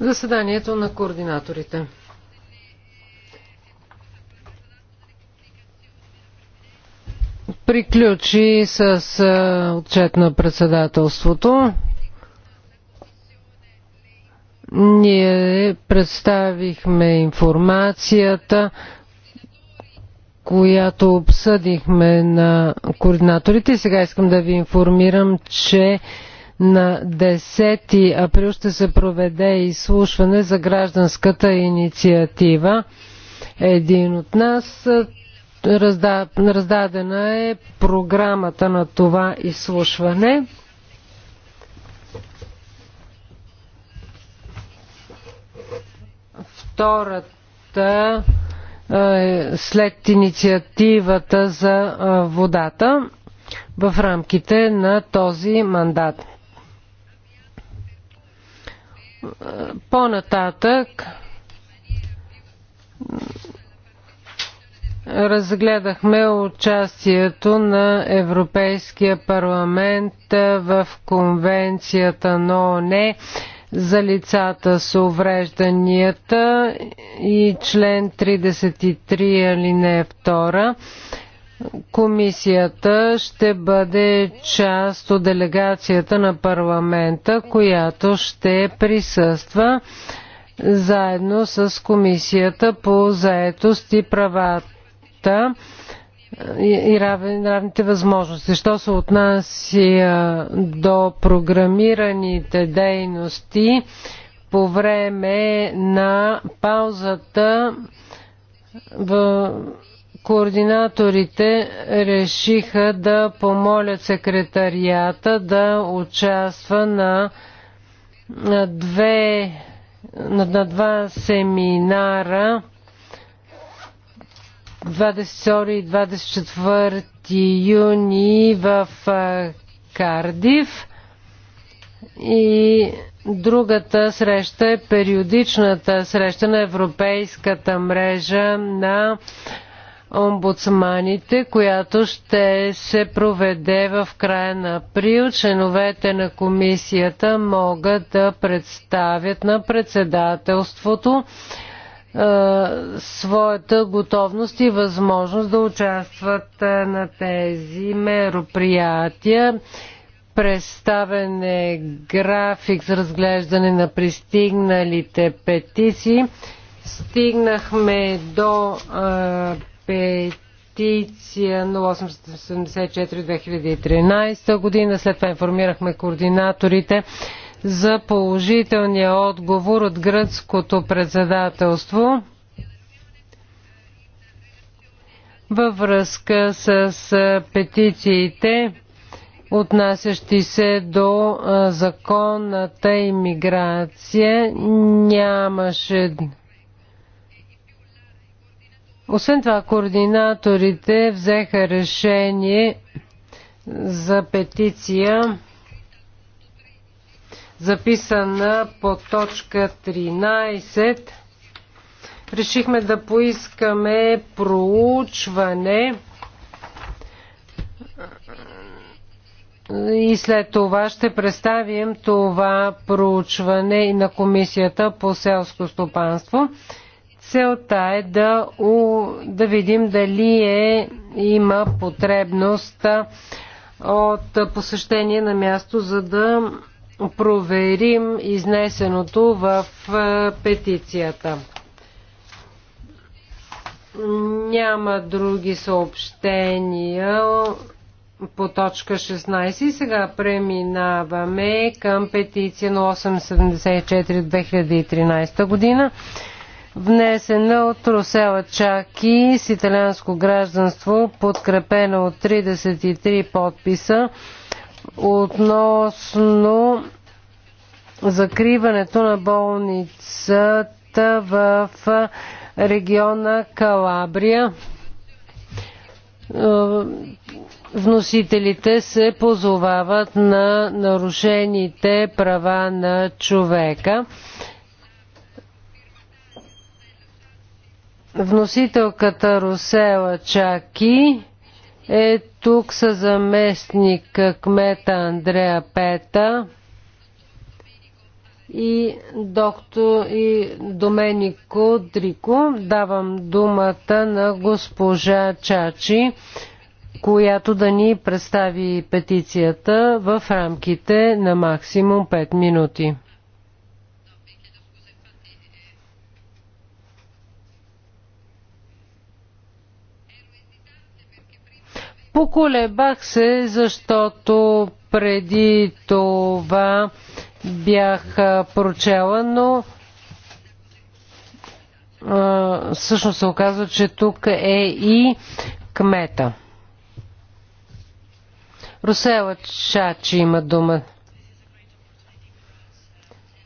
Заседанието на координаторите. Приключи с отчет на председателството. Ние представихме информацията която обсъдихме на координаторите. Сега искам да ви информирам, че на 10 април ще се проведе изслушване за гражданската инициатива. Един от нас разда, раздадена е програмата на това изслушване. Втората е, след инициативата за е, водата в рамките на този мандат. По-нататък разгледахме участието на Европейския парламент в Конвенцията на ОНЕ за лицата с уврежданията и член 33 алинея 2. Комисията ще бъде част от делегацията на парламента, която ще присъства заедно с Комисията по заетост и правата и равните възможности. Що се отнася до програмираните дейности по време на паузата в координаторите решиха да помолят секретарията да участва на, на две на, на два семинара 22 и 24 юни в Кардив и другата среща е периодичната среща на Европейската мрежа на омбудсманите, която ще се проведе в края на април. Членовете на комисията могат да представят на председателството е, своята готовност и възможност да участват е, на тези мероприятия. Представен е график за разглеждане на пристигналите петиции. Стигнахме до а, е, петиция 0874-2013 година. След това информирахме координаторите за положителния отговор от гръцкото председателство във връзка с петициите, отнасящи се до законната иммиграция. Нямаше. Освен това, координаторите взеха решение за петиция записана по точка 13. Решихме да поискаме проучване и след това ще представим това проучване и на Комисията по селско стопанство. Целта е да, у, да видим дали е, има потребност от посещение на място, за да проверим изнесеното в е, петицията. Няма други съобщения по точка 16. Сега преминаваме към петиция 0874-2013 година, внесена от Русела Чаки с италианско гражданство, подкрепена от 33 подписа относно закриването на болницата в региона Калабрия. Е, вносителите се позовават на нарушените права на човека. Вносителката Русела Чаки е тук са заместник кмета Андрея Пета и доктор и Доменико Дрико. Давам думата на госпожа Чачи, която да ни представи петицията в рамките на максимум 5 минути. Поколебах се, защото преди това бях прочела, но а, всъщност се оказва, че тук е и кмета. Русела Чачи има дума.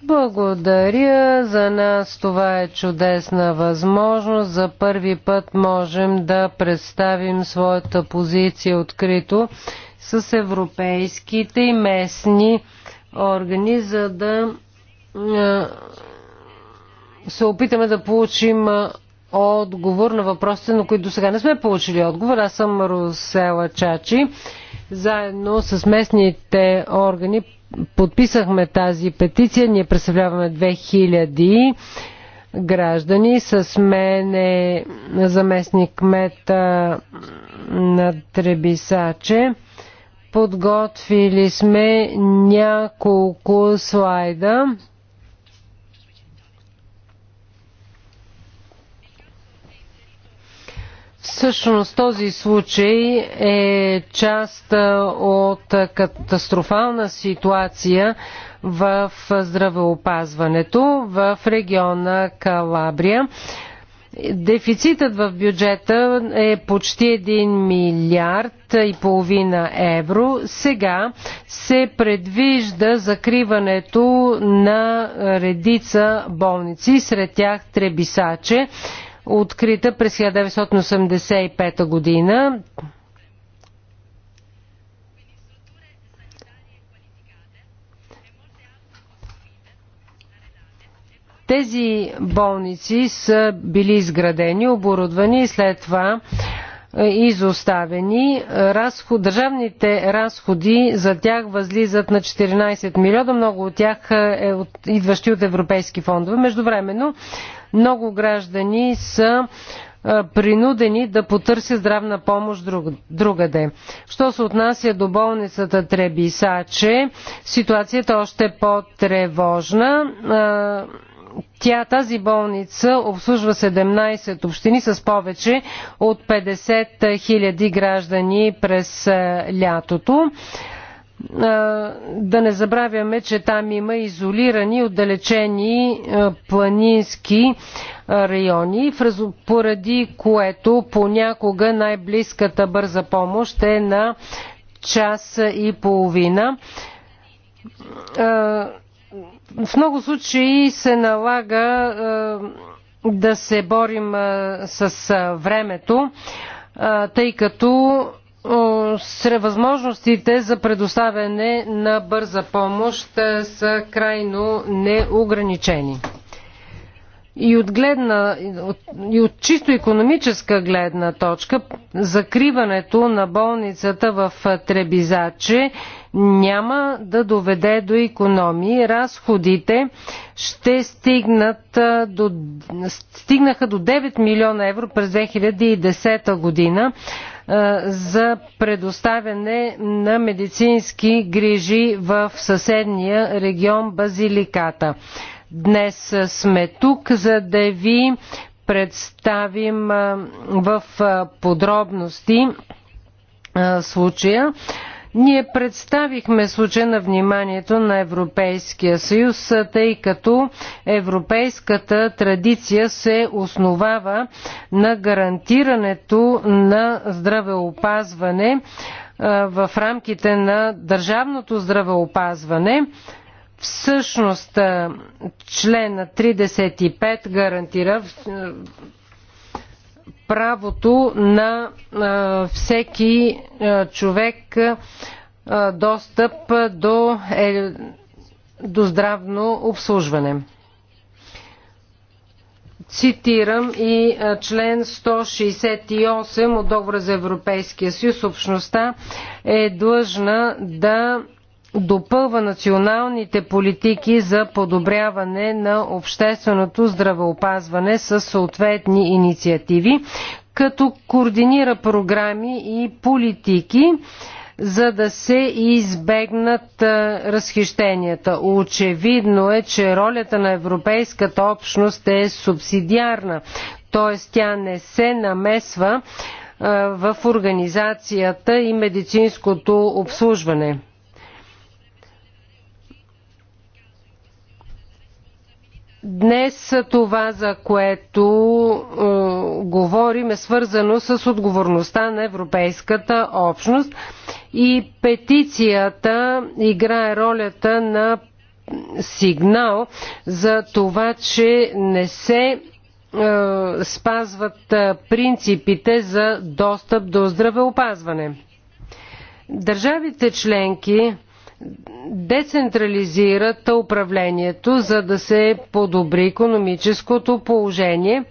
Благодаря. За нас това е чудесна възможност. За първи път можем да представим своята позиция открито с европейските и местни органи, за да се опитаме да получим отговор на въпросите, на които до сега не сме получили отговор. Аз съм Русела Чачи. Заедно с местните органи подписахме тази петиция. Ние представляваме 2000 граждани. С мен е заместник мета на Требисаче. Подготвили сме няколко слайда. Всъщност този случай е част от катастрофална ситуация в здравеопазването в региона Калабрия. Дефицитът в бюджета е почти 1 милиард и половина евро. Сега се предвижда закриването на редица болници, сред тях Требисаче открита през 1985 година. Тези болници са били изградени, оборудвани и след това е, изоставени. Разход, държавните разходи за тях възлизат на 14 милиона, много от тях е от, идващи от европейски фондове. Междувременно много граждани са принудени да потърсят здравна помощ друг, другаде. Що се отнася до болницата Требисаче, ситуацията е още по-тревожна. Тя, тази болница обслужва 17 общини с повече от 50 000 граждани през лятото да не забравяме, че там има изолирани, отдалечени планински райони, поради което понякога най-близката бърза помощ е на час и половина. В много случаи се налага да се борим с времето, тъй като сред възможностите за предоставяне на бърза помощ е, са крайно неограничени. И от, гледна, и от чисто економическа гледна точка, закриването на болницата в Требизаче няма да доведе до економии. Разходите ще стигнат е, до, стигнаха до 9 милиона евро през 2010 година е, за предоставяне на медицински грижи в съседния регион Базиликата. Днес сме тук, за да ви представим е, в е, подробности случая. Ние представихме случая на вниманието на Европейския съюз, тъй като европейската традиция се основава на гарантирането на здравеопазване в рамките на държавното здравеопазване. Всъщност член 35 гарантира правото на всеки човек достъп до, е, до здравно обслужване. Цитирам и член 168 от Договора за Европейския съюз. Общността е длъжна да допълва националните политики за подобряване на общественото здравеопазване с съответни инициативи, като координира програми и политики, за да се избегнат разхищенията. Очевидно е, че ролята на Европейската общност е субсидиарна, т.е. тя не се намесва в организацията и медицинското обслужване. Днес това, за което е, говорим, е свързано с отговорността на Европейската общност и петицията играе ролята на сигнал за това, че не се е, спазват е, принципите за достъп до здравеопазване. Държавите членки децентрализират управлението, за да се подобри економическото положение.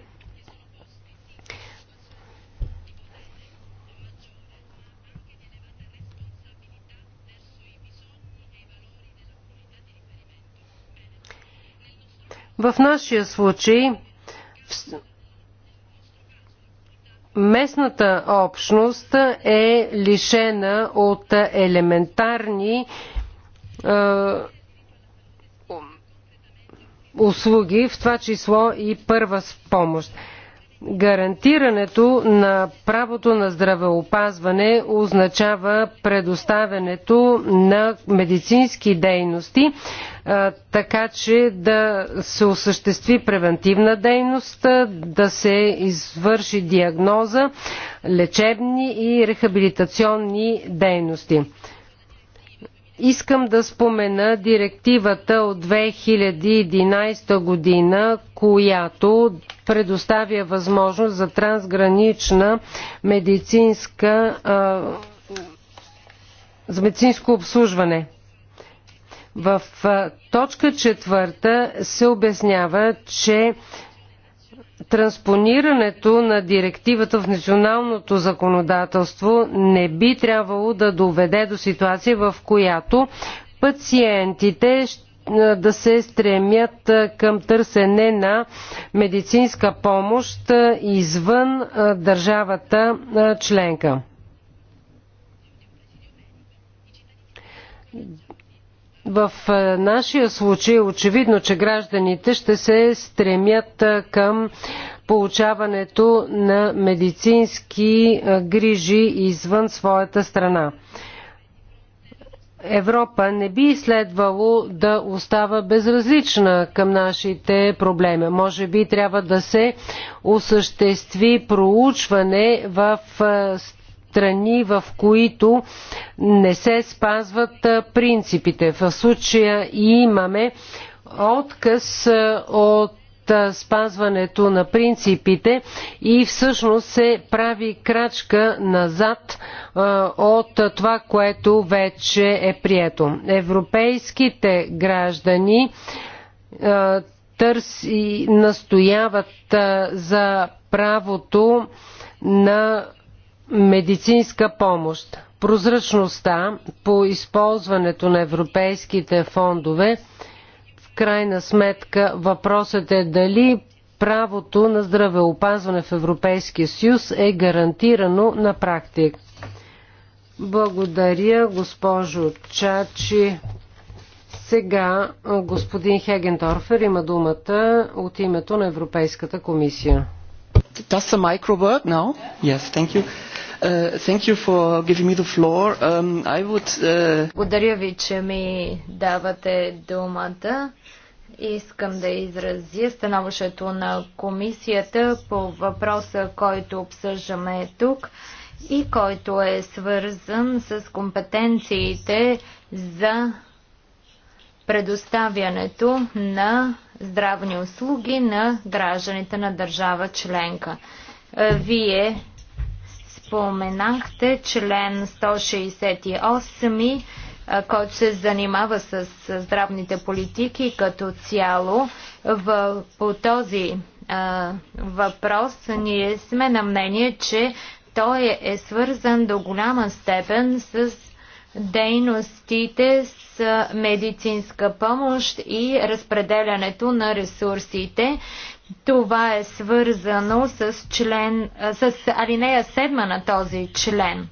В нашия случай местната общност е лишена от елементарни услуги, в това число и първа помощ. Гарантирането на правото на здравеопазване означава предоставянето на медицински дейности, така че да се осъществи превентивна дейност, да се извърши диагноза, лечебни и рехабилитационни дейности. Искам да спомена директивата от 2011 година, която предоставя възможност за трансгранична медицинска за медицинско обслужване. В точка четвърта се обяснява, че Транспонирането на директивата в националното законодателство не би трябвало да доведе до ситуация, в която пациентите да се стремят към търсене на медицинска помощ извън държавата членка. В е, нашия случай е очевидно, че гражданите ще се стремят е, към получаването на медицински е, грижи извън своята страна. Европа не би следвало да остава безразлична към нашите проблеми. Може би трябва да се осъществи проучване в страни, в които не се спазват принципите. В случая имаме отказ от спазването на принципите и всъщност се прави крачка назад от това, което вече е прието. Европейските граждани търси, настояват за правото на медицинска помощ. Прозрачността по използването на европейските фондове в крайна сметка въпросът е дали правото на здравеопазване в Европейския съюз е гарантирано на практик. Благодаря, госпожо Чачи. Сега господин Хегендорфер има думата от името на Европейската комисия. Does the mic work now? Yes, thank you. Uh, um, uh, Благодаря ви, че ми давате думата. Искам да изразя становището на комисията по въпроса, който обсъждаме тук и който е свързан с компетенциите за предоставянето на здравни услуги на гражданите на държава членка. Вие споменахте член 168, който се занимава с здравните политики като цяло. В, по този а, въпрос ние сме на мнение, че той е свързан до голяма степен с дейностите с медицинска помощ и разпределянето на ресурсите. Това е свързано с, член, с алинея 7 на този член.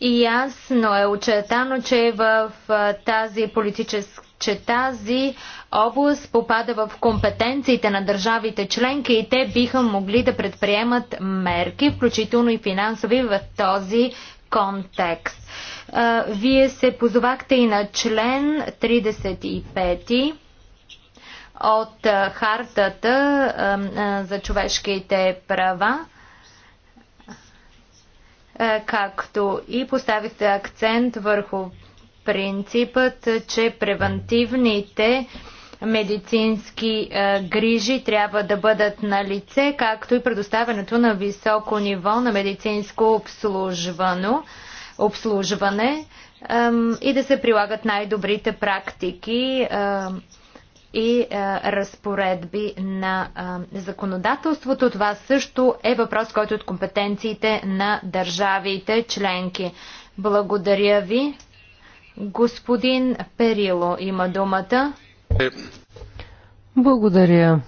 И ясно е очертано, че в тази политическа че тази област попада в компетенциите на държавите членки и те биха могли да предприемат мерки, включително и финансови в този контекст. Вие се позовахте и на член 35 от Хартата за човешките права, както и поставихте акцент върху принципът, че превентивните медицински е, грижи трябва да бъдат на лице, както и предоставянето на високо ниво на медицинско обслужвано, обслужване и да се прилагат най-добрите практики и а, е, разпоредби на а, е, законодателството. Това също е въпрос, който е от компетенциите на държавите членки. Благодаря ви. Господин Перило има думата. Благодаря.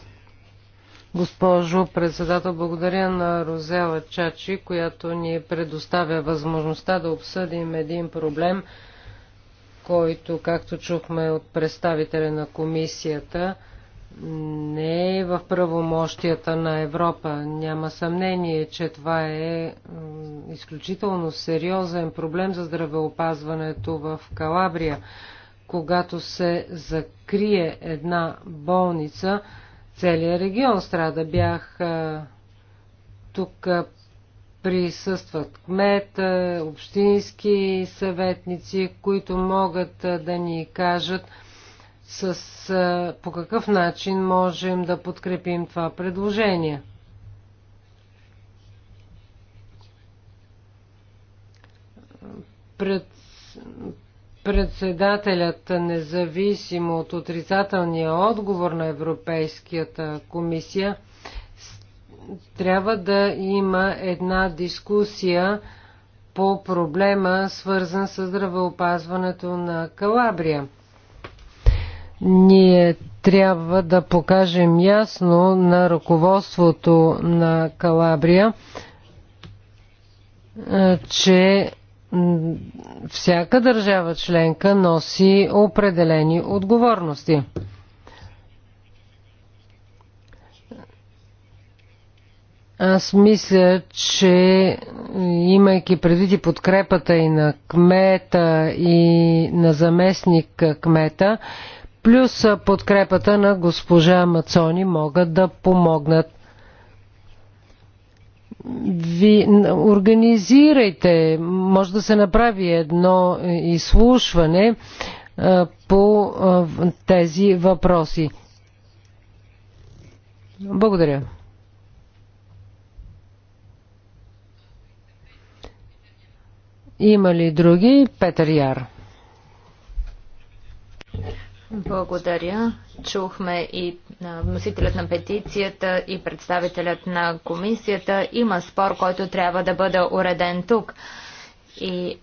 Госпожо председател, благодаря на Розела Чачи, която ни предоставя възможността да обсъдим един проблем, който, както чухме от представителя на комисията, не е в правомощията на Европа. Няма съмнение, че това е изключително сериозен проблем за здравеопазването в Калабрия когато се закрие една болница, целият регион страда. Бях тук присъстват кмет, общински съветници, които могат да ни кажат с, по какъв начин можем да подкрепим това предложение. Пред, Председателят, независимо от отрицателния отговор на Европейската комисия, трябва да има една дискусия по проблема, свързан с здравеопазването на Калабрия. Ние трябва да покажем ясно на ръководството на Калабрия, е, че всяка държава членка носи определени отговорности. Аз мисля, че имайки предвид и подкрепата и на кмета, и на заместник кмета, плюс подкрепата на госпожа Мацони могат да помогнат ви организирайте, може да се направи едно изслушване по тези въпроси. Благодаря. Има ли други? Петър Яр. Благодаря. Чухме и вносителят на петицията и представителят на комисията. Има спор, който трябва да бъде уреден тук. И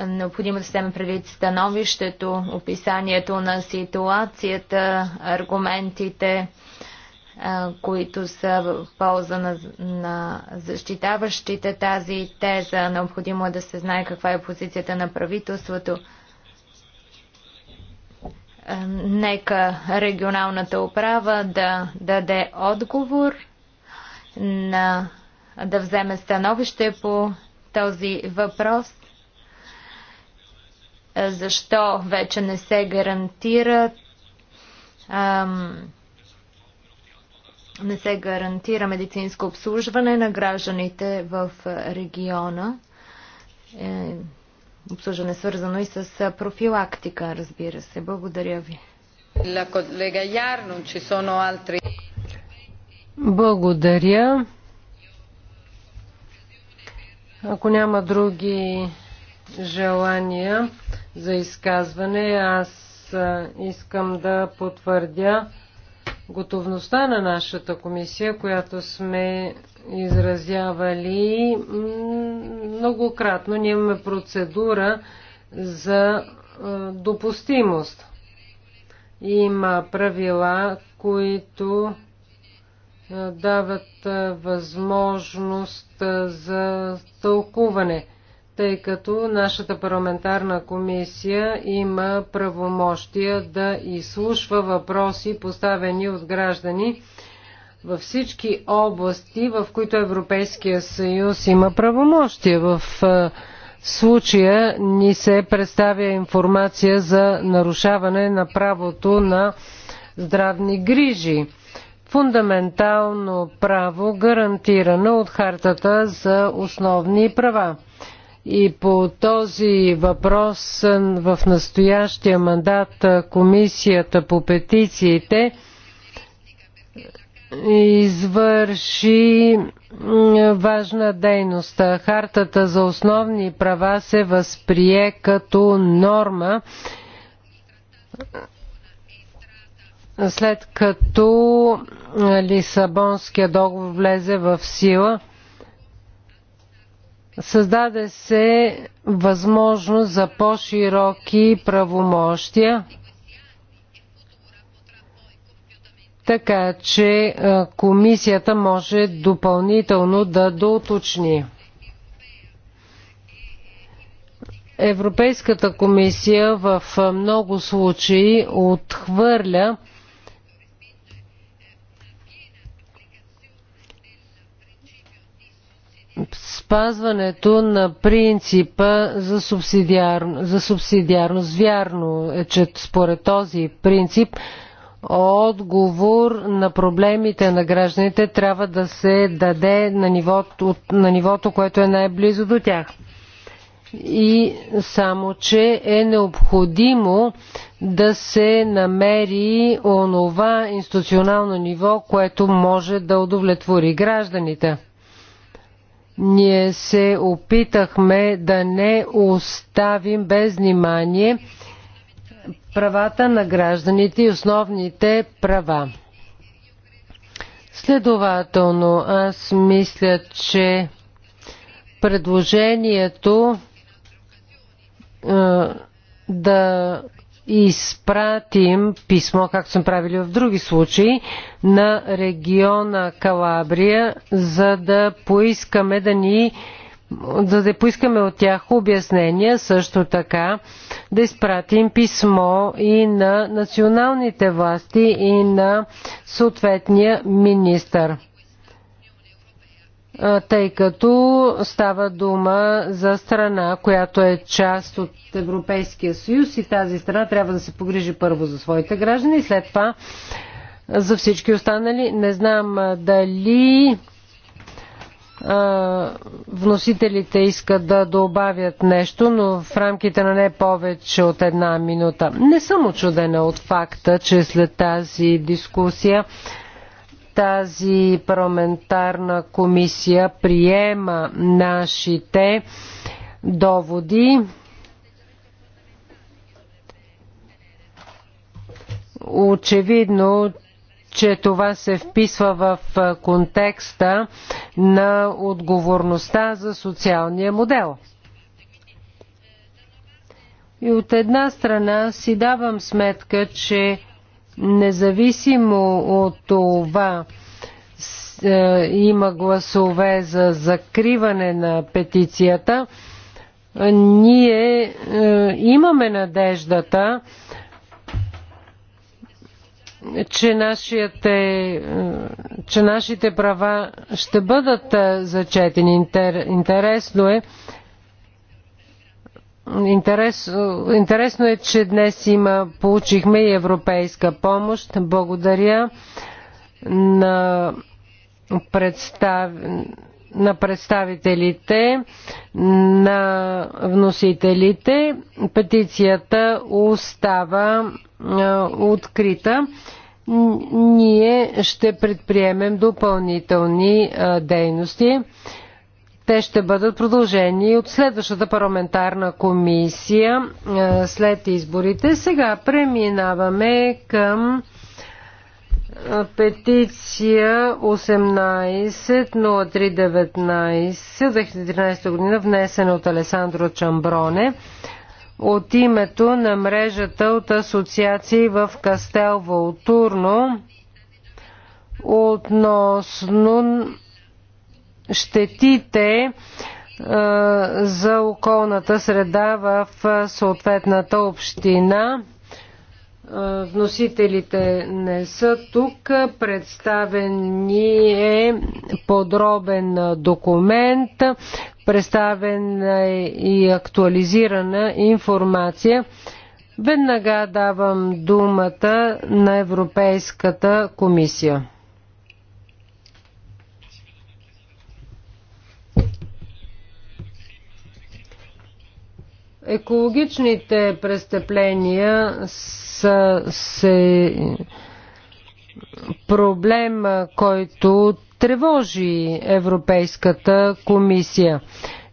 е, необходимо да вземе предвид становището, описанието на ситуацията, аргументите, е, които са в полза на, на защитаващите тази теза. Необходимо е да се знае каква е позицията на правителството. Нека регионалната управа да даде отговор на да вземе становище по този въпрос. Е, защо вече не се гарантира ам, не се гарантира медицинско обслужване на гражданите в региона. Е, обсъждане свързано и с профилактика, разбира се. Благодаря ви. Благодаря. Ако няма други желания за изказване, аз искам да потвърдя готовността на нашата комисия, която сме изразявали многократно. Ние имаме процедура за допустимост. Има правила, които дават възможност за тълкуване тъй като нашата парламентарна комисия има правомощия да изслушва въпроси, поставени от граждани във всички области, в които Европейския съюз има правомощия. В случая ни се представя информация за нарушаване на правото на здравни грижи. Фундаментално право, гарантирано от Хартата за основни права. И по този въпрос в настоящия мандат Комисията по петициите извърши важна дейност. Хартата за основни права се възприе като норма след като Лисабонския договор влезе в сила – Създаде се възможност за по-широки правомощия, така че комисията може допълнително да доуточни. Европейската комисия в много случаи отхвърля спазването на принципа за, субсидиар, за субсидиарност. Вярно е, че според този принцип отговор на проблемите на гражданите трябва да се даде на нивото, на нивото което е най-близо до тях. И само, че е необходимо да се намери онова институционално ниво, което може да удовлетвори гражданите. Ние се опитахме да не оставим без внимание правата на гражданите и основните права. Следователно, аз мисля, че предложението да изпратим писмо, както сме правили в други случаи, на региона Калабрия, за да поискаме да ни за да поискаме от тях обяснения, също така да изпратим писмо и на националните власти и на съответния министър тъй като става дума за страна, която е част от Европейския съюз и тази страна трябва да се погрижи първо за своите граждани и след това за всички останали. Не знам дали вносителите искат да добавят нещо, но в рамките на не повече от една минута. Не съм очудена от факта, че след тази дискусия тази парламентарна комисия приема нашите доводи. Очевидно, че това се вписва в контекста на отговорността за социалния модел. И от една страна си давам сметка, че Независимо от това, е, има гласове за закриване на петицията, ние е, имаме надеждата, че, нашите, че нашите права ще бъдат е, зачетени. Интересно е, Интерес, интересно е, че днес има, получихме и европейска помощ. Благодаря на, представ, на представителите, на вносителите. Петицията остава открита ние ще предприемем допълнителни дейности. Те ще бъдат продължени от следващата парламентарна комисия е, след изборите. Сега преминаваме към е, петиция 18.03.19.2013 година, внесена от Алесандро Чамброне от името на мрежата от асоциации в Кастел Валтурно относно щетите е, за околната среда в е, съответната община. Е, вносителите не са тук. Представен ни е подробен документ, представен е и актуализирана информация. Веднага давам думата на Европейската комисия. Екологичните престъпления са се проблем, който тревожи Европейската комисия.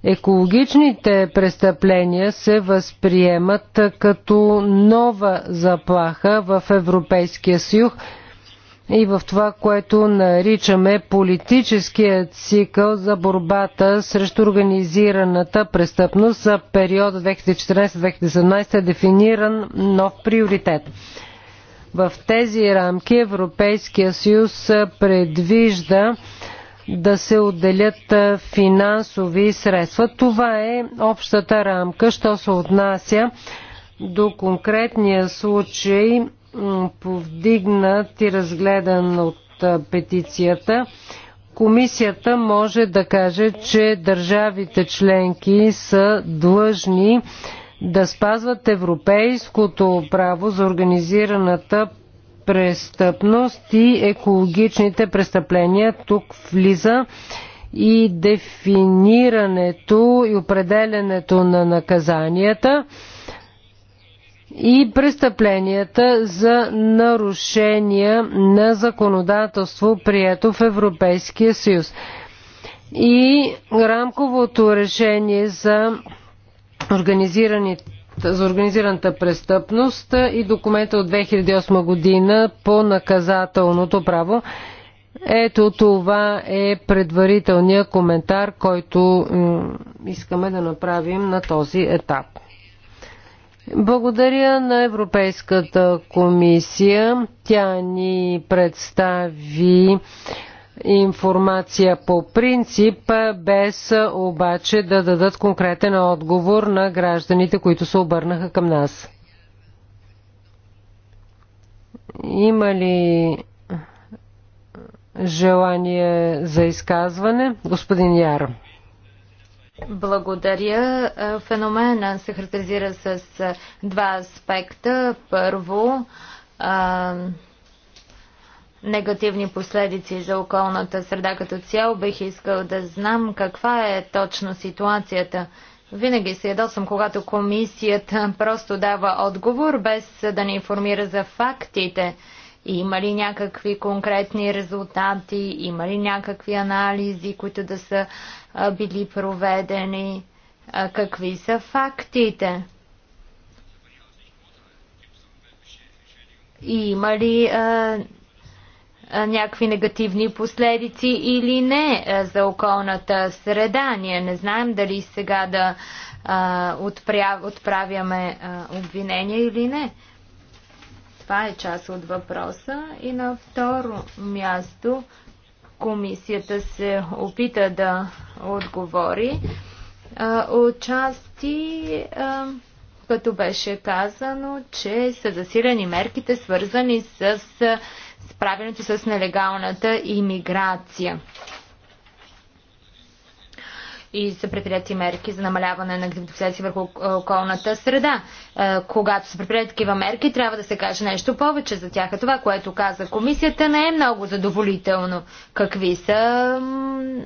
Екологичните престъпления се възприемат като нова заплаха в Европейския съюз, и в това, което наричаме политическия цикъл за борбата срещу организираната престъпност за периода 2014-2017 е дефиниран нов приоритет. В тези рамки Европейския съюз предвижда да се отделят финансови средства. Това е общата рамка, що се отнася до конкретния случай повдигнат и разгледан от петицията, комисията може да каже, че държавите членки са длъжни да спазват европейското право за организираната престъпност и екологичните престъпления. Тук влиза и дефинирането и определенето на наказанията и престъпленията за нарушения на законодателство, прието в Европейския съюз. И рамковото решение за, за организираната престъпност и документа от 2008 година по наказателното право. Ето това е предварителният коментар, който искаме да направим на този етап. Благодаря на Европейската комисия. Тя ни представи информация по принцип, без обаче да дадат конкретен отговор на гражданите, които се обърнаха към нас. Има ли желание за изказване? Господин Яр. Благодаря. Е, феномена се характеризира с е, два аспекта. Първо, а, е, негативни последици за околната среда като цяло. Бих искал да знам каква е точно ситуацията. Винаги се ядосвам, когато комисията просто дава отговор, без да ни информира за фактите. Има ли някакви конкретни резултати? Има ли някакви анализи, които да са били проведени? Какви са фактите? И има ли някакви негативни последици или не за околната среда? Ние не знаем дали сега да а, отправяме а, обвинения или не. Това е част от въпроса. И на второ място комисията се опита да отговори. Отчасти, като беше казано, че са засилени мерките, свързани с справянето с нелегалната имиграция и са предприяти мерки за намаляване на грибофицеци върху е, околната среда. Е, когато се предприят такива мерки, трябва да се каже нещо повече за тях. това, което каза комисията, не е много задоволително. Какви са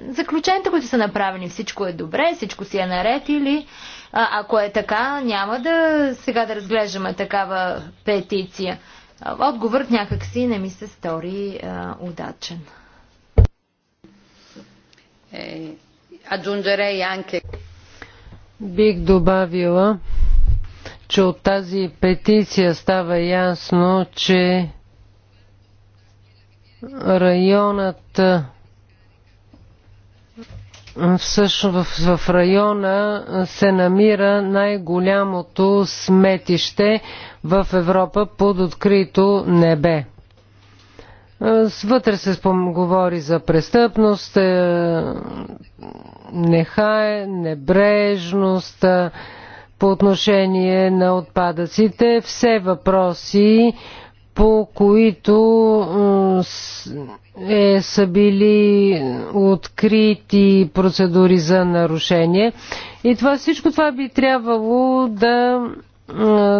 заключенията, които са направени? Всичко е добре, всичко си е наред или е, ако е така, няма да сега да разглеждаме такава петиция. Отговорът някакси не ми се стори а, удачен. Е, Бих добавила, че от тази петиция става ясно, че районът всъщност в, в района се намира най-голямото сметище в Европа под открито небе. Вътре се говори за престъпност, е, нехае, небрежност по отношение на отпадъците. Все въпроси, по които е, са били открити процедури за нарушение. И това, всичко това би трябвало да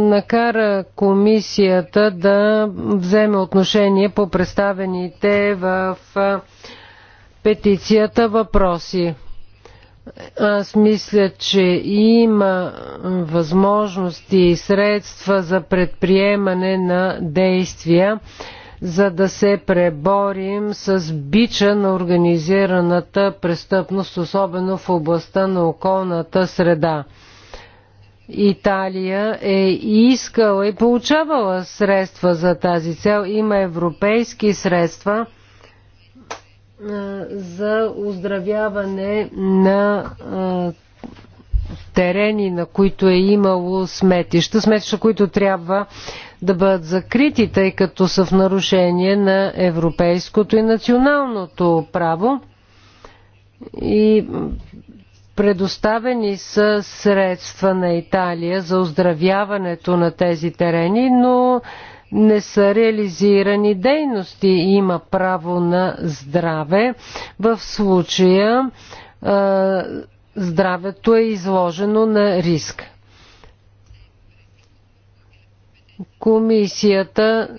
накара комисията да вземе отношение по представените в петицията въпроси. Аз мисля, че има възможности и средства за предприемане на действия, за да се преборим с бича на организираната престъпност, особено в областта на околната среда. Италия е искала и получавала средства за тази цел. Има европейски средства – за оздравяване на терени, на които е имало сметища, сметища, които трябва да бъдат закрити, тъй като са в нарушение на европейското и националното право. И предоставени са средства на Италия за оздравяването на тези терени, но не са реализирани дейности. Има право на здраве. В случая здравето е изложено на риск. Комисията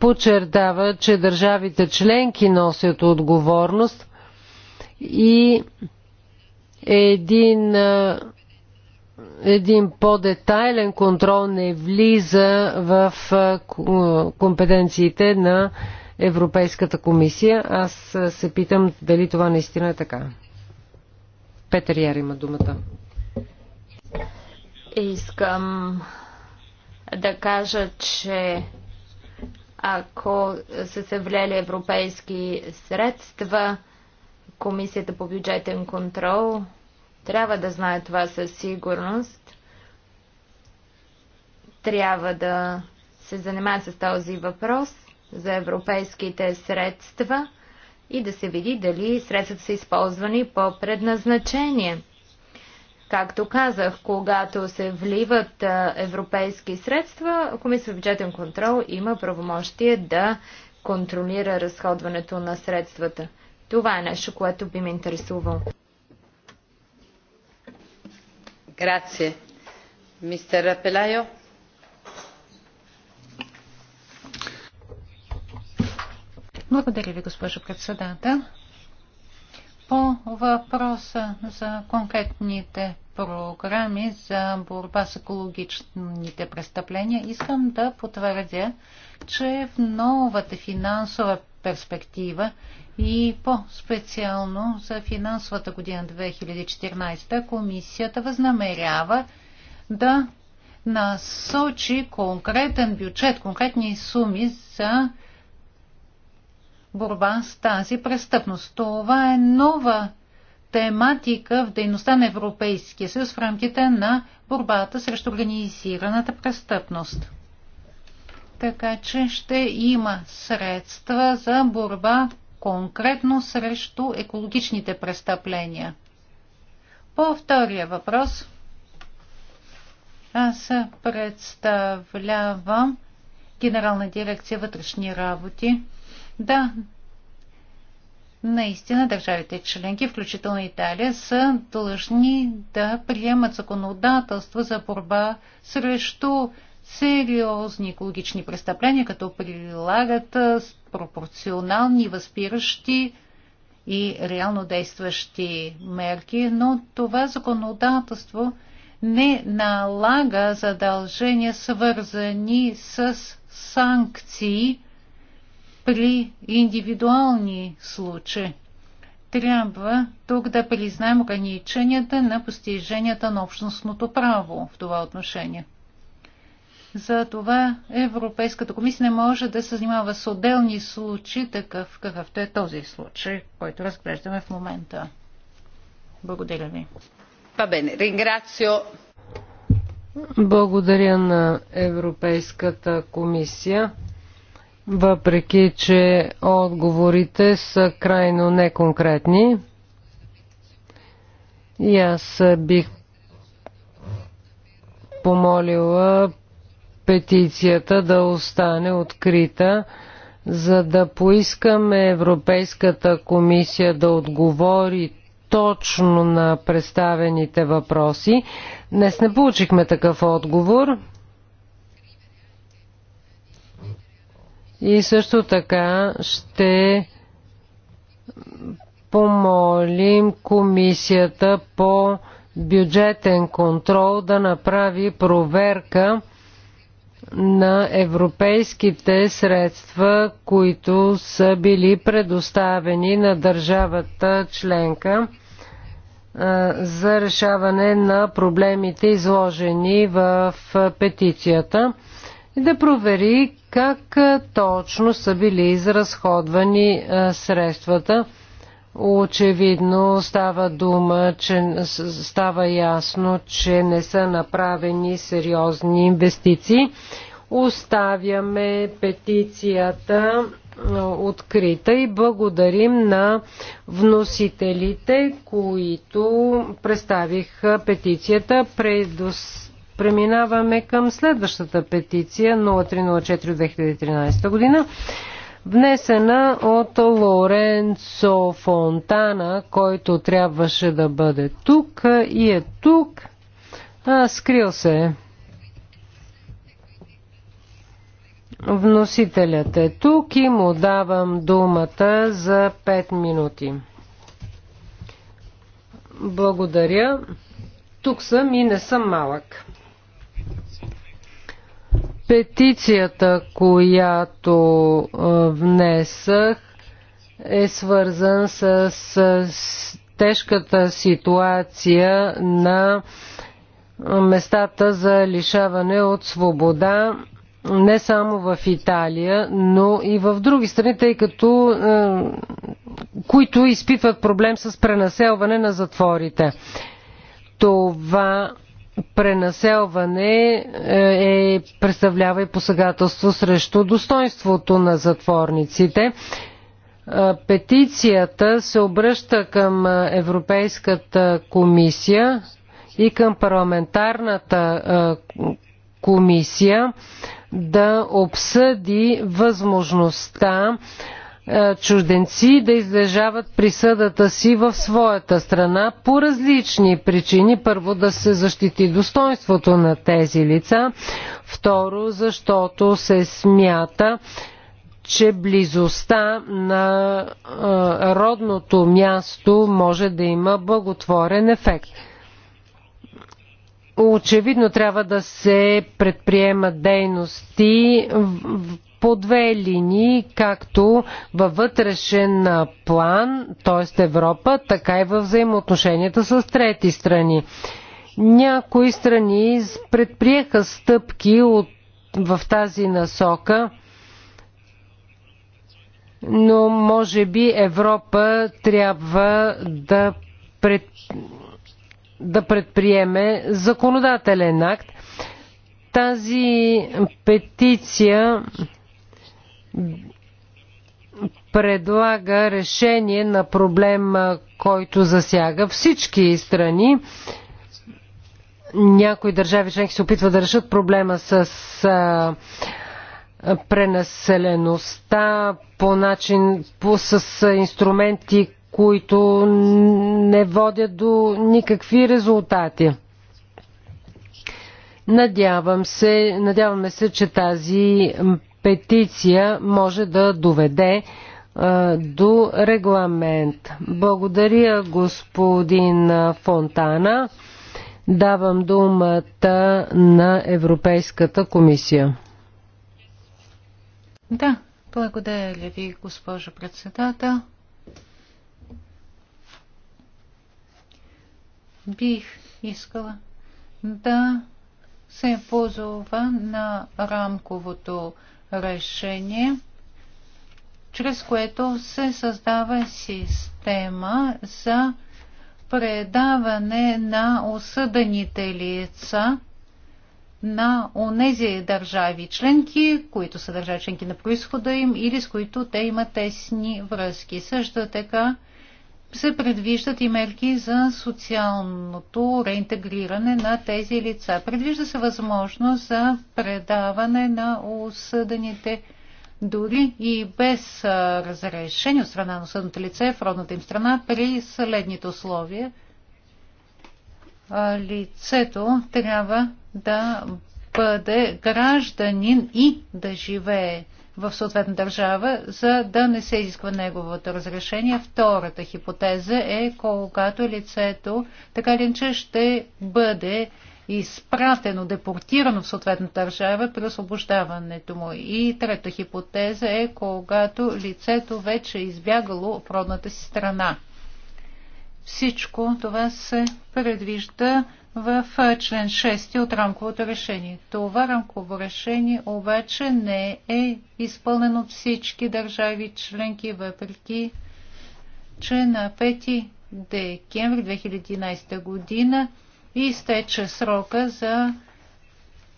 подчертава, че държавите членки носят отговорност и един един по-детайлен контрол не влиза в компетенциите на Европейската комисия. Аз се питам дали това наистина е така. Петър Яр има думата. Искам да кажа, че ако са се влели европейски средства, Комисията по бюджетен контрол трябва да знае това със сигурност. Трябва да се занимава с този въпрос за европейските средства и да се види дали средствата са използвани по предназначение. Както казах, когато се вливат европейски средства, Комисия бюджетен контрол има правомощие да контролира разходването на средствата. Това е нещо, което би ме интересувало. Благодаря ви, госпожо председател. По въпроса за конкретните програми за борба с екологичните престъпления, искам да потвърдя, че в новата финансова перспектива и по-специално за финансовата година 2014 комисията възнамерява да насочи конкретен бюджет, конкретни суми за борба с тази престъпност. Това е нова тематика в дейността на Европейския съюз в рамките на борбата срещу организираната престъпност така че ще има средства за борба конкретно срещу екологичните престъпления. По втория въпрос аз представлявам Генерална дирекция вътрешни работи. Да, наистина държавите членки, включително Италия, са длъжни да приемат законодателство за борба срещу сериозни екологични престъпления, като прилагат пропорционални, възпиращи и реално действащи мерки, но това законодателство не налага задължения, свързани с санкции при индивидуални случаи. Трябва тук да признаем ограниченията на постиженията на общностното право в това отношение. За това Европейската комисия не може да се занимава с отделни случаи, такъв какъвто е този случай, който разглеждаме в момента. Благодаря ви. Благодаря на Европейската комисия. Въпреки, че отговорите са крайно неконкретни, и аз бих помолила петицията да остане открита, за да поискаме Европейската комисия да отговори точно на представените въпроси. Днес не получихме такъв отговор. И също така ще помолим комисията по бюджетен контрол да направи проверка на европейските средства, които са били предоставени на държавата членка за решаване на проблемите, изложени в петицията и да провери как точно са били изразходвани средствата. Очевидно става дума, че става ясно, че не са направени сериозни инвестиции. Оставяме петицията открита и благодарим на вносителите, които представиха петицията. Преминаваме към следващата петиция 0304-2013 година внесена от Лоренцо Фонтана, който трябваше да бъде тук и е тук. А, скрил се. Вносителят е тук и му давам думата за 5 минути. Благодаря. Тук съм и не съм малък. Петицията, която внесах, е свързан с, с тежката ситуация на местата за лишаване от свобода не само в Италия, но и в други страни, тъй като които изпитват проблем с пренаселване на затворите. Това пренаселване е, е, представлява и посегателство срещу достоинството на затворниците. Е, петицията се обръща към Европейската комисия и към парламентарната е, комисия да обсъди възможността е, чужденци да излежават присъдата си в своята страна по различни причини. Първо да се защити достоинството на тези лица, второ защото се смята, че близостта на е, родното място може да има благотворен ефект. Очевидно трябва да се предприемат дейности по две линии, както във вътрешен план, т.е. Европа, така и във взаимоотношенията с трети страни. Някои страни предприеха стъпки от, в тази насока, но може би Европа трябва да, пред, да предприеме законодателен акт. Тази петиция предлага решение на проблем, който засяга всички страни. Някои държави членки се опитват да решат проблема с а, пренаселеността по начин, по, с инструменти, които не водят до никакви резултати. Надявам се, надяваме се, че тази петиция може да доведе е, до регламент. Благодаря господин Фонтана. Давам думата на Европейската комисия. Да, благодаря ви, госпожо председател. Бих искала да се позова на рамковото решение, чрез което се създава система за предаване на осъдените лица на онези държави членки, които са държави членки на происхода им или с които те имат тесни връзки. Също така се предвиждат и мерки за социалното реинтегриране на тези лица. Предвижда се възможност за предаване на осъдените дори и без разрешение от страна на съдното лице в родната им страна при следните условия. Лицето трябва да бъде гражданин и да живее в съответна държава, за да не се изисква неговото разрешение. Втората хипотеза е когато лицето така или иначе ще бъде изпратено, депортирано в съответната държава при освобождаването му. И трета хипотеза е когато лицето вече е избягало в родната си страна. Всичко това се предвижда в член 6 от рамковото решение. Това рамково решение обаче не е изпълнено от всички държави членки, въпреки че на 5 декември 2011 година изтече срока за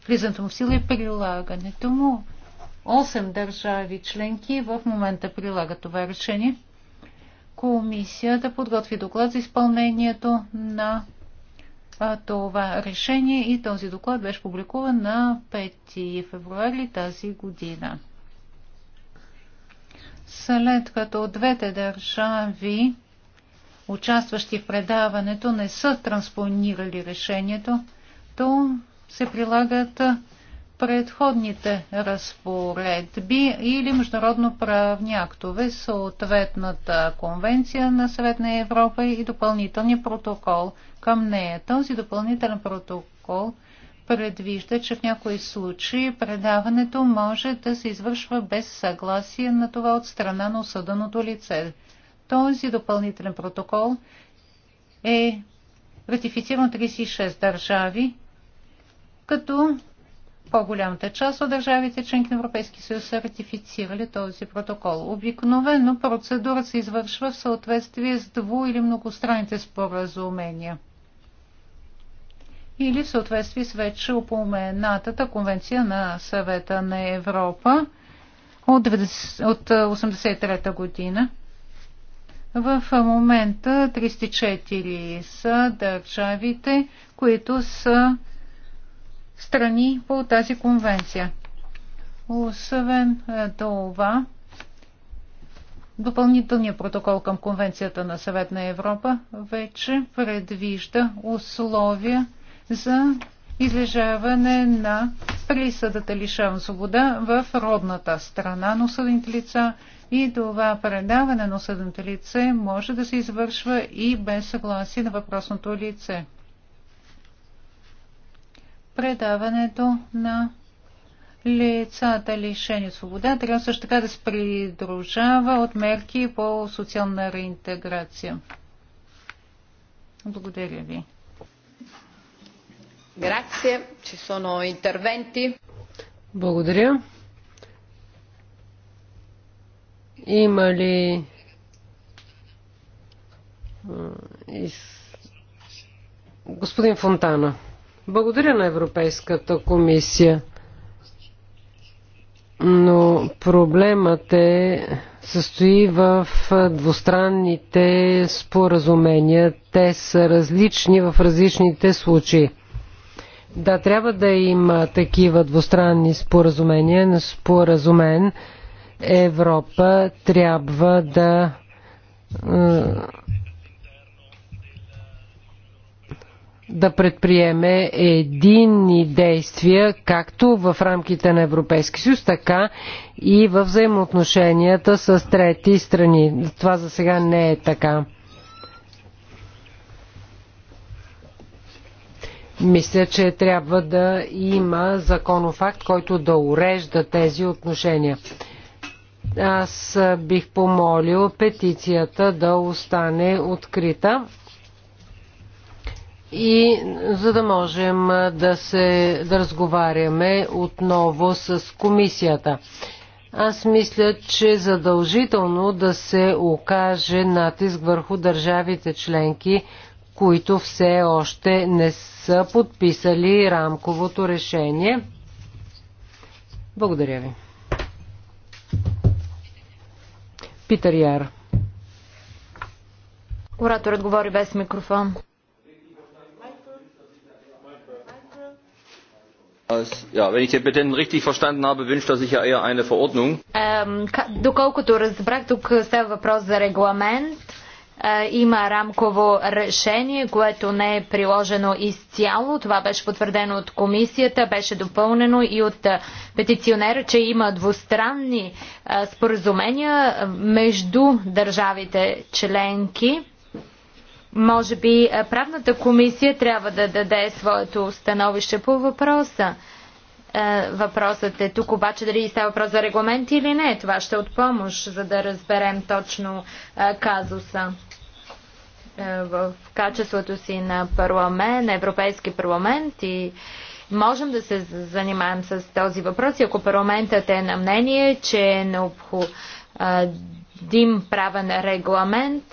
влизането му в сила и прилагането му. 8 държави членки в момента прилагат това решение. Комисията подготви доклад за изпълнението на това решение и този доклад беше публикуван на 5 февруари тази година. След като двете държави, участващи в предаването, не са транспонирали решението, то се прилагат предходните разпоредби или международно-правни актове, съответната конвенция на Съвет на Европа и допълнителния протокол към нея. Този допълнителен протокол предвижда, че в някои случаи предаването може да се извършва без съгласие на това от страна на осъданото лице. Този допълнителен протокол е ратифициран 36 държави, като по-голямата част от държавите членки на Европейския съюз са ратифицирали този протокол. Обикновено процедура се извършва в съответствие с дву- или многостранните споразумения или в съответствие с вече упоменатата конвенция на съвета на Европа от 1983 година. В момента 34 са държавите, които са страни по тази конвенция. Освен е, това, Допълнителният протокол към Конвенцията на Съвет на Европа вече предвижда условия за излежаване на присъдата лишавам свобода в родната страна на осъдените лица и това предаване на осъдените лице може да се извършва и без съгласие на въпросното лице предаването на лицата лишени от свобода трябва също така да се придружава от мерки по социална реинтеграция. Благодаря ви. Грация. Ci sono интервенти. Благодаря. Има ли Господин Фонтана. Благодаря на Европейската комисия. Но проблемът е състои в двустранните споразумения. Те са различни в различните случаи. Да, трябва да има такива двустранни споразумения, но споразумен Европа трябва да е, да предприеме единни действия, както в рамките на Европейски съюз, така и в взаимоотношенията с трети страни. Това за сега не е така. Мисля, че трябва да има законов факт, който да урежда тези отношения. Аз бих помолил петицията да остане открита и за да можем да се да разговаряме отново с комисията. Аз мисля, че задължително да се окаже натиск върху държавите членки, които все още не са подписали рамковото решение. Благодаря ви. Питър Яр. Ораторът говори без микрофон. Доколкото разбрах, тук става въпрос за регламент. Има рамково решение, което не е приложено изцяло. Това беше потвърдено от комисията, беше допълнено и от петиционера, че има двустранни споразумения между държавите членки може би правната комисия трябва да даде своето становище по въпроса. Въпросът е тук обаче дали става въпрос за регламент или не. Това ще е от помощ, за да разберем точно казуса в качеството си на парламент, на Европейски парламент и можем да се занимаем с този въпрос. И ако парламентът е на мнение, че е необходим правен регламент,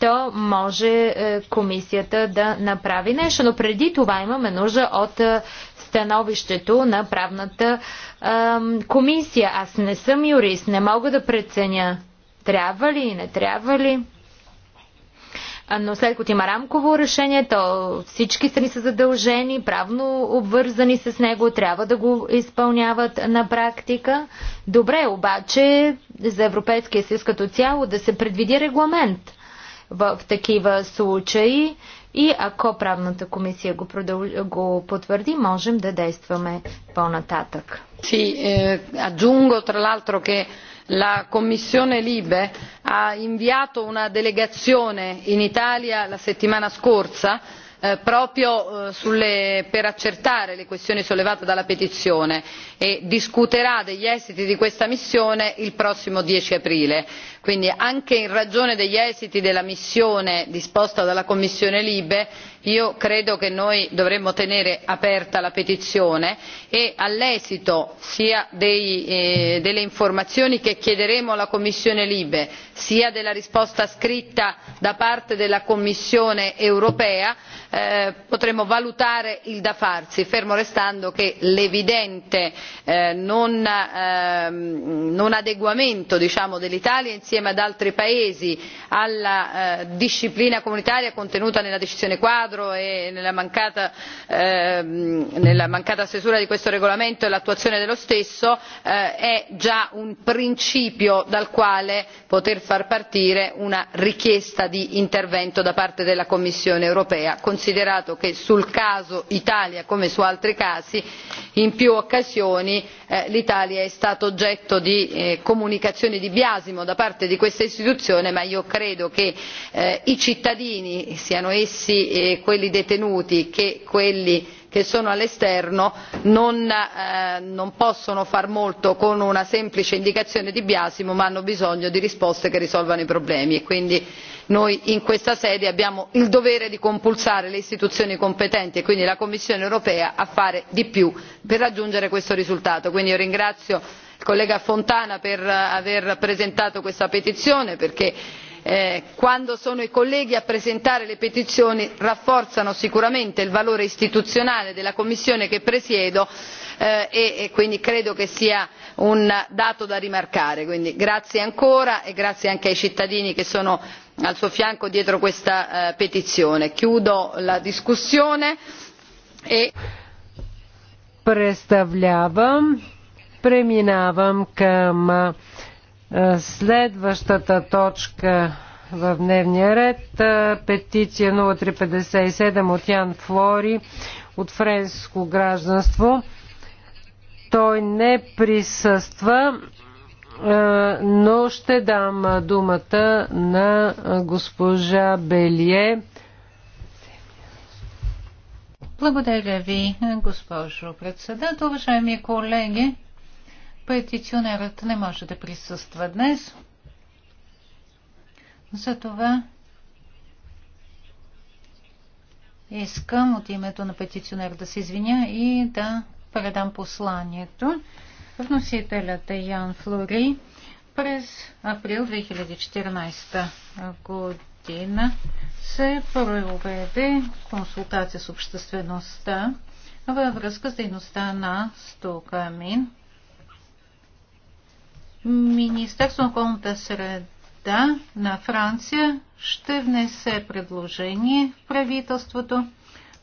то може е, комисията да направи нещо. Но преди това имаме нужда от е, становището на правната комисия. Аз не съм юрист, не мога да преценя трябва ли и не трябва ли. Но след като има рамково решение, то всички страни са задължени, правно обвързани с него, трябва да го изпълняват на практика. Добре, обаче за Европейския съюз като цяло да се предвиди регламент – в такива случаи и ако правната комисия го, продъл... го потвърди, можем да действаме по-нататък. Sì, eh, aggiungo tra l'altro che la Commissione Libe ha inviato una delegazione in Italia la settimana scorsa proprio per accertare le questioni sollevate dalla petizione e discuterà degli esiti di questa missione il prossimo dieci aprile quindi anche in ragione degli esiti della missione disposta dalla commissione libe io credo che noi dovremmo tenere aperta la petizione e all'esito sia delle informazioni che chiederemo alla commissione libe sia della risposta scritta da parte della commissione europea potremo valutare il da farsi fermo restando che l'evidente non adeguamento dell'italia insieme ad altri paesi alla disciplina comunitaria contenuta nella decisione quadro e nella mancata stesura di questo regolamento e l'attuazione dello stesso è già un principio dal quale poter far partire una richiesta di intervento da parte della commissione europea considerato che sul caso italia come su altri casi in più occasioni l'italia è stata oggetto di comunicazioni di biasimo da parte parte di questa istituzione ma io credo che i cittadini siano essi quelli detenuti che quelli che sono all'esterno non possono far molto con una semplice indicazione di biasimo ma hanno bisogno di risposte che risolvano i problemi e quindi noi in questa sede abbiamo il dovere di compulsare le istituzioni competenti e quindi la commissione europea a fare di più per raggiungere questo risultato. quindi io ringrazio collega fontana per aver presentato questa petizione perché quando sono i colleghi a presentare le petizioni rafforzano sicuramente il valore istituzionale della commissione che presiedo e quindi credo che sia un dato da rimarcare. quindi grazie ancora e grazie anche ai cittadini che sono al suo fianco dietro questa petizione. chiudo la discussione e Преминавам към следващата точка в дневния ред. Петиция 0357 от Ян Флори от френско гражданство. Той не присъства, но ще дам думата на госпожа Белие. Благодаря ви, госпожо председател. Уважаеми колеги, Петиционерът не може да присъства днес. Затова искам от името на петиционер да се извиня и да предам посланието. Вносителят е Ян Флори. През април 2014 година се проведе консултация с обществеността във връзка с дейността на Стокамин Министерство на околната среда на Франция ще внесе предложение в правителството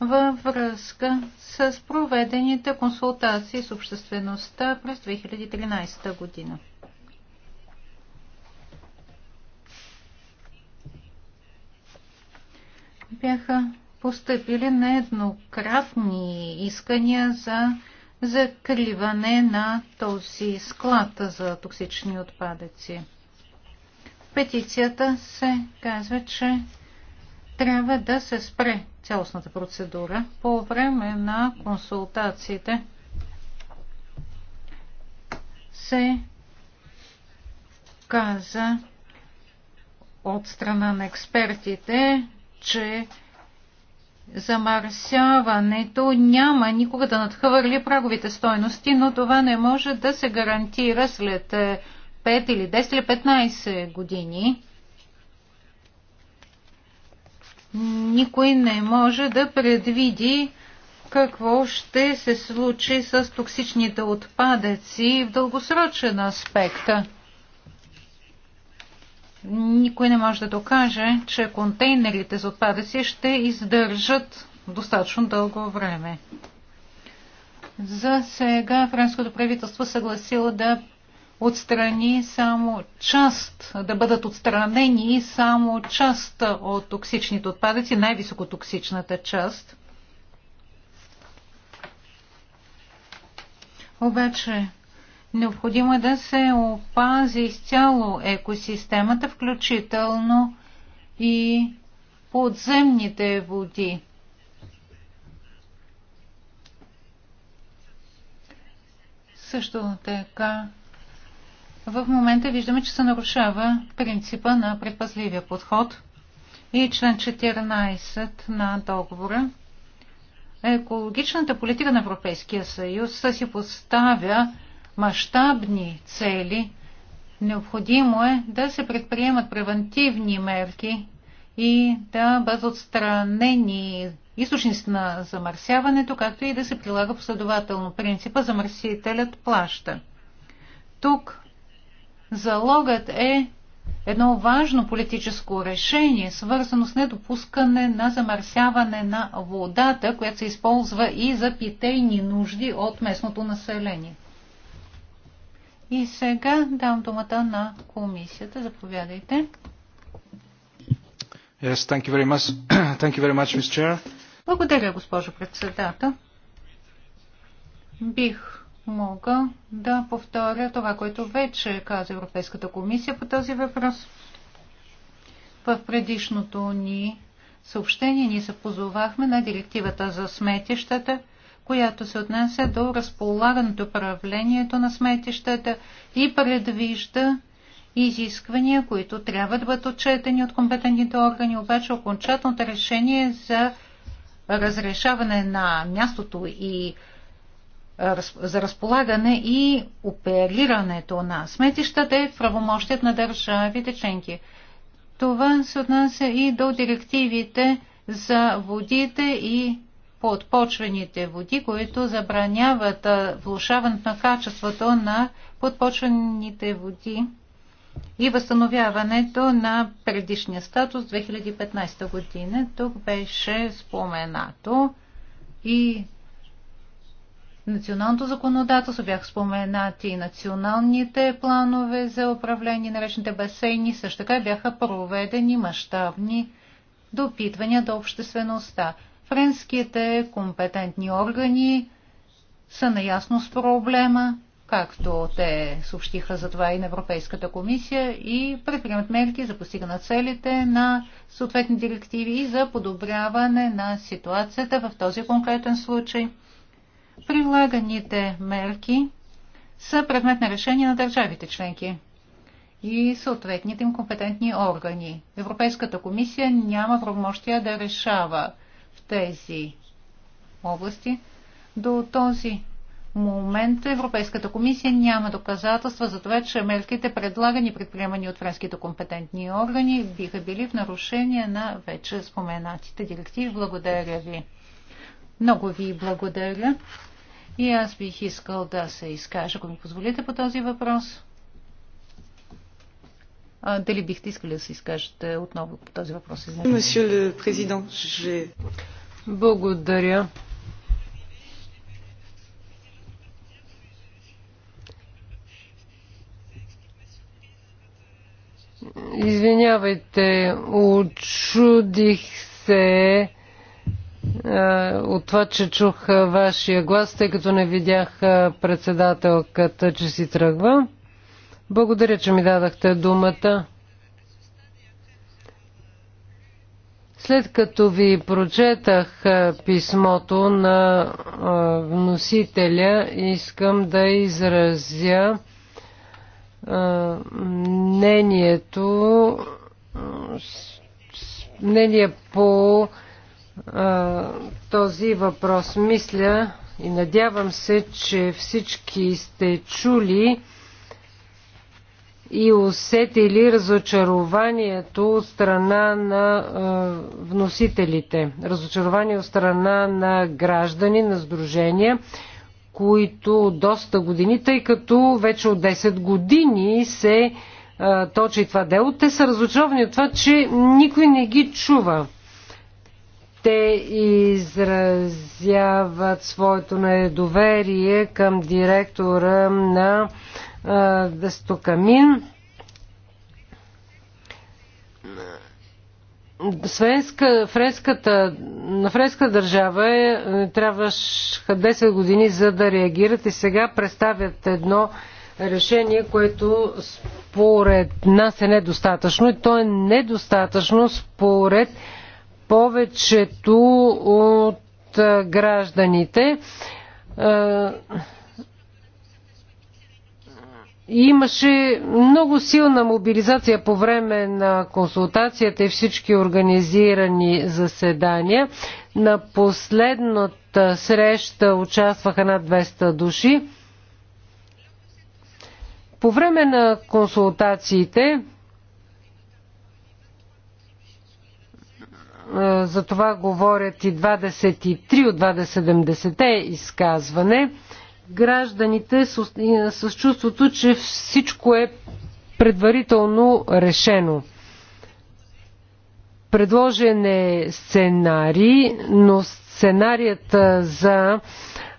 във връзка с проведените консултации с обществеността през 2013 година. Бяха поступили нееднократни искания за закриване на този склад за токсични отпадъци. В петицията се казва, че трябва да се спре цялостната процедура по време на консултациите се каза от страна на експертите, че замърсяването няма никога да надхвърли праговите стойности, но това не може да се гарантира след 5 е, или 10 или 15 години. Никой не може да предвиди какво ще се случи с токсичните отпадъци в дългосрочен аспект никой не може да докаже, че контейнерите за отпадъци ще издържат достатъчно дълго време. За сега френското правителство съгласило да отстрани само част, да бъдат отстранени само част от токсичните отпадъци, най-високотоксичната част. Обаче Необходимо е да се опази изцяло екосистемата, включително и подземните води. Също така в момента виждаме, че се нарушава принципа на предпазливия подход и член 14 на договора. Екологичната политика на Европейския съюз се си поставя мащабни цели, необходимо е да се предприемат превентивни мерки и да бъдат отстранени източниците на замърсяването, както и да се прилага последователно принципа замърсителят плаща. Тук залогът е едно важно политическо решение, свързано с недопускане на замърсяване на водата, която се използва и за питейни нужди от местното население. И сега дам думата на комисията. Заповядайте. Yes, thank you very much. thank you very much, Ms. Chair. Благодаря, госпожо председател. Бих мога да повторя това, което вече каза Европейската комисия по този въпрос. В предишното ни съобщение ние се позовахме на директивата за сметищата – която се отнася до разполагането управлението на сметищата и предвижда изисквания, които трябва да бъдат отчетени от компетентните органи, обаче окончателното решение за разрешаване на мястото и за разполагане и оперирането на сметищата е правомощият на държавите членки. Това се отнася и до директивите за водите и подпочвените води, които забраняват влушаването на качеството на подпочвените води и възстановяването на предишния статус 2015 година. Тук беше споменато и националното законодателство, бяха споменати и националните планове за управление на речните басейни, също така бяха проведени мащабни допитвания до обществеността. Френските компетентни органи са наясно с проблема, както те съобщиха за това и на Европейската комисия и предприемат мерки за постигане на целите на съответни директиви и за подобряване на ситуацията в този конкретен случай. Прилаганите мерки са предмет на решение на държавите членки и съответните им компетентни органи. Европейската комисия няма правомощия да решава тези области. До този момент Европейската комисия няма доказателства за това, че мерките предлагани и предприемани от френските компетентни органи биха били в нарушение на вече споменатите директиви. Благодаря ви. Много ви благодаря. И аз бих искал да се изкажа, ако ми позволите по този въпрос. А, дали бихте искали да се изкажете отново по този въпрос? Извинете. Благодаря. Извинявайте, очудих се от това, че чух вашия глас, тъй като не видях председателката, че си тръгва. Благодаря, че ми дадахте думата. След като ви прочетах е, писмото на е, вносителя, искам да изразя е, мнението мнение по този въпрос. Мисля и надявам се, че всички сте чули и усетили разочарованието от страна на е, вносителите, разочарование от страна на граждани, на сдружения, които доста години, тъй като вече от 10 години се е, точи това дело, те са разочаровани от това, че никой не ги чува. Те изразяват своето недоверие към директора на е, Дестокамин. Свенска, френската, на френска държава е, е трябваше 10 години за да реагират и сега представят едно решение, което според нас е недостатъчно и то е недостатъчно според повечето от гражданите. Имаше много силна мобилизация по време на консултацията и всички организирани заседания. На последната среща участваха над 200 души. По време на консултациите за това говорят и 23 от 270-те изказване – гражданите с, с чувството, че всичко е предварително решено. Предложен е сценарий, но сценарията за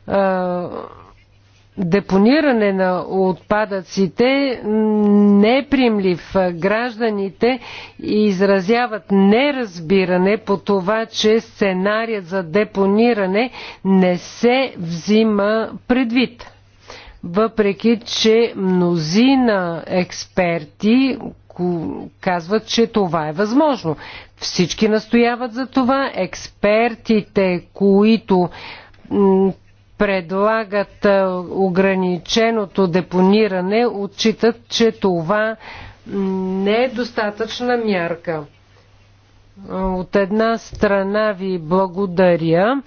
а, депониране на отпадъците не е приемлив. Гражданите изразяват неразбиране по това, че сценарият за депониране не се взима предвид. Въпреки, че мнозина експерти казват, че това е възможно. Всички настояват за това. Експертите, които предлагат ограниченото депониране, отчитат, че това не е достатъчна мярка. От една страна ви благодаря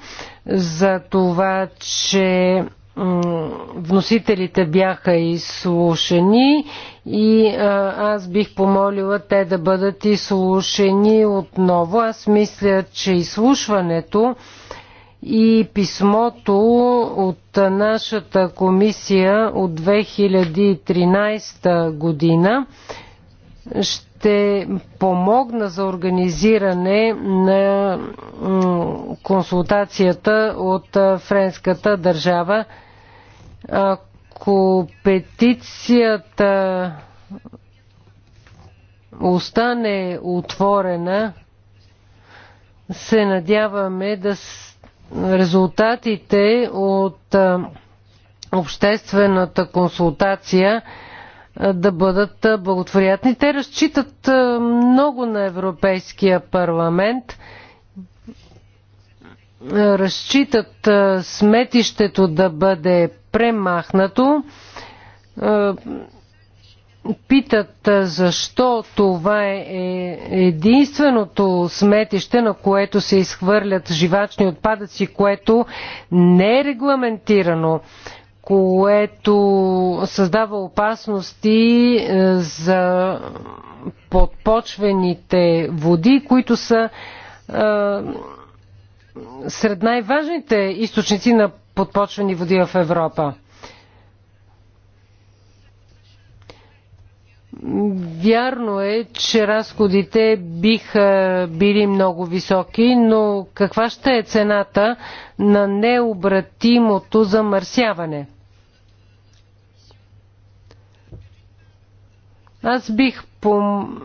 за това, че вносителите бяха изслушани и аз бих помолила те да бъдат изслушани отново. Аз мисля, че изслушването и писмото от нашата комисия от 2013 година ще помогна за организиране на консултацията от френската държава. Ако петицията остане отворена, се надяваме да резултатите от обществената консултация да бъдат благотворятни. Те разчитат много на Европейския парламент, разчитат сметището да бъде премахнато питат защо това е, е единственото сметище, на което се изхвърлят живачни отпадъци, което не е регламентирано, което създава опасности е, за подпочвените води, които са е, сред най-важните източници на подпочвени води в Европа. Вярно е, че разходите биха били много високи, но каква ще е цената на необратимото замърсяване? Аз бих пом...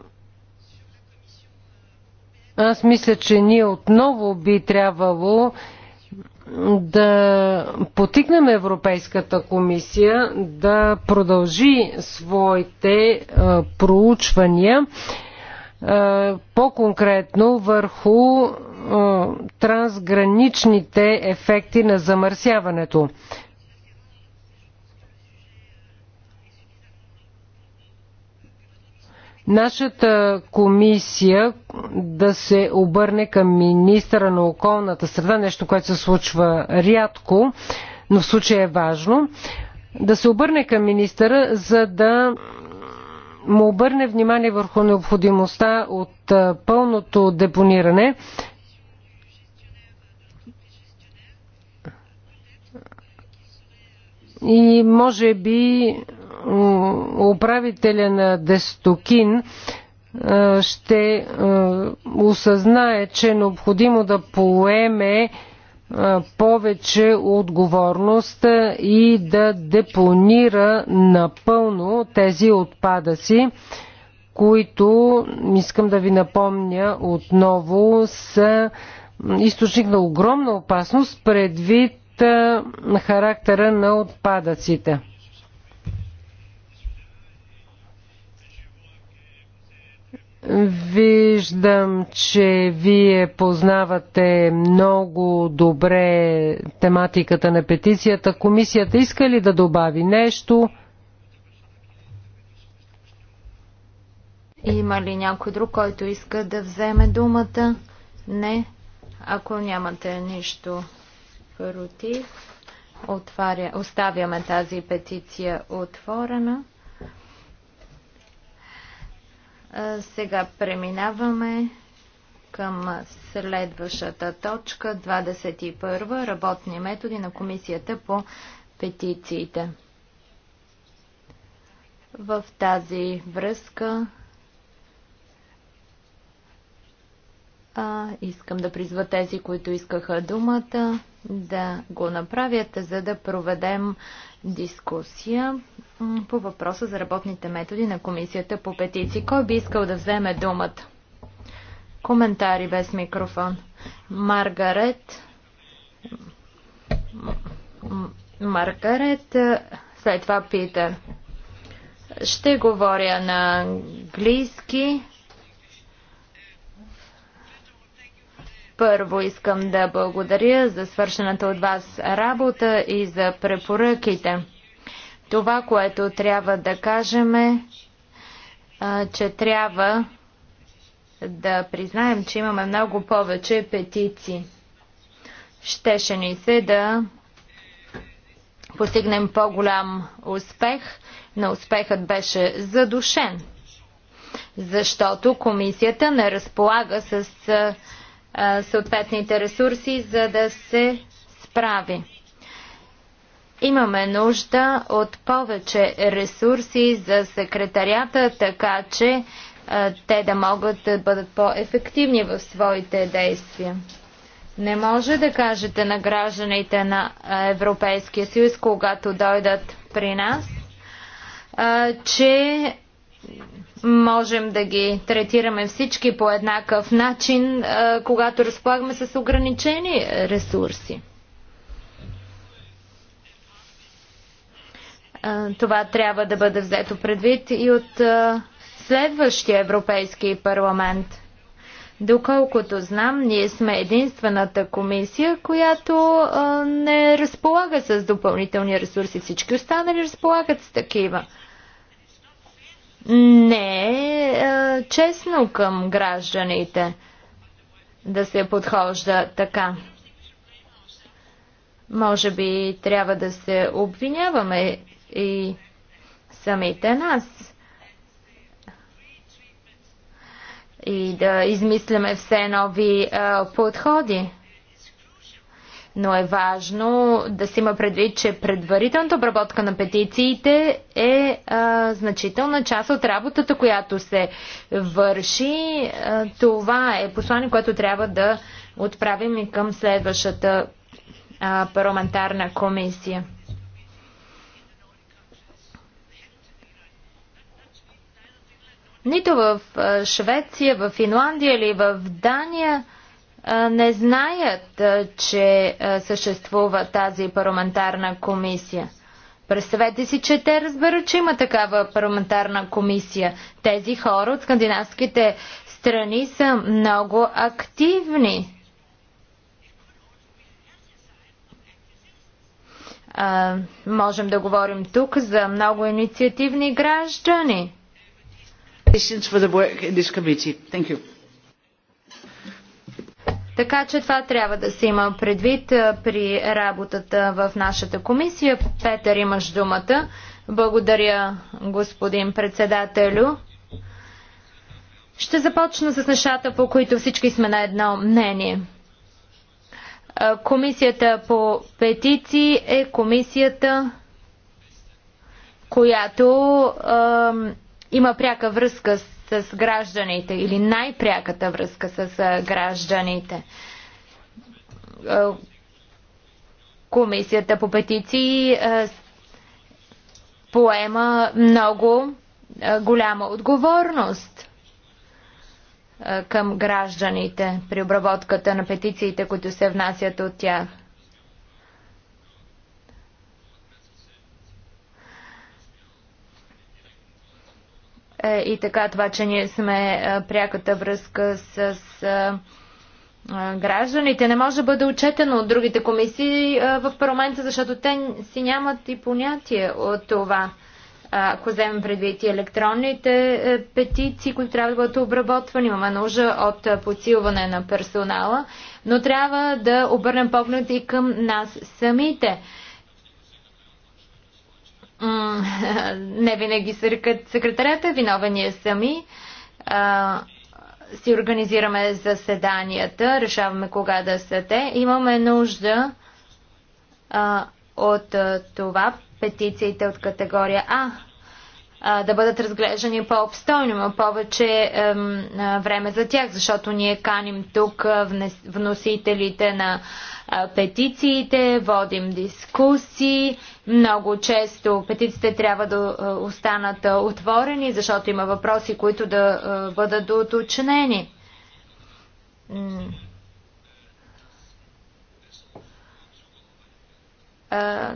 Аз мисля, че ние отново би трябвало да потикнем Европейската комисия да продължи своите а, е, проучвания е, по-конкретно върху а, е, трансграничните ефекти на замърсяването. Нашата комисия да се обърне към министра на околната среда, нещо, което се случва рядко, но в случая е важно, да се обърне към министъра, за да му обърне внимание върху необходимостта от пълното депониране. И може би управителя на Дестокин ще осъзнае, че е необходимо да поеме повече отговорност и да депонира напълно тези отпадъци, които, искам да ви напомня отново, са източник на огромна опасност предвид характера на отпадъците. Виждам, че вие познавате много добре тематиката на петицията. Комисията иска ли да добави нещо? Има ли някой друг, който иска да вземе думата? Не. Ако нямате нищо против, отваря, оставяме тази петиция отворена. Сега преминаваме към следващата точка, 21. Работни методи на Комисията по петициите. В тази връзка А, искам да призва тези, които искаха думата, да го направят, за да проведем дискусия по въпроса за работните методи на Комисията по петиции. Кой би искал да вземе думата? Коментари без микрофон. Маргарет. Маргарет. След това Питер. Ще говоря на английски. Първо искам да благодаря за свършената от вас работа и за препоръките. Това, което трябва да кажем е, че трябва да признаем, че имаме много повече петиции. Щеше ни се да постигнем по-голям успех, но успехът беше задушен, защото комисията не разполага с съответните ресурси, за да се справи. Имаме нужда от повече ресурси за секретарията, така че а, те да могат да бъдат по-ефективни в своите действия. Не може да кажете на гражданите на Европейския съюз, когато дойдат при нас, а, че можем да ги третираме всички по еднакъв начин, когато разполагаме с ограничени ресурси. Това трябва да бъде взето предвид и от следващия Европейски парламент. Доколкото знам, ние сме единствената комисия, която не разполага с допълнителни ресурси. Всички останали разполагат с такива не е, е честно към гражданите да се подхожда така. Може би трябва да се обвиняваме и самите нас. И да измисляме все нови е, подходи. Но е важно да се има предвид, че предварителната обработка на петициите е а, значителна част от работата, която се върши. А, това е послание, което трябва да отправим и към следващата а, парламентарна комисия. Нито в Швеция, в Финландия или в Дания не знаят, че съществува тази парламентарна комисия. Представете си, че те разберат, че има такава парламентарна комисия. Тези хора от скандинавските страни са много активни. А, можем да говорим тук за много инициативни граждани. Thank you. Така че това трябва да се има предвид при работата в нашата комисия. Петър, имаш думата. Благодаря, господин председателю. Ще започна с нещата, по които всички сме на едно мнение. Комисията по петиции е комисията, която е, има пряка връзка с с гражданите или най-пряката връзка с гражданите. Комисията по петиции поема много голяма отговорност към гражданите при обработката на петициите, които се внасят от тях. Е, и така това, че ние сме е, пряката връзка с е, гражданите не може да бъде отчетено от другите комисии в парламента, защото те си нямат и понятие от това. Ако вземем предвид и електронните петиции, които трябва да бъдат обработвани, имаме нужда от подсилване на персонала, но трябва да обърнем поглед и към нас самите. не винаги секретарят е виновен ние сами. А, си организираме заседанията, решаваме кога да са те. Имаме нужда а, от а, това петициите от категория А да бъдат разглеждани по-обстойно, има повече ем, време за тях, защото ние каним тук вносителите на петициите, водим дискусии много често петиците трябва да е, останат е, отворени, защото има въпроси, които да е, бъдат доточнени.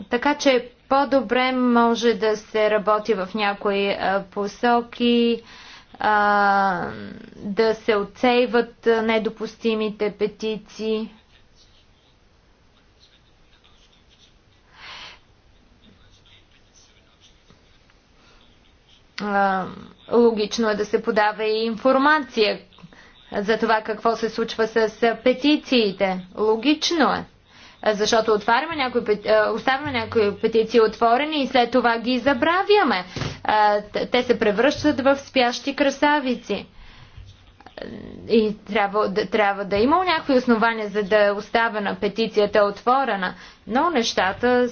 Така че по-добре може да се работи в някои посоки, да се отсейват недопустимите петиции. логично е да се подава и информация за това какво се случва с петициите. Логично е. Защото отваряме някои, оставяме някои петиции отворени и след това ги забравяме. Те се превръщат в спящи красавици. И трябва, трябва да има някакви основания, за да е оставя на петицията отворена. Но нещата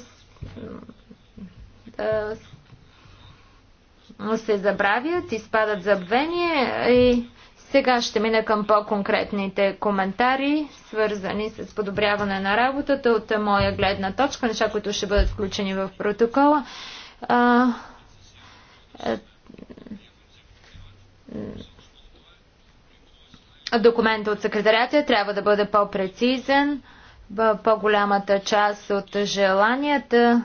се забравят, изпадат забвение и сега ще мина към по-конкретните коментари, свързани с подобряване на работата от моя гледна точка, неща, които ще бъдат включени в протокола. А, е, документа от секретарията трябва да бъде по-прецизен. По-голямата част от желанията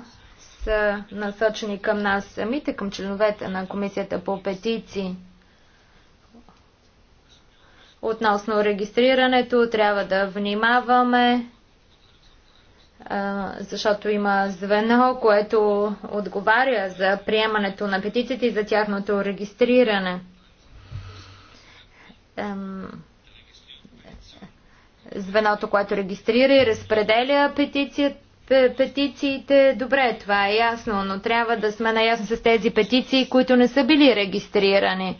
са насочени към нас самите, към членовете на Комисията по петиции. Относно регистрирането трябва да внимаваме, защото има звено, което отговаря за приемането на петициите и за тяхното регистриране. Звеното, което регистрира и разпределя петицията, Петициите, добре, това е ясно, но трябва да сме наясно с тези петиции, които не са били регистрирани.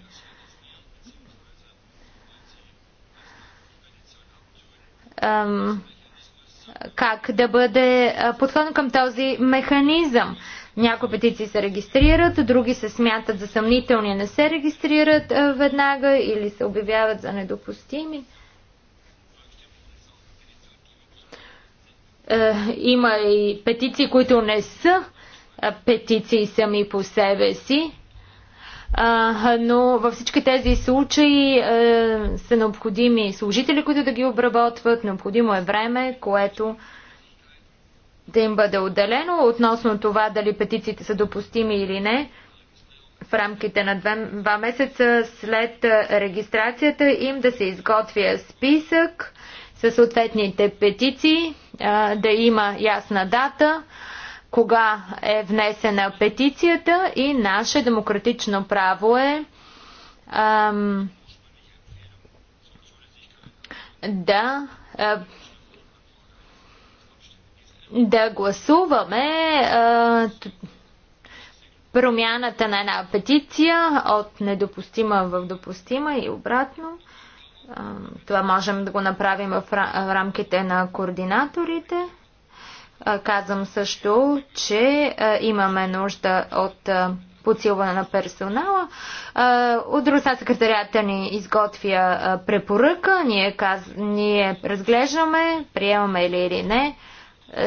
как да бъде подходен към този механизъм. Някои петиции се регистрират, други се смятат за съмнителни, не се регистрират веднага или се обявяват за недопустими. Е, има и петиции, които не са петиции сами по себе си, но във всички тези случаи е, са необходими служители, които да ги обработват, необходимо е време, което да им бъде отделено относно това дали петициите са допустими или не. В рамките на два месеца след регистрацията им да се изготвя списък със съответните петиции, да има ясна дата, кога е внесена петицията и наше демократично право е ам, да да гласуваме промяната на една петиция от недопустима в допустима и обратно. Това можем да го направим в рамките на координаторите. Казвам също, че имаме нужда от подсилване на персонала. От друга секретарията ни изготвя препоръка, ние, каз... ние разглеждаме, приемаме или, или не.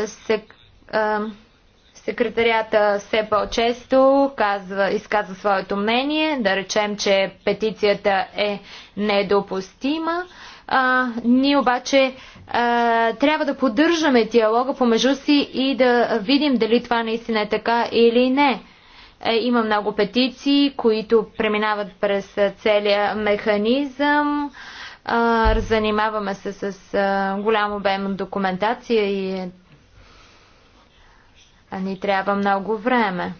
Сек... Секретарията все по-често казва, изказва своето мнение, да речем, че петицията е недопустима. А, ние обаче а, трябва да поддържаме диалога помежду си и да видим дали това наистина е така или не. Е, има много петиции, които преминават през целия механизъм. А, занимаваме се с а, голям обем документация и е а ни трябва много време.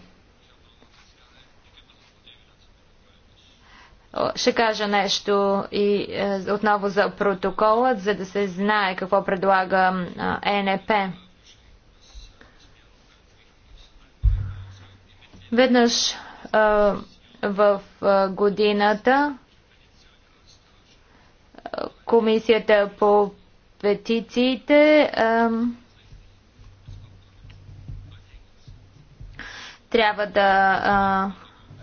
Ще кажа нещо и е, отново за протоколът, за да се знае какво предлага ЕНП. Веднъж е, в е, годината комисията по петициите трябва да а,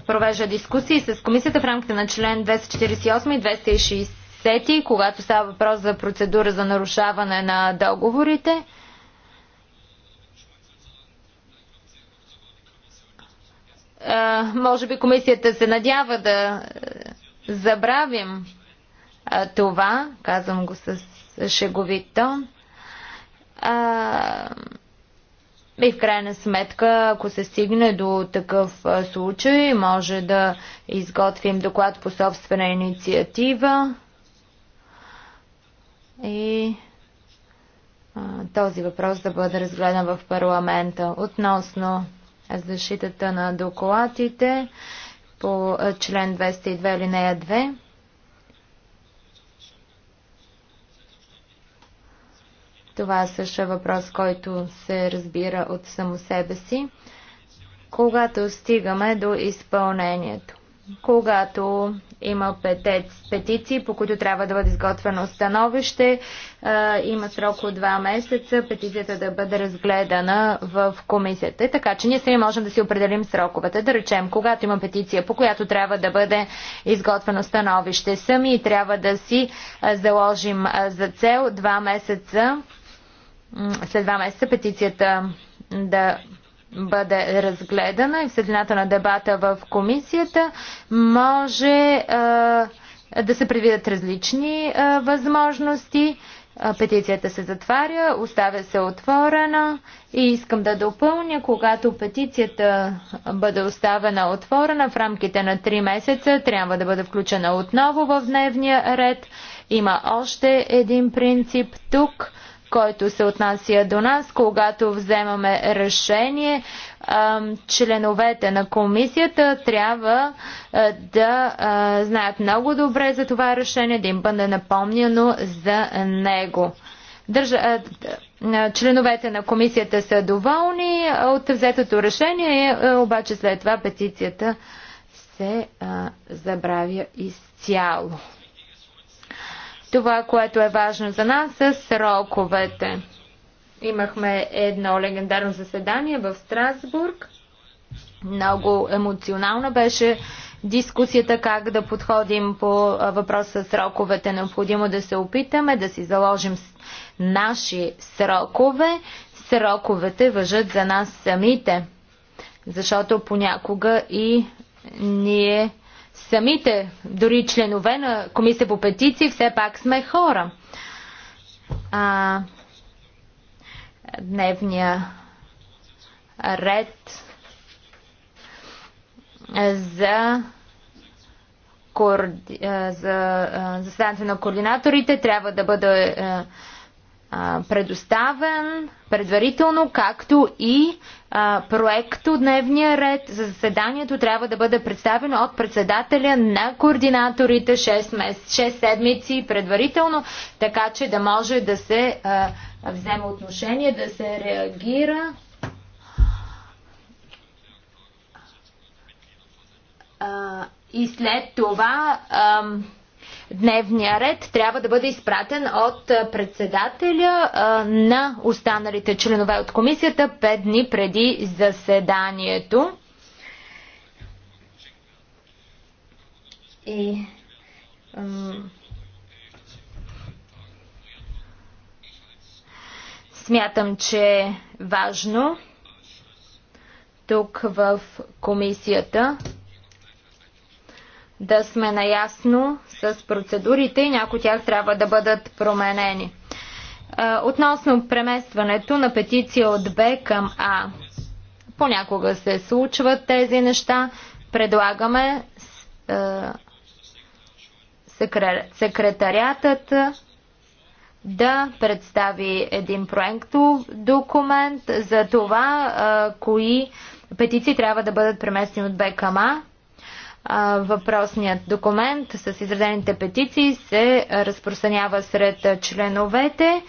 провежда дискусии с комисията в рамките на член 248 и 260, когато става въпрос за процедура за нарушаване на договорите. А, може би комисията се надява да забравим а, това, казвам го с шеговит тон. А, и в крайна сметка, ако се стигне до такъв случай, може да изготвим доклад по собствена инициатива и този въпрос да бъде разгледан в парламента. Относно защитата на докладите по член 202 линия 2, Това също е въпрос, който се разбира от само себе си. Когато стигаме до изпълнението, когато има петиции, по които трябва да бъде изготвено становище, има срок от два месеца петицията да бъде разгледана в комисията. Така че ние сами можем да си определим сроковете. Да речем, когато има петиция, по която трябва да бъде изготвено становище сами и трябва да си заложим за цел два месеца след два месеца петицията да бъде разгледана и в светлината на дебата в комисията може а, да се предвидят различни а, възможности. Петицията се затваря, оставя се отворена и искам да допълня, когато петицията бъде оставена отворена в рамките на 3 месеца, трябва да бъде включена отново в дневния ред. Има още един принцип тук – който се отнася до нас, когато вземаме решение, членовете на комисията трябва да знаят много добре за това решение, да им бъде напомнено за него. Държа... Членовете на комисията са доволни от взетото решение, е, е, обаче след това петицията се забравя изцяло. Това, което е важно за нас, са сроковете. Имахме едно легендарно заседание в Страсбург. Много емоционална беше дискусията как да подходим по въпроса с сроковете. Необходимо да се опитаме да си заложим наши срокове. Сроковете въжат за нас самите, защото понякога и ние самите, дори членове на комисия по петиции, все пак сме хора. А, дневния ред за за заседанието на координаторите трябва да бъде предоставен предварително, както и а, проект от дневния ред за заседанието трябва да бъде представен от председателя на координаторите 6, мес, 6 седмици предварително, така че да може да се а, отношение, да се реагира. А, и след това. А, дневния ред трябва да бъде изпратен от председателя на останалите членове от комисията 5 дни преди заседанието. И смятам, че е важно тук в комисията да сме наясно с процедурите и някои от тях трябва да бъдат променени. Относно преместването на петиция от Б към А. Понякога се случват тези неща. Предлагаме секретариатът да представи един проекто документ за това, кои петиции трябва да бъдат преместени от БКМА Въпросният документ с изразените петиции се разпространява сред членовете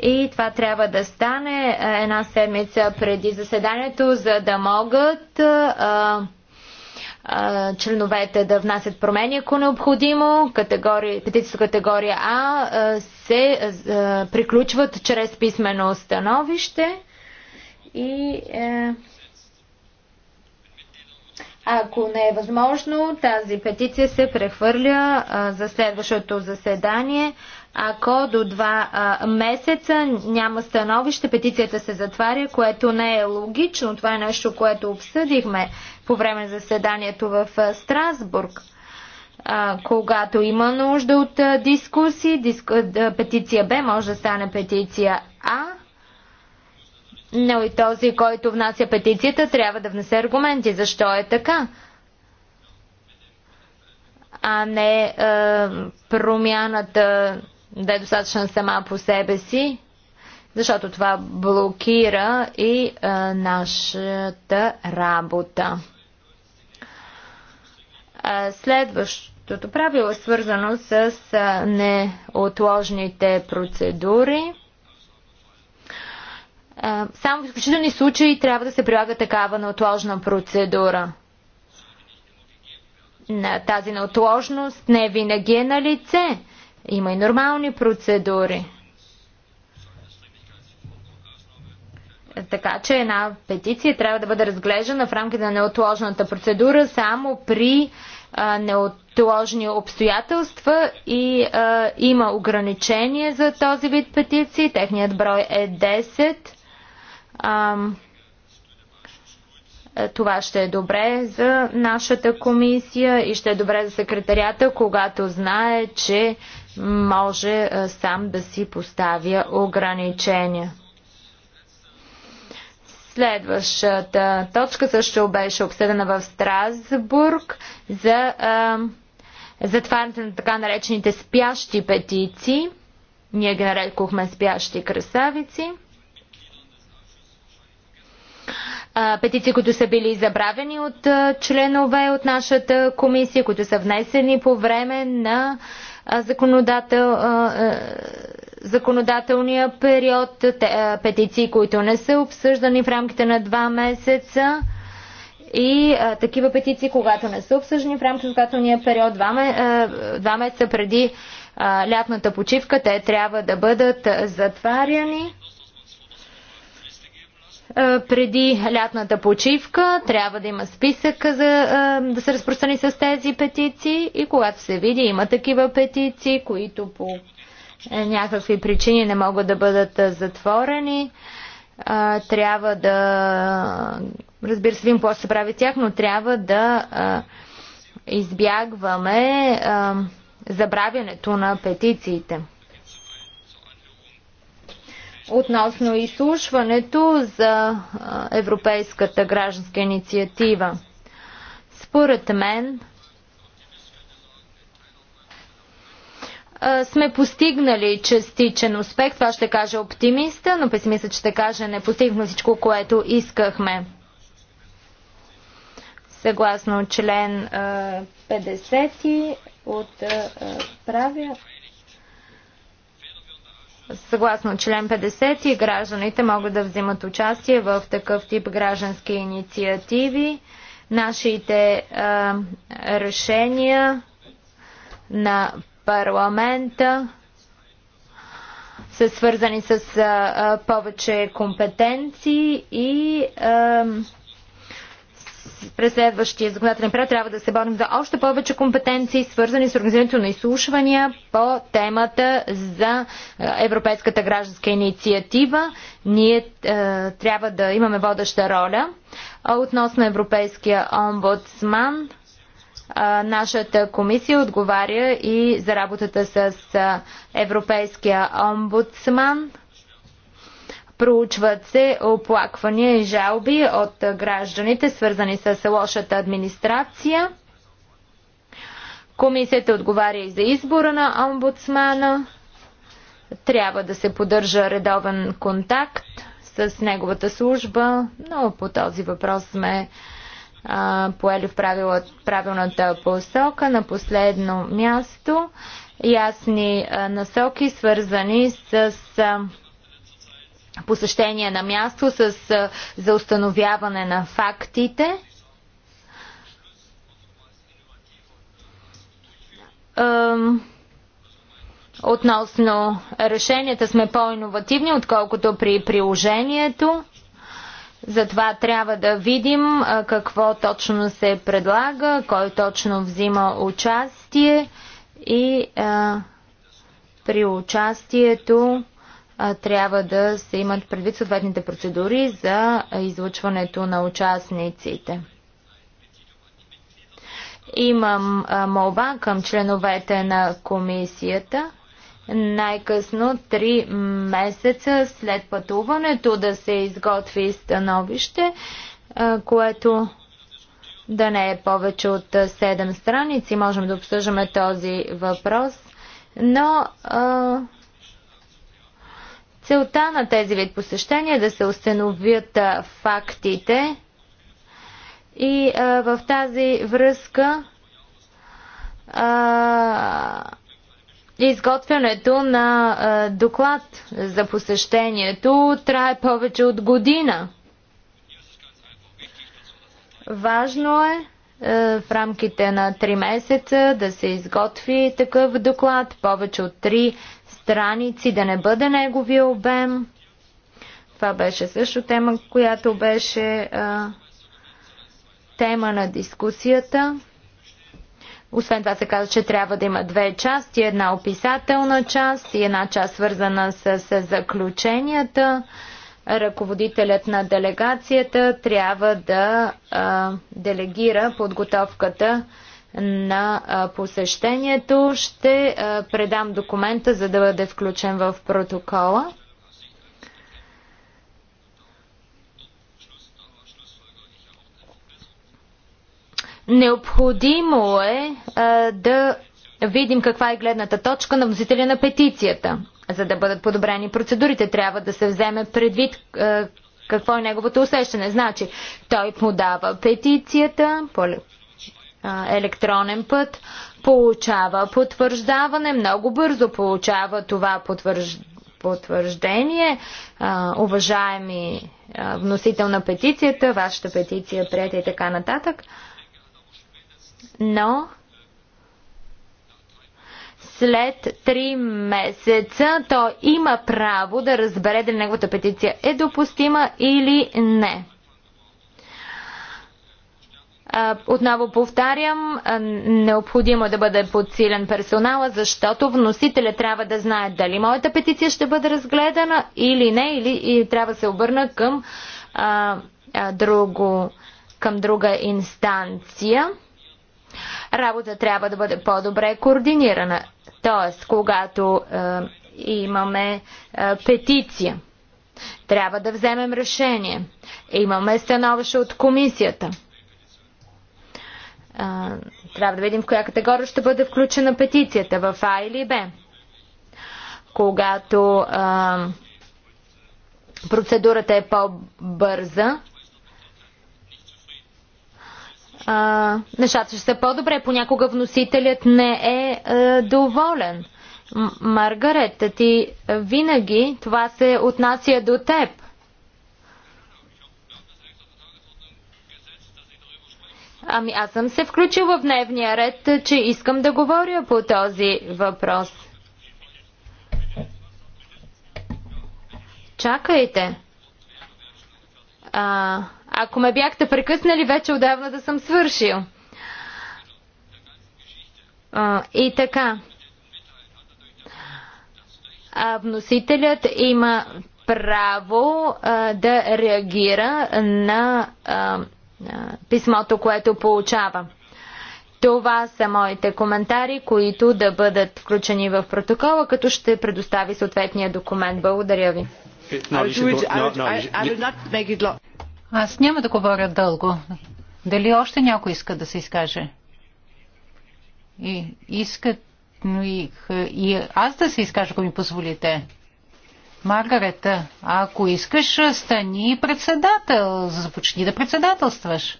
и това трябва да стане една седмица преди заседанието, за да могат а, а, членовете да внасят промени, ако необходимо. Категория, петицията категория А се а, приключват чрез писмено становище и е, ако не е възможно, тази петиция се прехвърля за следващото заседание. Ако до два а, месеца няма становище, петицията се затваря, което не е логично. Това е нещо, което обсъдихме по време на заседанието в Страсбург. А, когато има нужда от а, дискусии, а, петиция Б може да стане петиция А но и този, който внася петицията, трябва да внесе аргументи. Защо е така? А не е, промяната да е достатъчна сама по себе си, защото това блокира и е, нашата работа. Е, следващото правило е свързано с е, неотложните процедури. Само в изключителни случаи трябва да се прилага такава неотложна процедура. На тази неотложност не винаги е на лице. Има и нормални процедури. Така че една петиция трябва да бъде разглеждана в рамките на неотложната процедура само при а, неотложни обстоятелства и а, има ограничение за този вид петиции. Техният брой е 10 това ще е добре за нашата комисия и ще е добре за секретарията, когато знае, че може сам да си поставя ограничения. Следващата точка също беше обсъдена в Страсбург за затварянето на така наречените спящи петиции. Ние ги нарекохме спящи красавици. петиции, които са били забравени от членове от нашата комисия, които са внесени по време на законодател, законодателния период, петиции, които не са обсъждани в рамките на два месеца и а, такива петиции, когато не са обсъждани в рамките на законодателния период, два, а, два месеца преди а, лятната почивка, те трябва да бъдат затваряни. Е, преди лятната почивка трябва да има списък за е, да се разпространи с тези петиции и когато се види има такива петиции, които по е, някакви причини не могат да бъдат затворени. Трябва да разбира се, видим какво се прави тях, но трябва да избягваме забравянето на петициите относно изслушването за Европейската гражданска инициатива. Според мен сме постигнали частичен успех. Това ще кажа оптимиста, но че ще каже не постигнахме всичко, което искахме. Съгласно член 50 от правя Съгласно член 50 гражданите могат да взимат участие в такъв тип граждански инициативи. Нашите а, решения на парламента са свързани с а, повече компетенции и а, през следващия законодателен период трябва да се борим за още повече компетенции, свързани с организирането на изслушвания по темата за е, Европейската гражданска инициатива. Ние е, трябва да имаме водеща роля. Относно Европейския омбудсман, е, нашата комисия отговаря и за работата с е, Европейския омбудсман – Проучват се оплаквания и жалби от гражданите, свързани с лошата администрация. Комисията отговаря и за избора на омбудсмана. Трябва да се поддържа редовен контакт с неговата служба, но по този въпрос сме а, поели в правилната посока. На последно място ясни а, насоки, свързани с. А, Посещение на място с, за установяване на фактите. Относно решенията сме по-инновативни, отколкото при приложението. Затова трябва да видим какво точно се предлага, кой точно взима участие и а, при участието трябва да се имат предвид съответните процедури за излъчването на участниците. Имам молба към членовете на комисията най-късно 3 месеца след пътуването да се изготви становище, което да не е повече от 7 страници. Можем да обсъждаме този въпрос, но Целта на тези вид посещения е да се установят фактите и а, в тази връзка а, изготвянето на а, доклад за посещението трае повече от година. Важно е в рамките на 3 месеца да се изготви такъв доклад. Повече от страници да не бъде неговия обем. Това беше също тема, която беше а, тема на дискусията. Освен това се каза, че трябва да има две части. Една описателна част и една част свързана с, с заключенията. Ръководителят на делегацията трябва да а, делегира подготовката на посещението. Ще предам документа, за да бъде включен в протокола. Необходимо е да видим каква е гледната точка на вносителя на петицията. За да бъдат подобрени процедурите, трябва да се вземе предвид какво е неговото усещане. Значи, той подава петицията по електронен път, получава потвърждаване, много бързо получава това потвърждение. уважаеми вносител на петицията, вашата петиция е прията и така нататък. Но след три месеца той има право да разбере дали неговата петиция е допустима или не. Отново повтарям, необходимо е да бъде подсилен персонала, защото вносителя трябва да знае дали моята петиция ще бъде разгледана или не, или и трябва да се обърна към, а, а, друго, към друга инстанция. Работа трябва да бъде по-добре координирана, т.е. когато а, имаме а, петиция. Трябва да вземем решение. Имаме становище от комисията – а, трябва да видим в коя категория ще бъде включена петицията, в А или Б. Когато а, процедурата е по-бърза, а, нещата ще са по-добре. Понякога вносителят не е а, доволен. Маргарет, ти винаги това се отнася до теб. Ами аз съм се включила в дневния ред, че искам да говоря по този въпрос. Чакайте. А, ако ме бяхте прекъснали, вече отдавна да съм свършил. А, и така. А, вносителят има право а, да реагира на а, писмото, което получава. Това са моите коментари, които да бъдат включени в протокола, като ще предостави съответния документ. Благодаря ви. Е, аз няма да говоря дълго. Дали още някой иска да се изкаже? И искат, но и, и аз да се изкажа, ако ми позволите. Маргарета, ако искаш, стани председател, започни да председателстваш.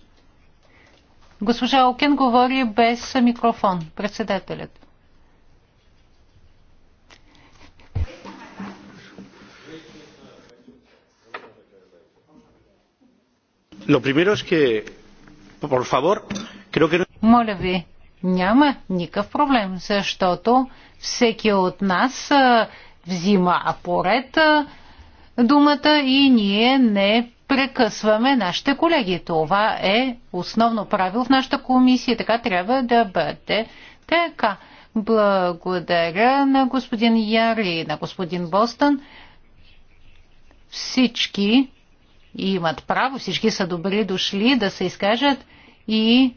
Госпожа Окен говори без микрофон, председателят. Lo primero es que, por favor, creo que... Моля ви, няма никакъв проблем, защото всеки от нас взима поред думата и ние не прекъсваме нашите колеги. Това е основно правило в нашата комисия. Така трябва да бъде. Така. Благодаря на господин Яри и на господин Бостън. Всички имат право, всички са добри дошли да се изкажат и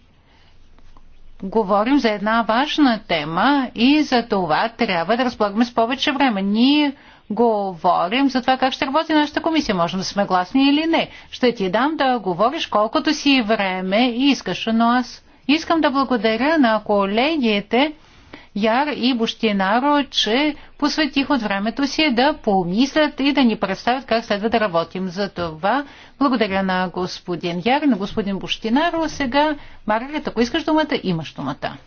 говорим за една важна тема и за това трябва да разполагаме с повече време. Ние говорим за това как ще работи нашата комисия. Можем да сме гласни или не. Ще ти дам да говориш колкото си време искаш, но аз искам да благодаря на колегите, Яр и Бощинаро, че посветих от времето си да помислят и да ни представят как следва да работим. За това благодаря на господин Яр, на господин Бощинаро. Сега, Маргарет, ако искаш думата, имаш думата.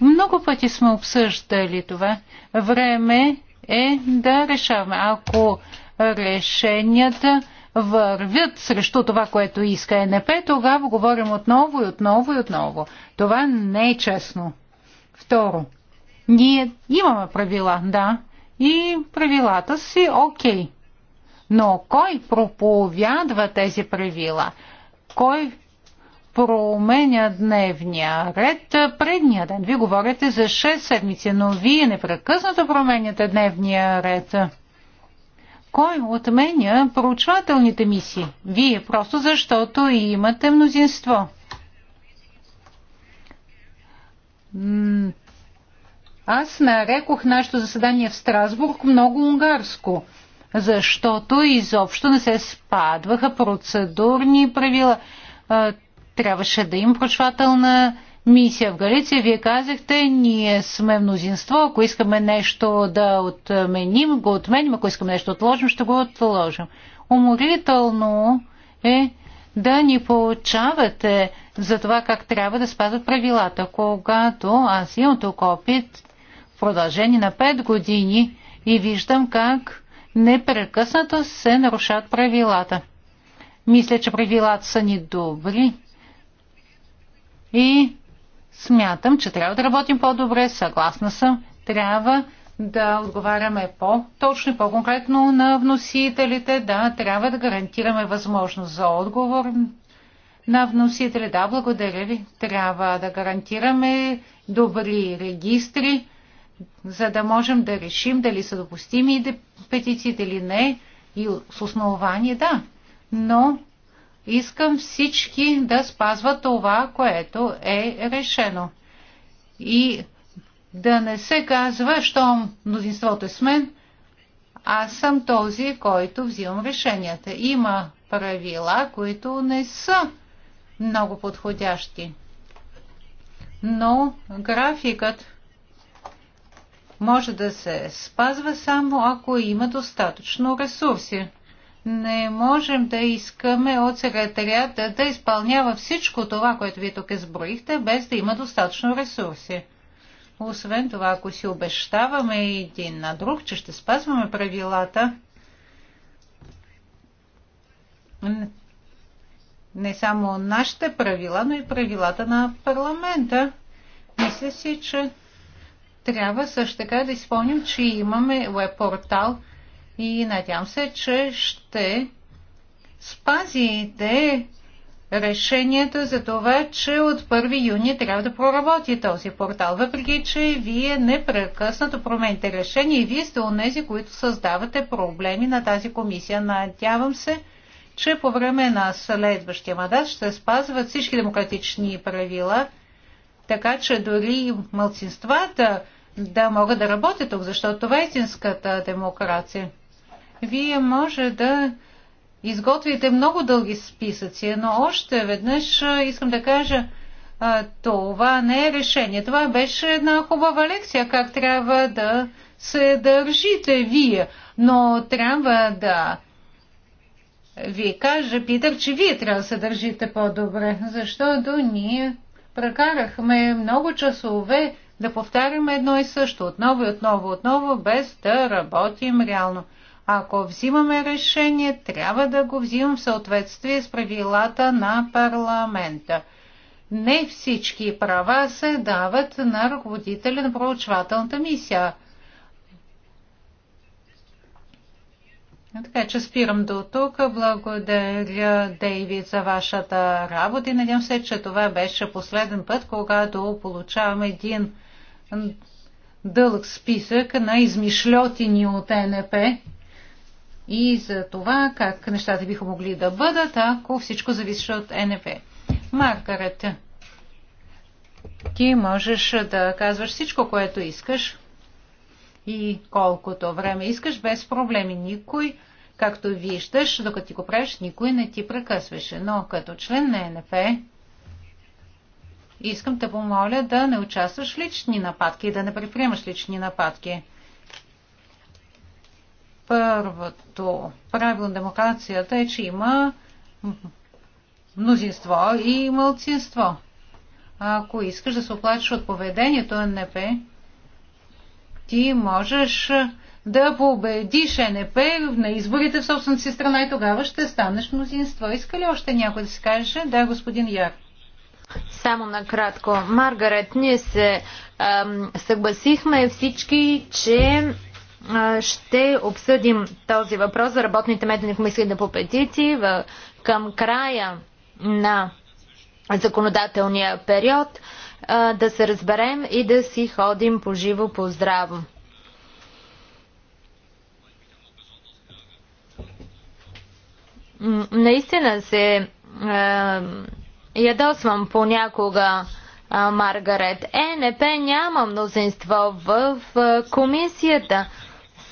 Много пъти сме обсъждали това. Време е да решаваме. Ако решенията вървят срещу това, което иска НП, тогава говорим отново и отново и отново. Това не е честно. Второ, ние имаме правила, да, и правилата си окей. Но кой проповядва тези правила? Кой променя дневния ред предния ден? Вие говорите за 6 седмици, но вие непрекъснато променяте дневния ред. Кой отменя проучвателните мисии? Вие просто защото имате мнозинство. Аз нарекох нашето заседание в Страсбург много унгарско, защото изобщо не се спадваха процедурни правила. Трябваше да им прочвателна мисия в Галиция. Вие казахте, ние сме мнозинство, ако искаме нещо да отменим, го отменим, ако искаме нещо отложим, ще го отложим. Уморително е, да ни получавате за това как трябва да спазват правилата. Когато аз имам тук опит в продължение на 5 години и виждам как непрекъснато се нарушат правилата. Мисля, че правилата са ни добри и смятам, че трябва да работим по-добре, съгласна съм, трябва да отговаряме по-точно и по-конкретно на вносителите. Да, трябва да гарантираме възможност за отговор на вносителите. Да, благодаря ви. Трябва да гарантираме добри регистри, за да можем да решим дали са допустими петиции, дали не. И с основание, да. Но искам всички да спазват това, което е решено. И да не се казва, щом мнозинството е с мен, аз съм този, който взимам решенията. Има правила, които не са много подходящи. Но графикът може да се спазва само ако има достатъчно ресурси. Не можем да искаме от секретарията да изпълнява всичко това, което вие тук изброихте, без да има достатъчно ресурси. Освен това, ако си обещаваме един на друг, че ще спазваме правилата, не само нашите правила, но и правилата на парламента. Мисля си, че трябва също така да изпълним, че имаме веб-портал и надявам се, че ще спазите решението за това, че от 1 юни трябва да проработи този портал, въпреки че вие непрекъснато промените решение и вие сте от тези, които създавате проблеми на тази комисия. Надявам се, че по време на следващия мандат ще спазват всички демократични правила, така че дори мълцинствата да могат да работят тук, защото това е истинската демокрация. Вие може да изготвите много дълги списъци, но още веднъж искам да кажа, това не е решение. Това беше една хубава лекция, как трябва да се държите вие. Но трябва да ви каже, Питър, че вие трябва да се държите по-добре, защото ние прекарахме много часове да повтаряме едно и също отново и отново, отново, без да работим реално. Ако взимаме решение, трябва да го взимам в съответствие с правилата на парламента. Не всички права се дават на ръководителя на проучвателната мисия. Така че спирам до тук. Благодаря, Дейвид, за вашата работа и надявам се, че това беше последен път, когато получавам един дълъг списък на измишлетини от НП и за това как нещата биха могли да бъдат, ако всичко зависи от НФ. Маргарет, ти можеш да казваш всичко, което искаш и колкото време искаш, без проблеми. Никой, както виждаш, докато ти го правиш, никой не ти прекъсваше. Но като член на НФ, искам те помоля да не участваш в лични нападки и да не предприемаш лични нападки. Първото правило на демокрацията е, че има мнозинство и мълцинство. Ако искаш да се оплачеш от поведението на НП, ти можеш да победиш НП на изборите в собствената си страна и тогава ще станеш мнозинство. Иска ли още някой да се каже? Да, господин Яр. Само накратко. Маргарет, ние се ам, съгласихме всички, че ще обсъдим този въпрос за работните методи на комисията по петиции към края на законодателния период да се разберем и да си ходим по живо по здраво. Наистина се ядосвам понякога е, Маргарет. ЕНП няма мнозинство в комисията.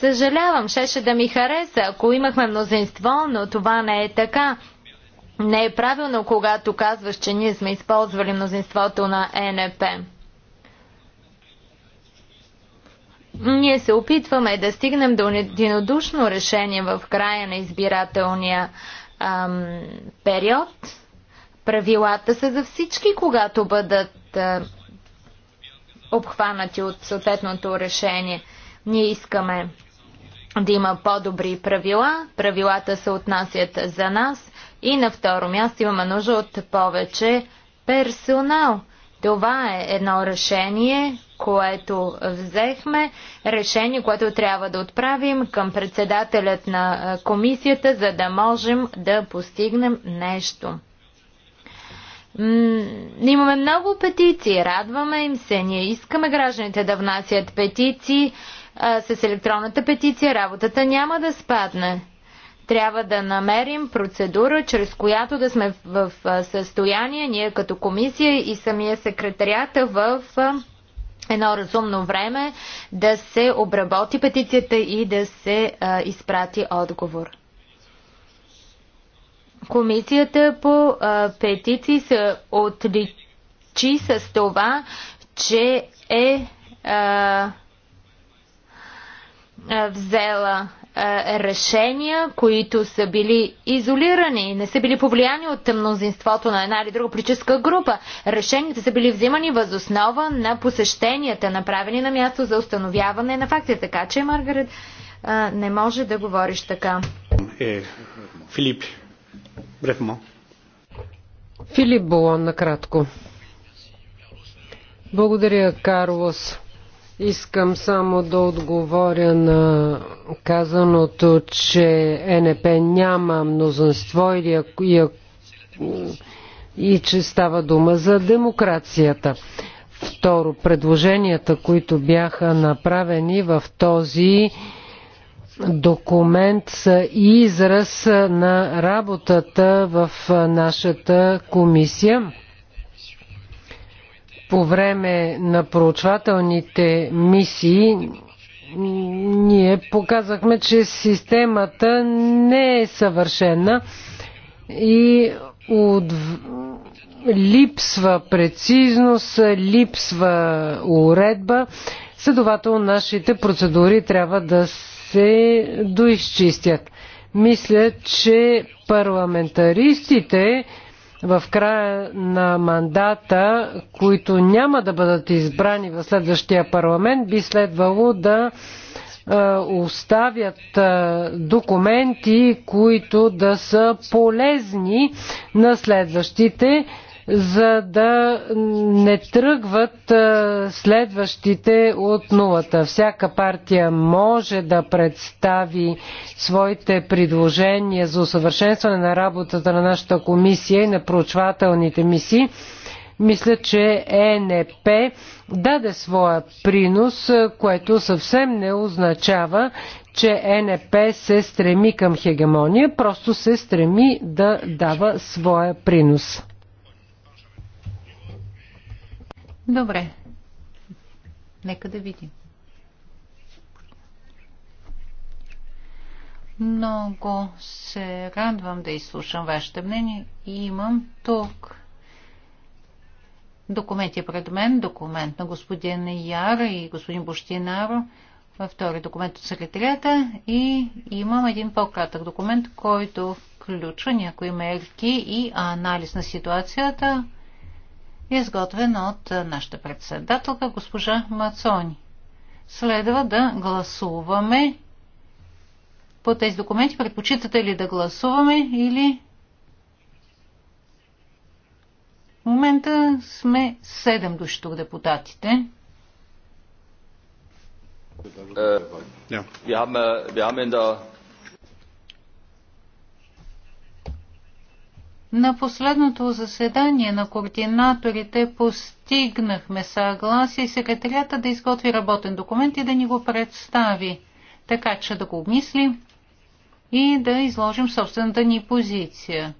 Съжалявам, щеше да ми хареса, ако имахме мнозинство, но това не е така. Не е правилно, когато казваш, че ние сме използвали мнозинството на ЕНП. Ние се опитваме да стигнем до единодушно решение в края на избирателния ам, период. Правилата са за всички, когато бъдат а, обхванати от съответното решение. Ние искаме да има по-добри правила, правилата се отнасят за нас и на второ място имаме нужда от повече персонал. Това е едно решение, което взехме, решение, което трябва да отправим към председателят на комисията, за да можем да постигнем нещо. Имаме много петиции, радваме им се, ние искаме гражданите да внасят петиции, а, с електронната петиция работата няма да спадне. Трябва да намерим процедура, чрез която да сме в състояние, ние като комисия и самия секретарията в едно разумно време да се обработи петицията и да се а, изпрати отговор. Комисията по а, петиции се отличи с това, че е а, взела решения, които са били изолирани, не са били повлияни от мнозинството на една или друга политическа група. Решенията са били взимани възоснова на посещенията, направени на място за установяване на факти. Така че, Маргарет, не може да говориш така. Е, Филип, брефмо. Филип Болон, накратко. Благодаря, Карлос. Искам само да отговоря на казаното, че НП няма мнозинство и, и, и че става дума за демокрацията. Второ, предложенията, които бяха направени в този документ са израз на работата в нашата комисия. По време на проучвателните мисии ние показахме, че системата не е съвършена и от... липсва прецизност, липсва уредба. Следователно нашите процедури трябва да се доизчистят. Мисля, че парламентаристите в края на мандата, които няма да бъдат избрани в следващия парламент, би следвало да оставят документи, които да са полезни на следващите за да не тръгват следващите от нулата. Всяка партия може да представи своите предложения за усъвършенстване на работата на нашата комисия и на проучвателните мисии. Мисля, че ЕНП даде своя принос, което съвсем не означава, че ЕНП се стреми към хегемония, просто се стреми да дава своя принос. Добре. Нека да видим. Много се радвам да изслушам вашето мнение и имам тук документи пред мен, документ на господин Яра и господин Бощинаро, втори документ от секретарията и имам един по-кратък документ, който включва някои мерки и анализ на ситуацията изготвен от нашата председателка госпожа Мацони. Следва да гласуваме по тези документи. Предпочитате ли да гласуваме или... В момента сме 7 души тук депутатите. Wir haben, wir haben in der На последното заседание на координаторите постигнахме съгласие секретарята да изготви работен документ и да ни го представи, така че да го обмислим и да изложим собствената ни позиция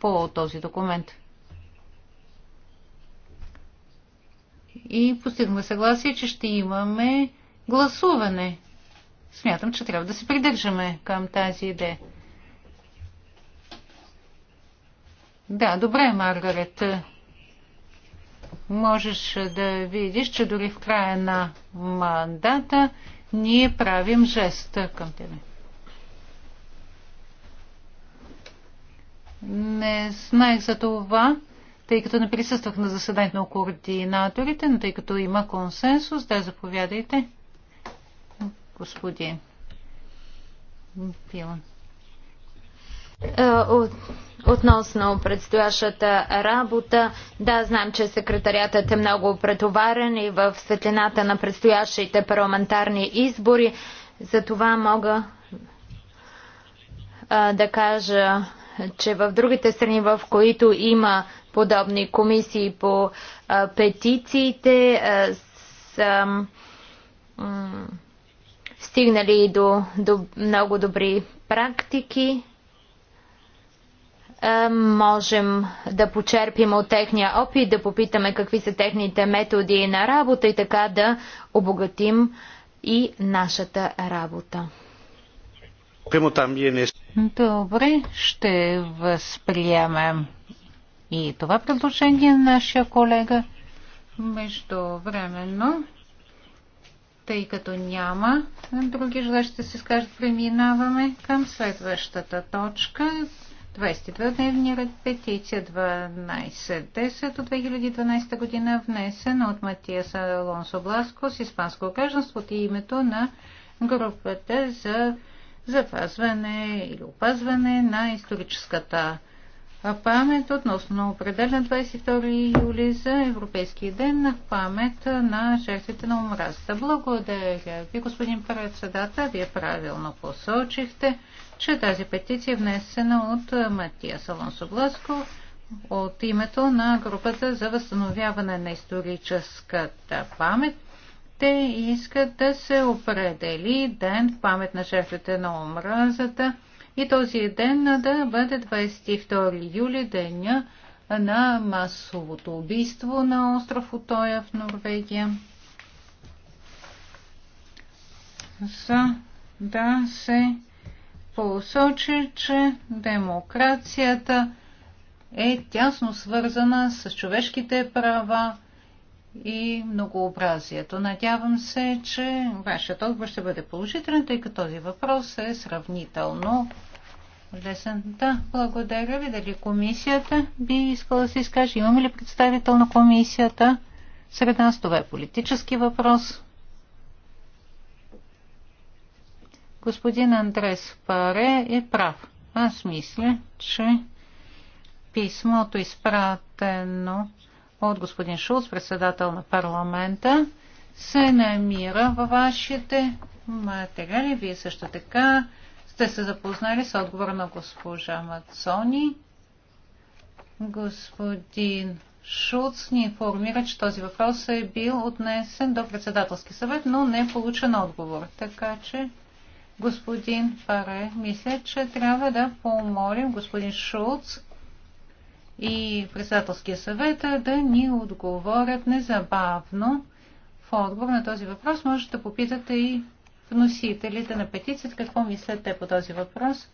по този документ. И постигна съгласие, че ще имаме гласуване. Смятам, че трябва да се придържаме към тази идея. Да, добре, Маргарет. Можеш да видиш, че дори в края на мандата ние правим жест към тебе. Не знаех за това, тъй като не присъствах на заседанието на координаторите, но тъй като има консенсус, да заповядайте, господин Пилан. Е, относно предстоящата работа, да, знам, че секретариатът е много претоварен и в светлината на предстоящите парламентарни избори. За това мога а, е, да кажа, че в другите страни, в които има подобни комисии по а, е, петициите, а, са стигнали до, до много добри практики е, можем да почерпим от техния опит, да попитаме какви са техните методи на работа и така да обогатим и нашата работа. Е Добре, ще възприемем и това предложение на нашия колега. между времено, тъй като няма други желащи да се скажат, преминаваме към следващата точка, 22 дневни ред петиция 1210 от 2012 година, внесена от Матиас Алонсо Бласко с испанско гражданство от името на групата за запазване или опазване на историческата памет относно определен 22 юли за Европейски ден на памет на жертвите на омразата. Благодаря ви, господин председател. Вие правилно посочихте, че тази петиция е внесена от е, Матия Салонсо Бласко от името на групата за възстановяване на историческата памет. Те искат да се определи ден в памет на жертвите на омразата и този ден да бъде 22 юли, деня на масовото убийство на остров Отоя в Норвегия. За да се посочи, че демокрацията е тясно свързана с човешките права и многообразието. Надявам се, че вашият отговор ще бъде положителен, тъй като този въпрос е сравнително лесен. Да, благодаря ви. Дали комисията би искала да се изкаже? Имаме ли представител на комисията? Сред нас това е политически въпрос. Господин Андрес Паре е прав. Аз мисля, че писмото изпратено от господин Шулц, председател на парламента, се намира във вашите материали. Вие също така сте се запознали с отговора на госпожа Мацони. Господин Шулц ни информира, че този въпрос е бил отнесен до председателски съвет, но не е получен отговор. Така че господин Паре. Мисля, че трябва да помолим господин Шулц и председателския съвет да ни отговорят незабавно. В отговор на този въпрос може да попитате и вносителите на петицията какво мислят те по този въпрос.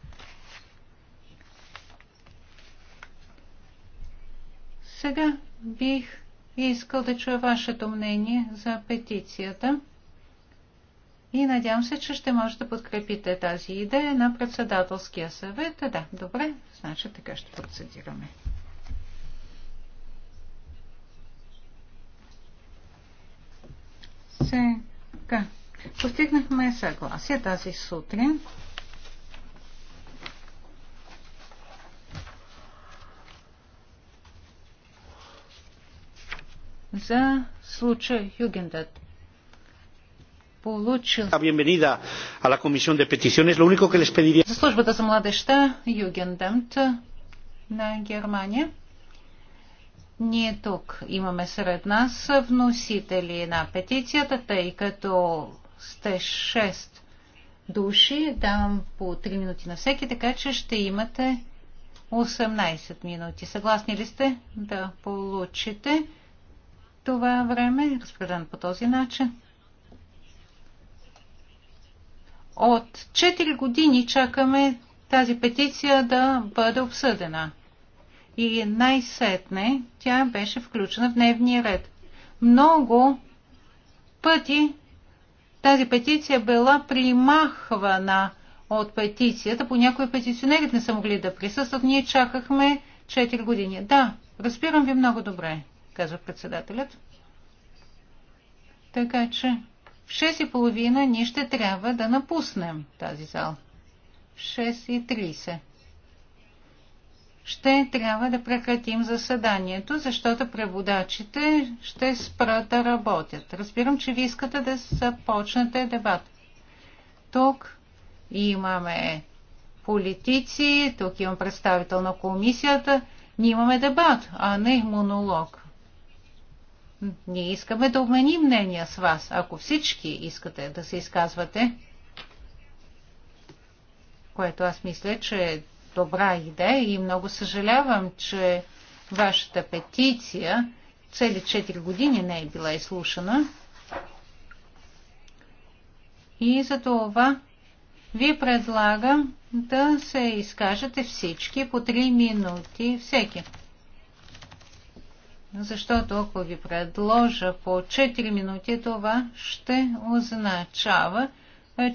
Сега бих искал да чуя вашето мнение за петицията. И надявам се, че ще може да подкрепите тази идея на председателския съвет. Да, добре, значи така ще процедираме. Сега. Постигнахме съгласие тази сутрин. за случая Югендът. За службата за младеща Югендемт на Германия. Ние тук имаме сред нас вносители на петицията, тъй като сте 6 души. Давам по 3 минути на всеки, така че ще имате 18 минути. Съгласни ли сте да получите това време, разпределено по този начин? От 4 години чакаме тази петиция да бъде обсъдена. И най-сетне тя беше включена в дневния ред. Много пъти тази петиция била примахвана от петицията. По някои петиционерите не са могли да присъстват. Ние чакахме 4 години. Да, разбирам ви много добре, казва председателят. Така че в половина ние ще трябва да напуснем тази зал. В 6.30 ще трябва да прекратим заседанието, защото преводачите ще спрат да работят. Разбирам, че ви искате да започнете дебат. Тук имаме политици, тук имам представител на комисията. Ние имаме дебат, а не монолог. Ние искаме да обменим мнения с вас, ако всички искате да се изказвате, което аз мисля, че е добра идея и много съжалявам, че вашата петиция цели 4 години не е била изслушана. И за това ви предлагам да се изкажете всички по 3 минути всеки. Защото ако ви предложа по 4 минути, това ще означава,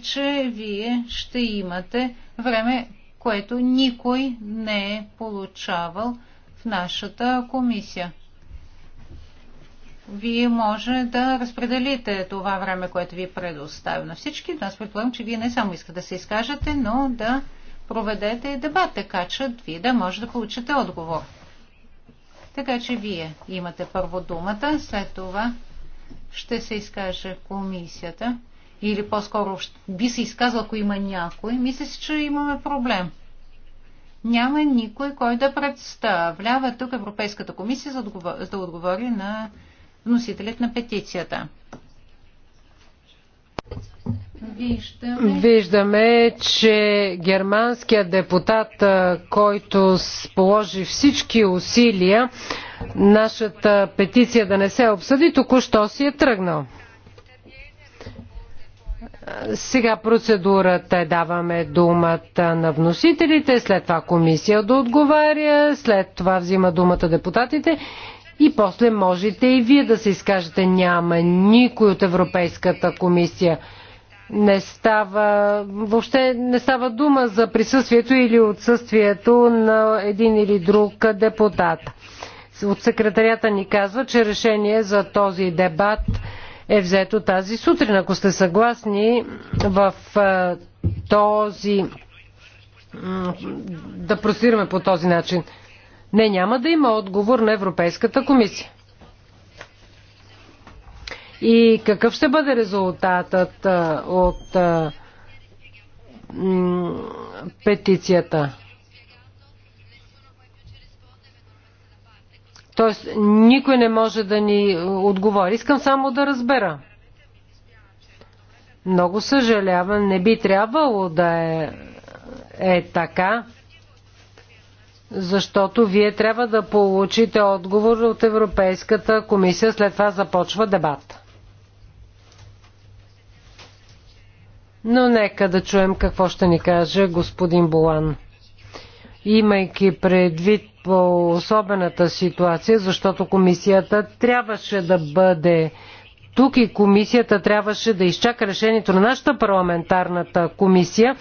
че вие ще имате време, което никой не е получавал в нашата комисия. Вие може да разпределите това време, което ви предоставя на всички. Аз предполагам, че вие не само искате да се изкажете, но да проведете дебат, така че вие да може да получите отговор. Така че вие имате първо думата, след това ще се изкаже комисията или по-скоро би се изказал, ако има някой. Мисля си, че имаме проблем. Няма никой, кой да представлява тук Европейската комисия, за да отговори на вносителят на петицията. Виждаме. Виждаме, че германският депутат, който положи всички усилия, нашата петиция да не се обсъди, току-що си е тръгнал. Сега процедурата е даваме думата на вносителите, след това комисия да отговаря, след това взима думата депутатите и после можете и вие да се изкажете. Няма никой от Европейската комисия не става, въобще не става дума за присъствието или отсъствието на един или друг депутат. От секретарията ни казва, че решение за този дебат е взето тази сутрин. Ако сте съгласни в е, този да просираме по този начин. Не, няма да има отговор на Европейската комисия и какъв ще бъде резултатът от петицията. Тоест, никой не може да ни отговори. Искам само да разбера. Много съжалявам, не би трябвало да е, е така, защото вие трябва да получите отговор от Европейската комисия, след това започва дебат. Но нека да чуем какво ще ни каже господин Болан. Имайки предвид по особената ситуация, защото комисията трябваше да бъде тук и комисията трябваше да изчака решението на нашата парламентарната комисия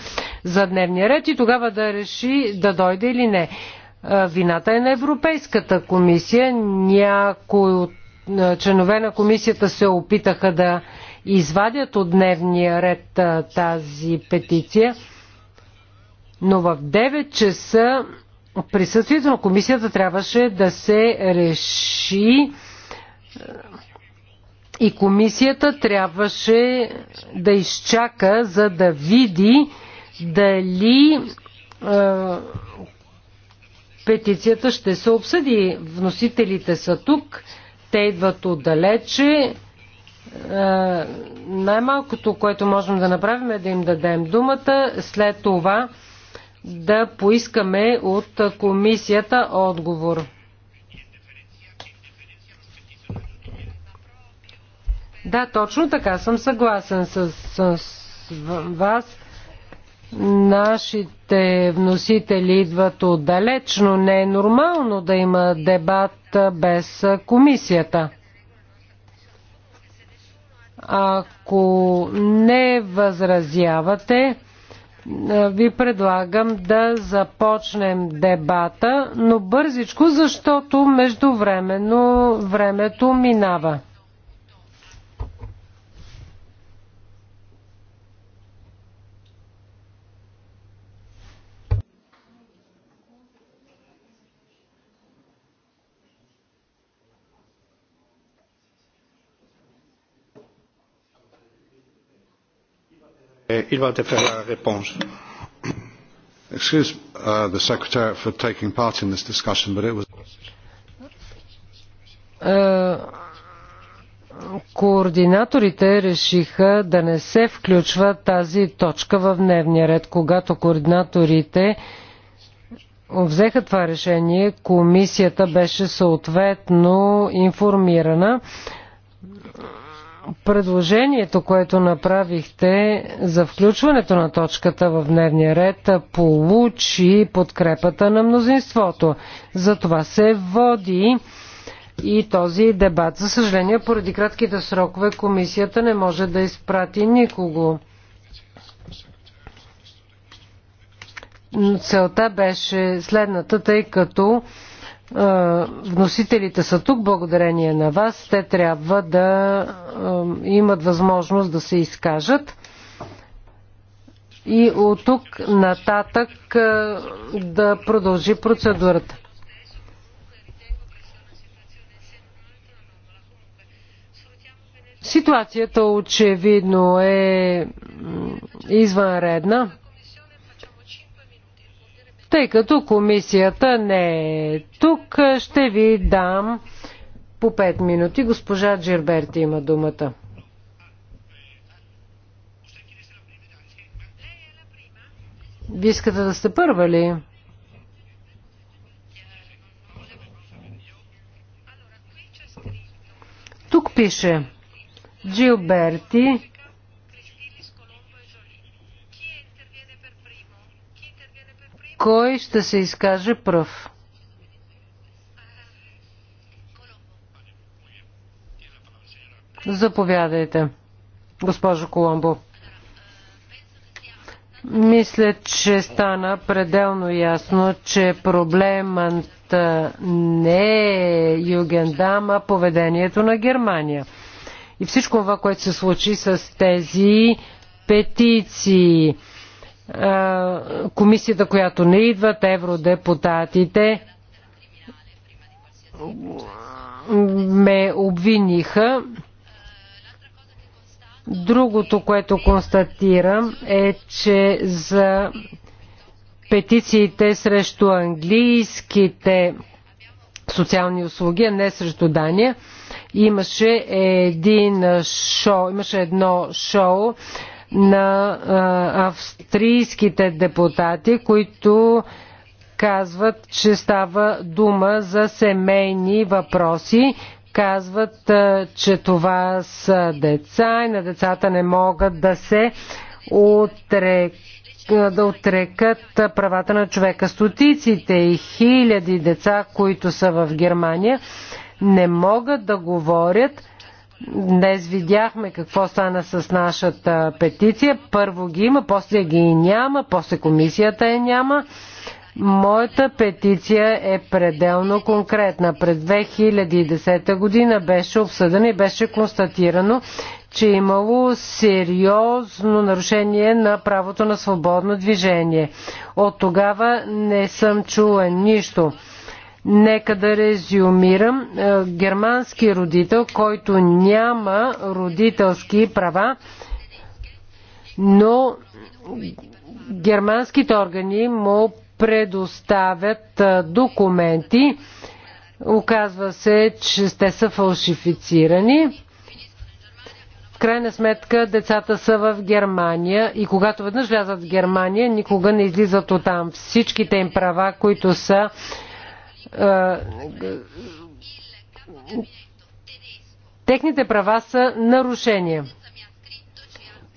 за дневния ред и тогава да реши да дойде или не. Вината е на Европейската комисия. Някои от членове на комисията се опитаха да извадят от дневния ред тази петиция, но в 9 часа присъствието на комисията трябваше да се реши и комисията трябваше да изчака, за да види дали петицията ще се обсъди. Вносителите са тук, те идват отдалече, е, най-малкото, което можем да направим е да им дадем думата, след това да поискаме от комисията отговор. Да, точно така съм съгласен с, с, с вас. Нашите вносители идват отдалеч, но не е нормално да има дебат без комисията. Ако не възразявате, ви предлагам да започнем дебата, но бързичко, защото междувременно времето минава. Eh, Il va te faire la réponse. Excuse uh, the secretary for taking part in this discussion, but it was. Uh, координаторите решиха да не се включва тази точка в дневния ред. Когато координаторите взеха това решение, комисията беше съответно информирана предложението, което направихте за включването на точката в дневния ред, получи подкрепата на мнозинството. За това се води и този дебат. За съжаление, поради кратките срокове, комисията не може да изпрати никого. Целта беше следната, тъй като е, вносителите са тук благодарение на вас. Те трябва да е, имат възможност да се изкажат. И от тук нататък е, да продължи процедурата. Ситуацията очевидно е извънредна. Тъй като комисията не е тук, ще ви дам по 5 минути. Госпожа Джерберти има думата. Ви искате да сте първа ли? Тук пише Джилберти Кой ще се изкаже пръв? Заповядайте, госпожо Коломбо. Мисля, че стана пределно ясно, че проблемът не е Югендам, а поведението на Германия. И всичко това, което се случи с тези петиции комисията, която не идват, евродепутатите ме обвиниха. Другото, което констатирам е, че за петициите срещу английските социални услуги, а не срещу Дания, имаше, един шоу, имаше едно шоу на австрийските депутати, които казват, че става дума за семейни въпроси. Казват, че това са деца и на децата не могат да се отрекат да отрекат правата на човека. Стотиците и хиляди деца, които са в Германия, не могат да говорят Днес видяхме какво стана с нашата петиция. Първо ги има, после ги няма, после комисията я няма. Моята петиция е пределно конкретна. През 2010 година беше обсъдена и беше констатирано, че е имало сериозно нарушение на правото на свободно движение. От тогава не съм чула нищо. Нека да резюмирам. Е, германски родител, който няма родителски права, но германските органи му предоставят е, документи. Оказва се, че те са фалшифицирани. В крайна сметка децата са в Германия и когато веднъж влязат в Германия, никога не излизат от там. Всичките им права, които са техните права са нарушения.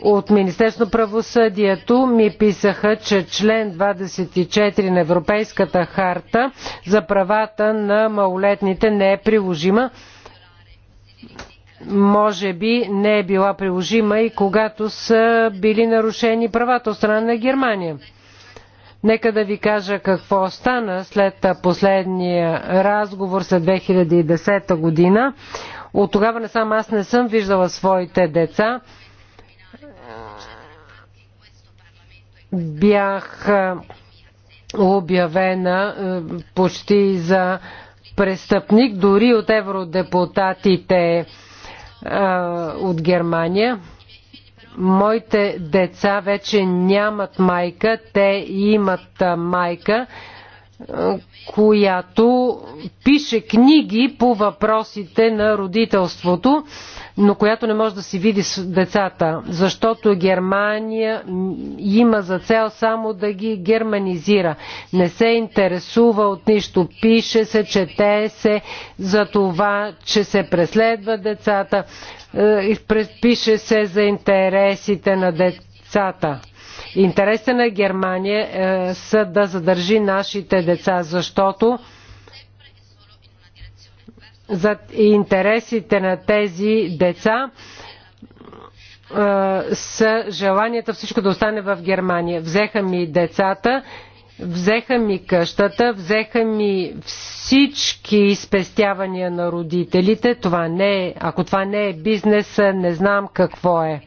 От Министерство правосъдието ми писаха, че член 24 на Европейската харта за правата на малолетните не е приложима. Може би не е била приложима и когато са били нарушени правата от страна на Германия. Нека да ви кажа какво стана след последния разговор след 2010 година. От тогава не сам аз не съм виждала своите деца. Бях обявена почти за престъпник, дори от евродепутатите от Германия моите деца вече нямат майка, те имат майка която пише книги по въпросите на родителството, но която не може да си види с децата, защото Германия има за цел само да ги германизира. Не се интересува от нищо. Пише се, чете се за това, че се преследва децата. Е, пише се за интересите на децата. Интересът на Германия е, са да задържи нашите деца, защото за интересите на тези деца е, са желанията всичко да остане в Германия. Взеха ми децата, взеха ми къщата, взеха ми всички спестявания на родителите. Това не е, ако това не е бизнес, не знам какво е.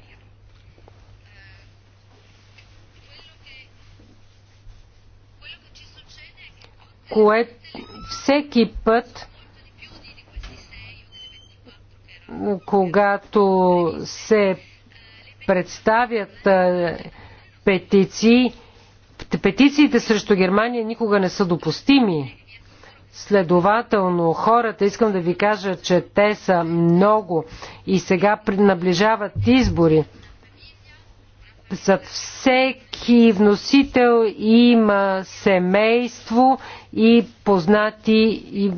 което всеки път, когато се представят петиции, петициите срещу Германия никога не са допустими. Следователно, хората, искам да ви кажа, че те са много и сега наближават избори за всеки вносител има семейство и познати и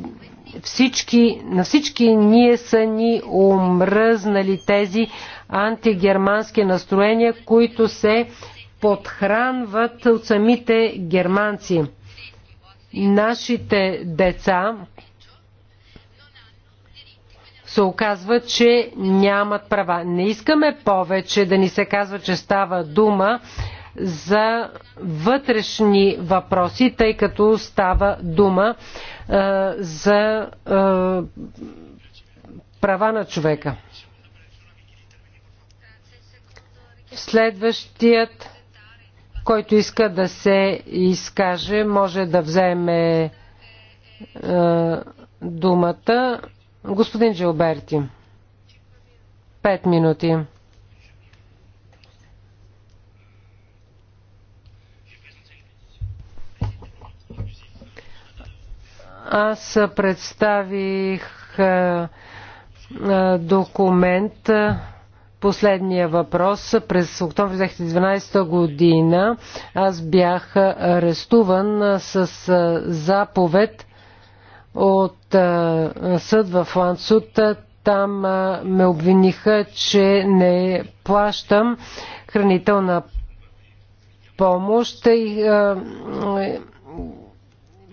всички, на всички ние са ни омръзнали тези антигермански настроения, които се подхранват от самите германци. Нашите деца се оказва, че нямат права. Не искаме повече да ни се казва, че става дума за вътрешни въпроси, тъй като става дума е, за е, права на човека. Следващият, който иска да се изкаже, може да вземе е, думата. Господин Джилберти, пет минути. Аз представих е, е, документ последния въпрос. През октомври 2012 година аз бях арестуван с е, заповед от а, съд в Ланцут. Там а, ме обвиниха, че не плащам хранителна помощ и, а,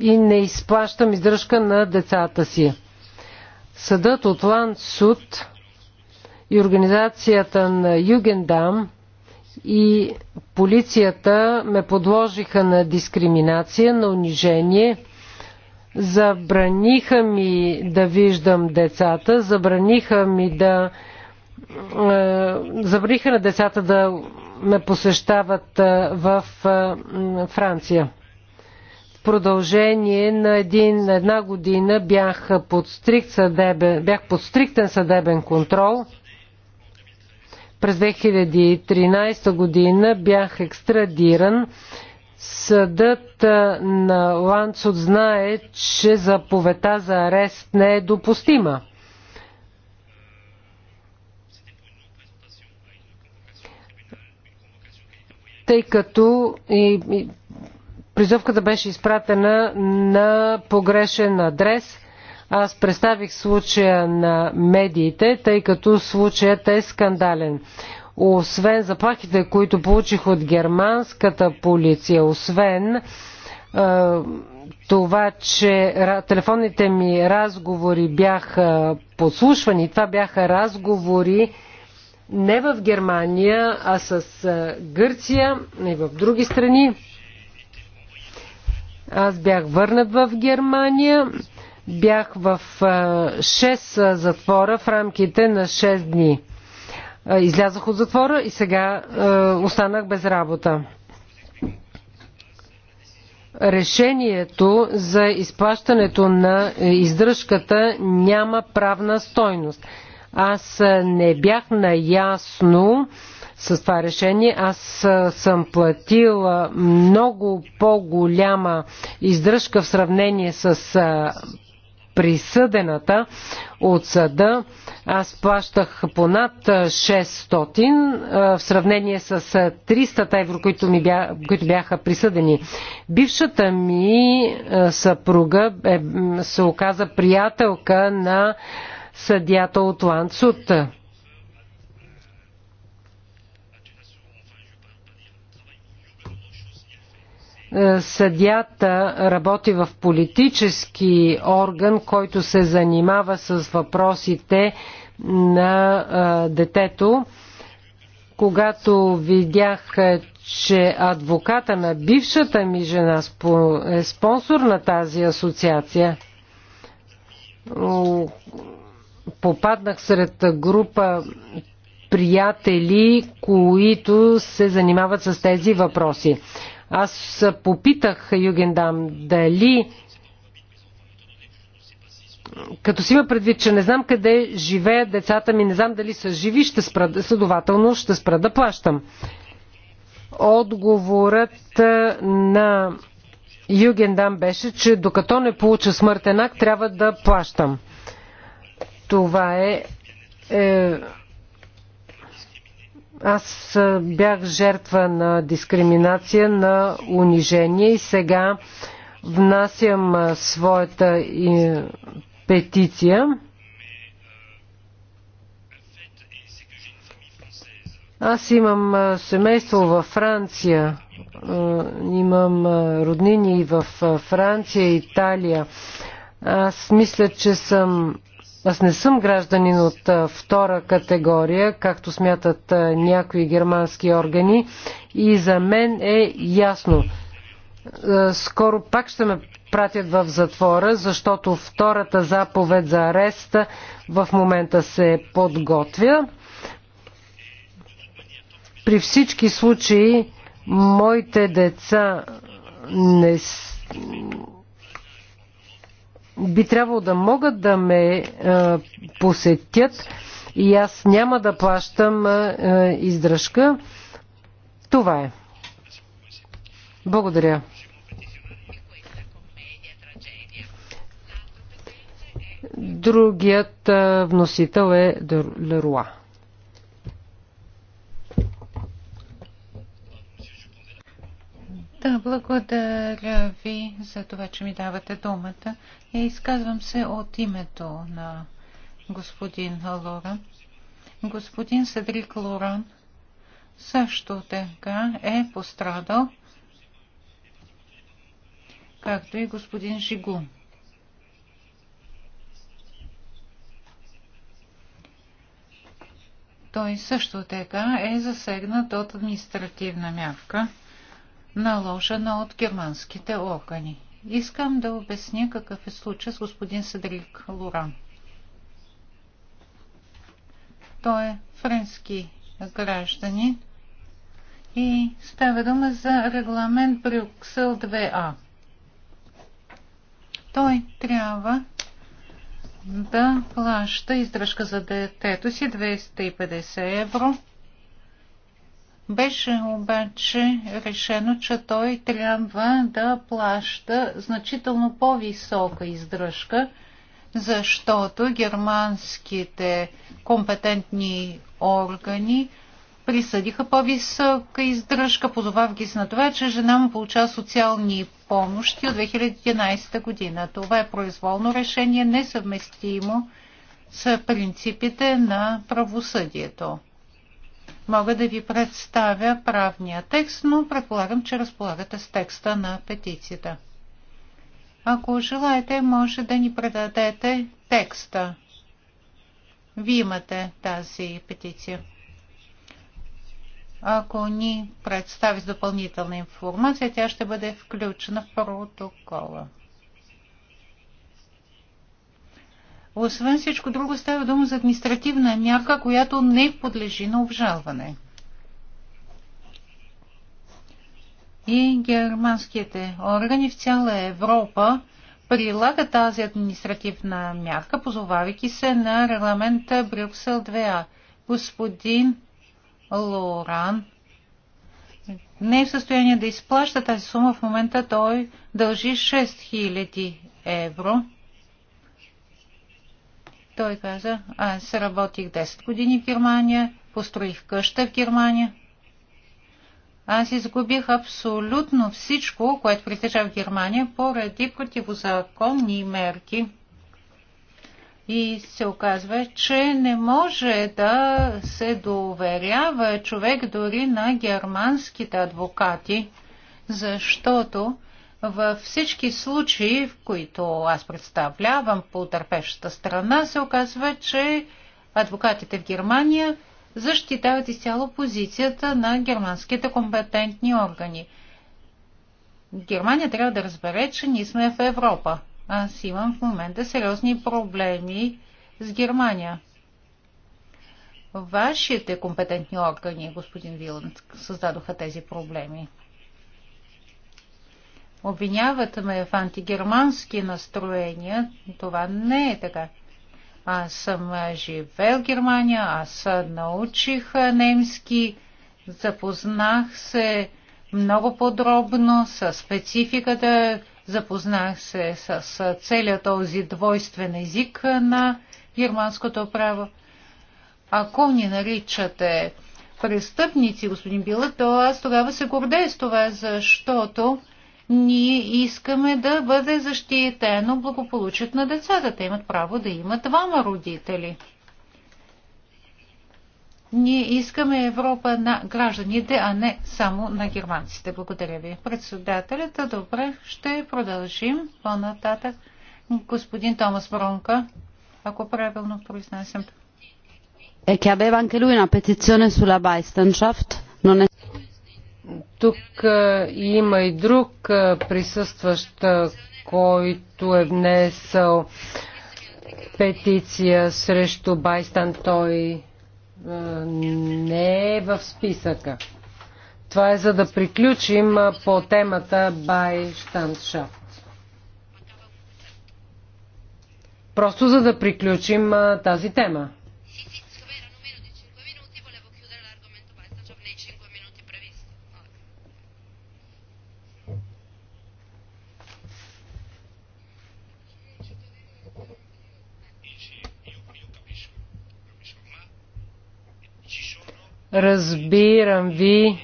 и не изплащам издръжка на децата си. Съдът от Ланцут и организацията на Югендам и полицията ме подложиха на дискриминация, на унижение – Забраниха ми да виждам децата, забраниха ми да. Е, забраниха на децата да ме посещават е, в е, Франция. В продължение на един, една година бях под, стрикт съдебен, бях под стриктен съдебен контрол. През 2013 година бях екстрадиран Съдът на Ланцот знае, че заповета за арест не е допустима. Тъй като и, и призовката беше изпратена на погрешен адрес, аз представих случая на медиите, тъй като случаят е скандален освен заплахите, които получих от германската полиция, освен е, това, че телефонните ми разговори бяха послушвани, това бяха разговори не в Германия, а с е, Гърция и в други страни. Аз бях върнат в Германия, бях в 6 е, е, затвора в рамките на 6 дни излязах от затвора и сега останах без работа. Решението за изплащането на издръжката няма правна стойност. Аз не бях наясно с това решение. Аз съм платила много по-голяма издръжка в сравнение с присъдената от съда. Аз плащах понад 600 в сравнение с 300 евро, които, ми бяха, които бяха присъдени. Бившата ми съпруга е, се оказа приятелка на съдята от Ланцута. Е, съдята работи в политически орган, който се занимава с въпросите на е, детето. Когато видях, че адвоката на бившата ми жена е спонсор на тази асоциация, попаднах сред група приятели, които се занимават с тези въпроси. Аз попитах Югендам дали като си има предвид, че не знам къде живеят децата ми, не знам дали са живи, ще спра, следователно ще спра да плащам. Отговорът на Югендам беше, че докато не получа смъртен акт, трябва да плащам. Това е, е аз бях жертва на дискриминация, на унижение и сега внасям своята петиция. Аз имам семейство във Франция, имам роднини и в Франция, Италия. Аз мисля, че съм аз не съм гражданин от втора категория, както смятат някои германски органи и за мен е ясно. Скоро пак ще ме пратят в затвора, защото втората заповед за ареста в момента се подготвя. При всички случаи моите деца не би трябвало да могат да ме е, посетят и аз няма да плащам е, издръжка. Това е. Благодаря. Другият е, вносител е Леруа. Да, благодаря ви за това, че ми давате думата. И изказвам се от името на господин Лора. Господин Седрик Лоран също така е пострадал, както и господин Жигу. Той също така е засегнат от административна мярка – наложена от германските органи. Искам да обясня какъв е случай с господин Седрик Лоран. Той е френски гражданин и става дума за регламент Брюксел 2А. Той трябва да плаща издръжка за детето си 250 евро беше обаче решено, че той трябва да плаща значително по-висока издръжка, защото германските компетентни органи присъдиха по-висока издръжка, позовав ги на това, че жена му получава социални помощи от 2011 година. Това е произволно решение, несъвместимо с принципите на правосъдието мога да ви представя правния текст, но предполагам, че разполагате с текста на петицията. Ако желаете, може да ни предадете текста. Вие имате тази петиция. Ако ни представи допълнителна информация, тя ще бъде включена в протокола. Освен всичко друго става дума за административна мярка, която не подлежи на обжалване. И германските органи в цяла Европа прилага тази административна мярка, позовавайки се на регламента Брюксел 2А. Господин Лоран не е в състояние да изплаща тази сума. В момента той дължи 6000 евро. Той каза, аз работих 10 години в Германия, построих къща в Германия. Аз изгубих абсолютно всичко, което притежа в Германия, поради противозаконни мерки. И се оказва, че не може да се доверява човек дори на германските адвокати, защото във всички случаи, в които аз представлявам по търпещата страна, се оказва, че адвокатите в Германия защитават изцяло позицията на германските компетентни органи. Германия трябва да разбере, че ние сме в Европа. Аз имам в момента сериозни проблеми с Германия. Вашите компетентни органи, господин Виланд, създадоха тези проблеми обвиняват ме в антигермански настроения. Това не е така. Аз съм живел в Германия, аз научих немски, запознах се много подробно с спецификата, запознах се с целият този двойствен език на германското право. Ако ни наричате престъпници, господин Била, то аз тогава се гордея с това, защото ние искаме да бъде защитено благополучието на децата. Те имат право да имат двама родители. Ние искаме Европа на гражданите, а не само на германците. Благодаря ви. Председателят, добре, ще продължим по-нататък. Господин Томас Бронка, ако правилно произнасям. Е, che aveva anche lui una petizione sulla non è... Тук има и друг присъстващ, който е внесъл петиция срещу Байстан. Той не е в списъка. Това е за да приключим по темата Байштандшафт. Просто за да приключим тази тема. Разбирам ви,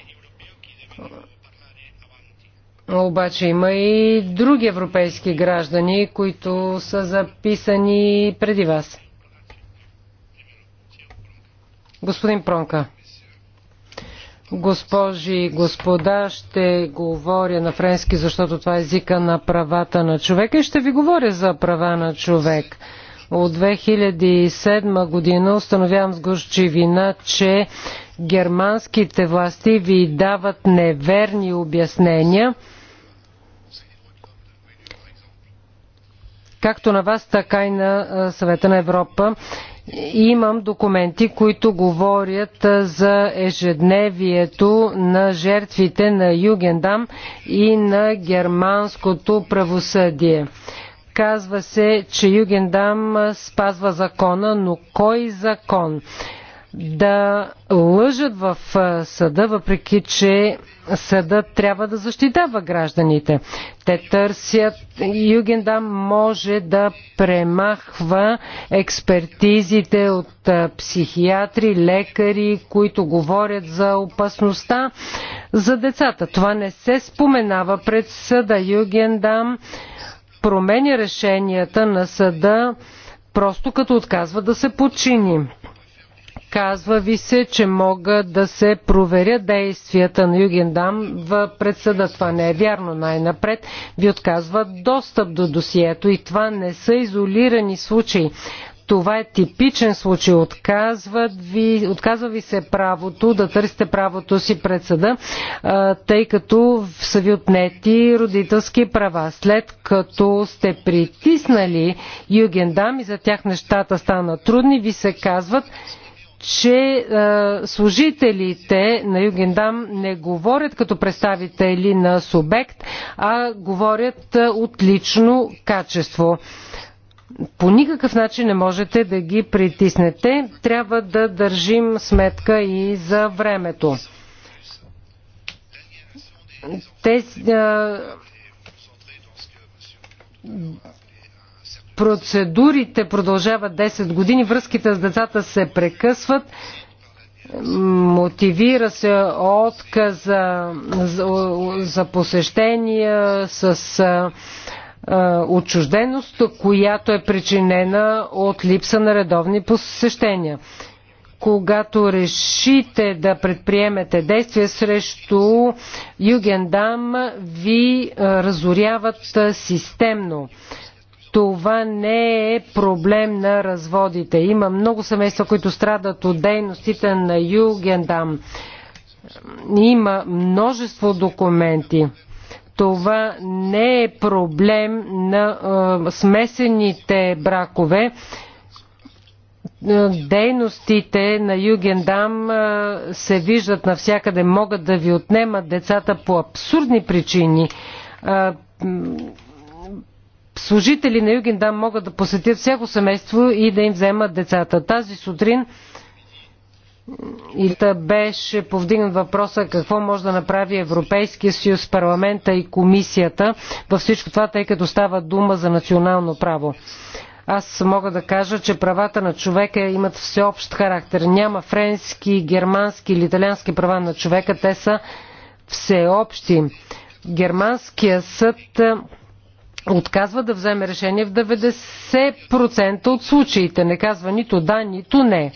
обаче има и други европейски граждани, които са записани преди вас. Господин Пронка. Госпожи и господа, ще говоря на френски, защото това е езика на правата на човека и ще ви говоря за права на човек. От 2007 година установявам с горчивина, че германските власти ви дават неверни обяснения, както на вас, така и на Съвета на Европа. Имам документи, които говорят за ежедневието на жертвите на Югендам и на германското правосъдие. Казва се, че Югендам спазва закона, но кой закон? Да лъжат в съда, въпреки че съдът трябва да защитава гражданите. Те търсят. Югендам може да премахва експертизите от психиатри, лекари, които говорят за опасността за децата. Това не се споменава пред съда. Югендам променя решенията на съда, просто като отказва да се подчини. Казва ви се, че могат да се проверя действията на Югендам в предсъда. Това не е вярно. Най-напред ви отказват достъп до досието и това не са изолирани случаи. Това е типичен случай. Отказват ви, отказва ви се правото да търсите правото си пред съда, тъй като са ви отнети родителски права. След като сте притиснали югендам и за тях нещата станат трудни, ви се казват, че е, служителите на Югендам не говорят като представители на субект, а говорят е, от лично качество по никакъв начин не можете да ги притиснете. Трябва да държим сметка и за времето. Те, а, процедурите продължават 10 години, връзките с децата се прекъсват, мотивира се отказа за, за посещения с а, е, отчужденост, която е причинена от липса на редовни посещения. Когато решите да предприемете действия срещу Югендам, ви е, разоряват е, системно. Това не е проблем на разводите. Има много семейства, които страдат от дейностите на Югендам. Има множество документи това не е проблем на а, смесените бракове. Дейностите на Югендам а, се виждат навсякъде, могат да ви отнемат децата по абсурдни причини. А, служители на Югендам могат да посетят всяко семейство и да им вземат децата. Тази сутрин и беше повдигнат въпроса какво може да направи Европейския съюз, парламента и комисията във всичко това, тъй като става дума за национално право. Аз мога да кажа, че правата на човека имат всеобщ характер. Няма френски, германски или италиански права на човека. Те са всеобщи. Германския съд е, отказва да вземе решение в 90% от случаите. Не казва нито да, нито не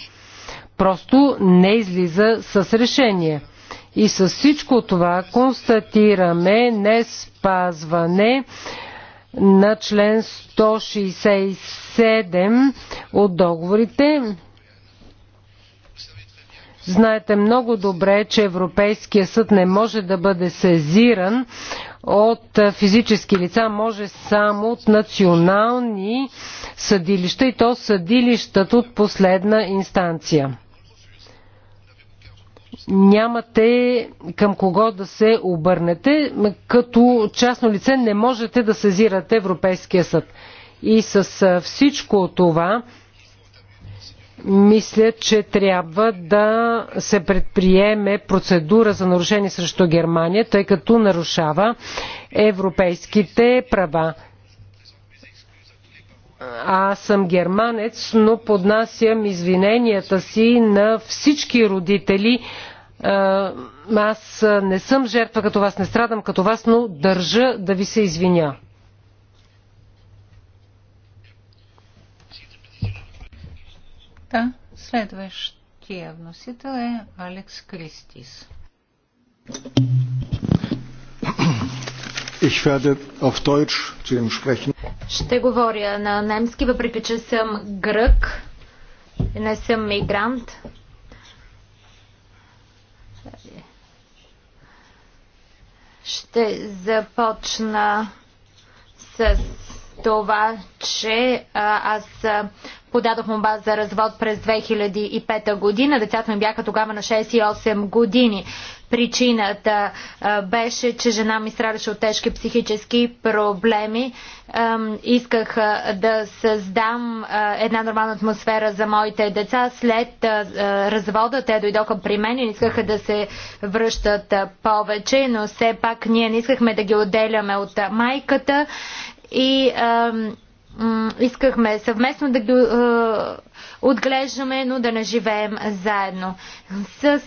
просто не излиза с решение. И с всичко това констатираме не спазване на член 167 от договорите. Знаете много добре, че Европейския съд не може да бъде сезиран от физически лица, може само от национални съдилища и то съдилищата от последна инстанция нямате към кого да се обърнете. Като частно лице не можете да сезирате Европейския съд. И с всичко това мисля, че трябва да се предприеме процедура за нарушение срещу Германия, тъй като нарушава европейските права. Аз съм германец, но поднасям извиненията си на всички родители, аз не съм жертва като вас, не страдам като вас, но държа да ви се извиня. Да, следващия вносител е Алекс Кристис. Ich werde auf Deutsch zu ihm sprechen. Ще говоря на немски, въпреки че съм грък, не съм мигрант. Ще започна с това, че а, аз подадох молба за развод през 2005 година. Децата ми бяха тогава на 68 години. Причината а, беше, че жена ми страдаше от тежки психически проблеми. А, исках а, да създам а, една нормална атмосфера за моите деца. След а, развода те дойдоха при мен и искаха да се връщат а, повече, но все пак ние не искахме да ги отделяме от майката и а, искахме съвместно да ги отглеждаме, но да не живеем заедно. С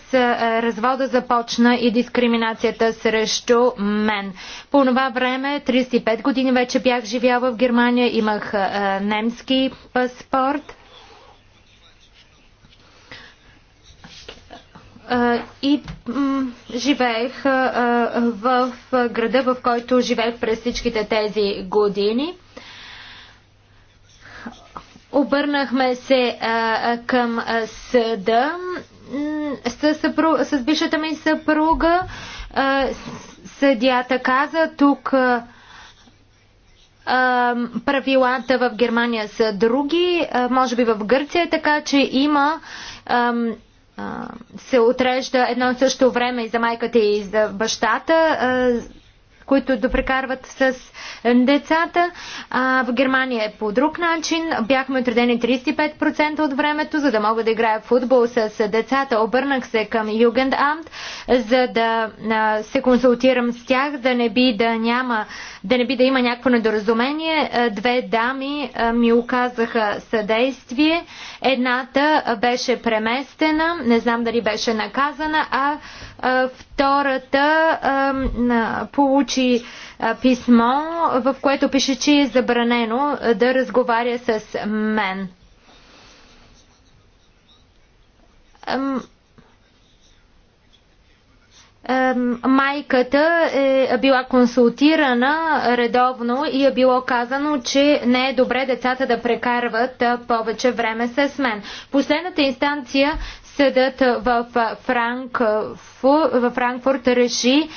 развода започна и дискриминацията срещу мен. По това време, 35 години вече бях живяла в Германия, имах немски паспорт. и живеех в града, в който живеех през всичките тези години. Обърнахме се към съда с, с бившата ми съпруга. Съдята каза, тук правилата в Германия са други, може би в Гърция, така че има се отрежда едно и също време и за майката и за бащата които допрекарват с децата. А, в Германия е по друг начин. Бяхме отредени 35% от времето, за да мога да играя в футбол с децата. Обърнах се към Югендамт, за да а, се консултирам с тях, да не би да няма, да не би да има някакво недоразумение. две дами а, ми оказаха съдействие. Едната беше преместена, не знам дали беше наказана, а Втората получи писмо, в което пише, че е забранено да разговаря с мен. Майката е била консултирана редовно и е било казано, че не е добре децата да прекарват повече време с мен. Последната инстанция Съдът в Франкфурт, в Франкфурт реши,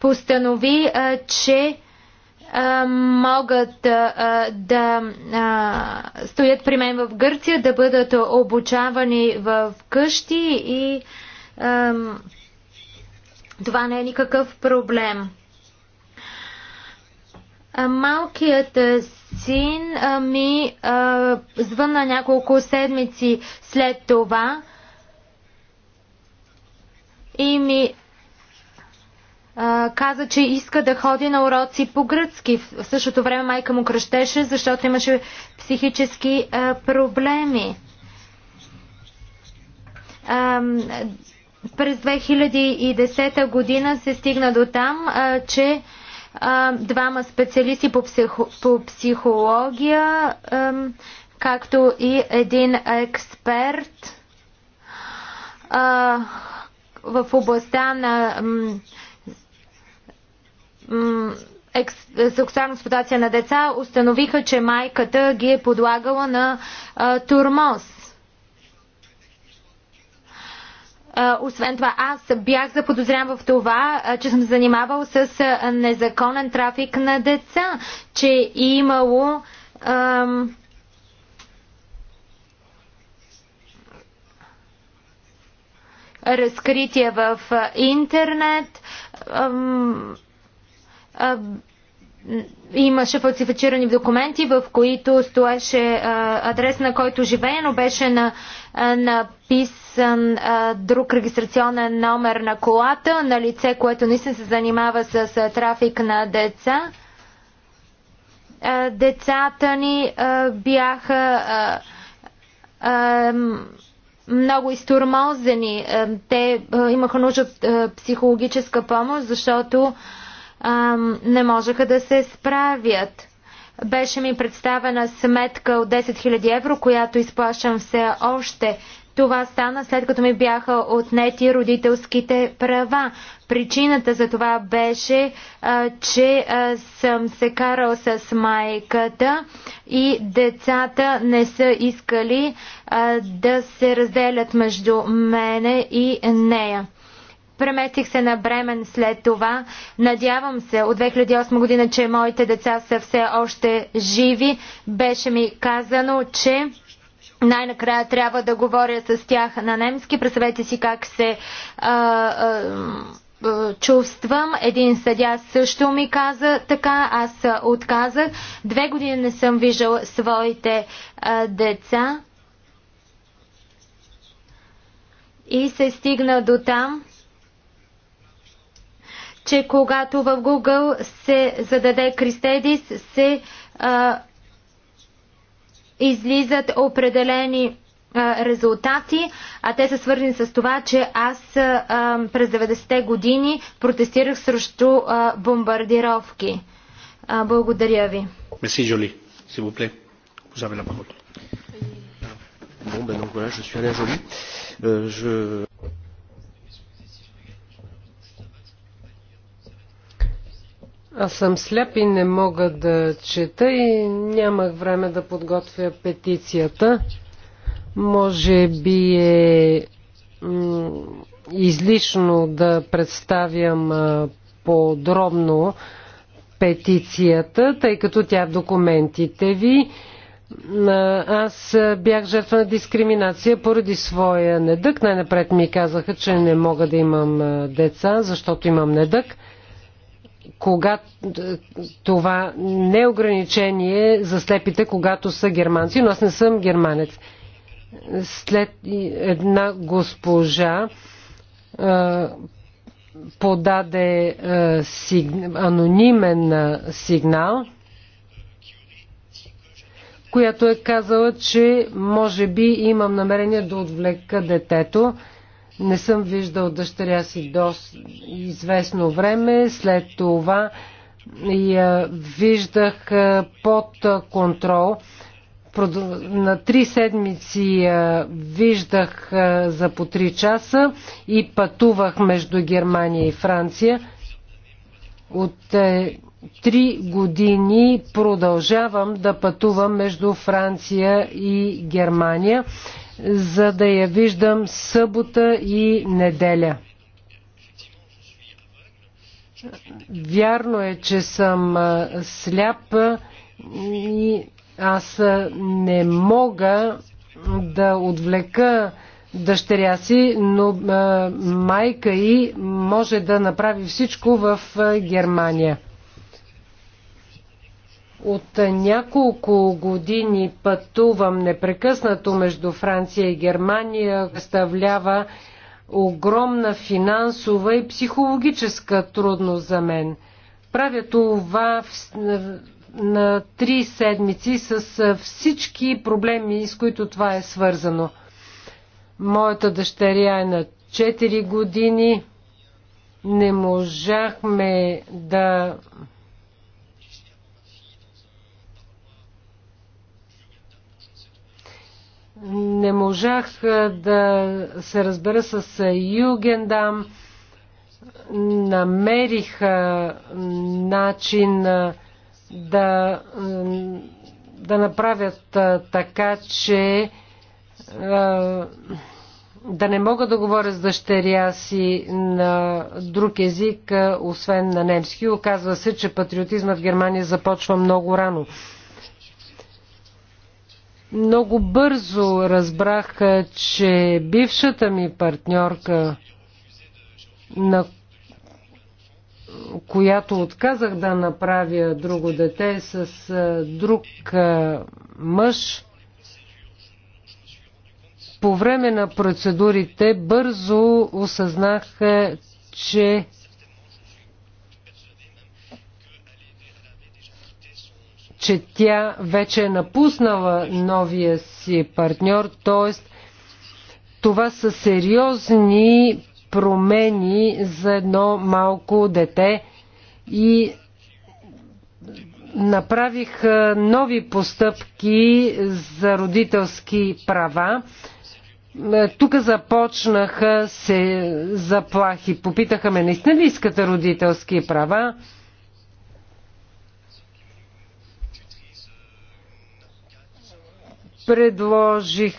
постанови, че могат да стоят при мен в Гърция, да бъдат обучавани в къщи и това не е никакъв проблем. Малкият син ми звънна няколко седмици след това и ми а, каза, че иска да ходи на уроци по гръцки. В същото време майка му кръщеше, защото имаше психически а, проблеми. А, през 2010 година се стигна до там, а, че а, двама специалисти по, психо, по психология, а, както и един експерт, а, в областта на сексуална експлуатация на деца, установиха, че майката ги е подлагала на а, турмоз. освен това, аз бях заподозрян в това, че съм се занимавал с незаконен трафик на деца, че е имало разкрития в интернет. Имаше фалсифицирани документи, в които стоеше адрес, на който живее, но беше на, написан друг регистрационен номер на колата на лице, което наистина се занимава с трафик на деца децата ни бяха много изтормозени. Е, те е, имаха нужда от е, психологическа помощ, защото не можеха да се справят. Беше ми представена сметка от 10 000 евро, която изплащам все още. Това стана след като ми бяха отнети родителските права. Причината за това беше, а, че а, съм се карал с майката и децата не са искали а, да се разделят между мене и нея. Преместих се на Бремен след това. Надявам се от 2008 година, че моите деца са все още живи. Беше ми казано, че най-накрая трябва да говоря с тях на немски. Представете си как се а, а, чувствам. Един съдя също ми каза така, аз отказах. Две години не съм виждал своите а, деца. И се стигна до там, че когато в Google се зададе Кристедис, се а, излизат определени резултати, а те са свързани с това, че аз през 90-те години протестирах срещу бомбардировки. благодаря ви. Меси Жоли, си vous plaît. Vous avez la parole. Bon, ben donc voilà, je suis Alain Joly. Euh, je... Аз съм слеп и не мога да чета и нямах време да подготвя петицията. Може би е излишно да представям подробно петицията, тъй като тя е в документите ви. Аз бях жертва на дискриминация поради своя недък. Най-напред ми казаха, че не мога да имам деца, защото имам недък кога това не е ограничение за слепите, когато са германци, но аз не съм германец. След една госпожа подаде сиг, анонимен сигнал, която е казала, че може би имам намерение да отвлека детето. Не съм виждал дъщеря си до известно време. След това я виждах под контрол. На три седмици я виждах за по три часа и пътувах между Германия и Франция. От е, три години продължавам да пътувам между Франция и Германия за да я виждам събота и неделя. Вярно е, че съм сляп и аз не мога да отвлека дъщеря си, но майка и може да направи всичко в Германия. От няколко години пътувам непрекъснато между Франция и Германия. Представлява огромна финансова и психологическа трудност за мен. Правя това в, на, на три седмици с всички проблеми, с които това е свързано. Моята дъщеря е на 4 години. Не можахме да не можах да се разбера с Югендам. Намерих начин да, да направят така, че да не мога да говоря с дъщеря си на друг език, освен на немски. Оказва се, че патриотизма в Германия започва много рано. Много бързо разбрах, че бившата ми партньорка, на която отказах да направя друго дете с друг мъж, по време на процедурите бързо осъзнах, че че тя вече е напуснала новия си партньор, т.е. това са сериозни промени за едно малко дете и направих нови постъпки за родителски права. Тук започнаха се заплахи. Попитаха ме, наистина ли искате родителски права? предложих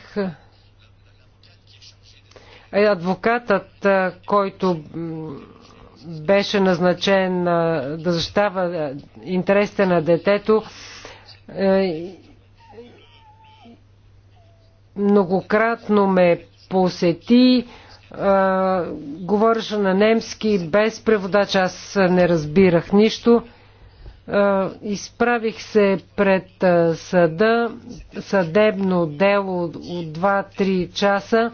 адвокатът, който беше назначен да защитава интересите на детето, многократно ме посети, говореше на немски без преводач, аз не разбирах нищо. Е, изправих се пред е, съда, съдебно дело от 2-3 часа.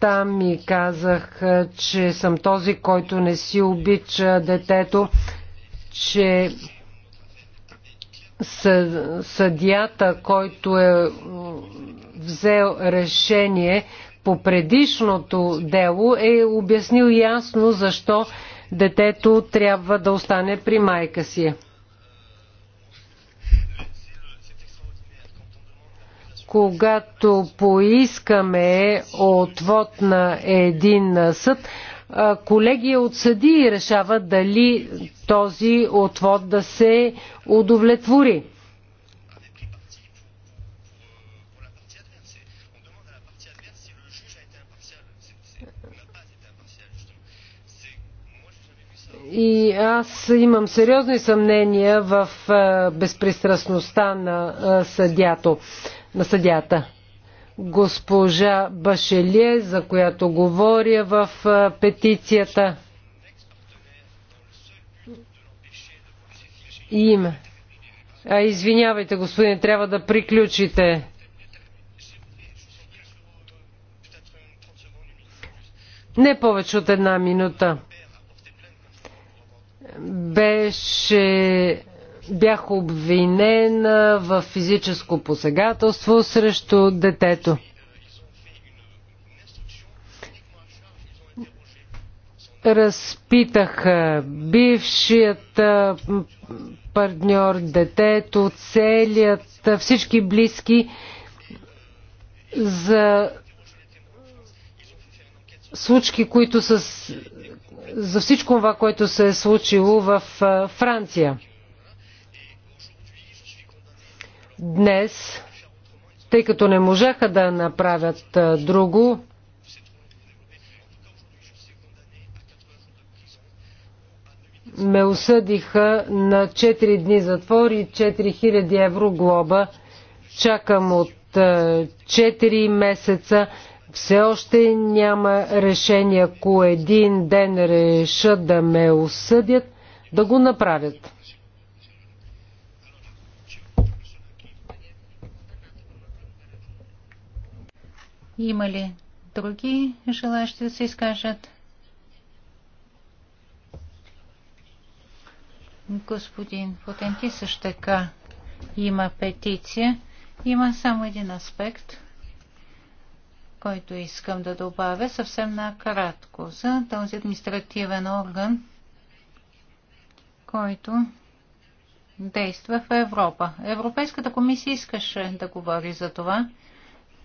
Там ми казах, е, че съм този, който не си обича детето, че съдията, който е взел решение по предишното дело, е обяснил ясно защо детето трябва да остане при майка си. Когато поискаме отвод на един съд, колегия от съди решава дали този отвод да се удовлетвори. И аз имам сериозни съмнения в безпристрастността на съдято, на съдята. Госпожа Башелие, за която говоря в петицията, им. А, извинявайте, господин, трябва да приключите. Не повече от една минута беше бях обвинена в физическо посегателство срещу детето. Разпитаха бившият партньор, детето, целият, всички близки за случки, които са за всичко това, което се е случило в Франция. Днес, тъй като не можаха да направят друго, ме осъдиха на 4 дни затвор и 4000 евро глоба. Чакам от 4 месеца все още няма решение, ако един ден решат да ме осъдят, да го направят. Има ли други желащи да се изкажат? Господин Потенти също така има петиция. Има само един аспект – който искам да добавя съвсем накратко за този административен орган, който действа в Европа. Европейската комисия искаше да говори за това,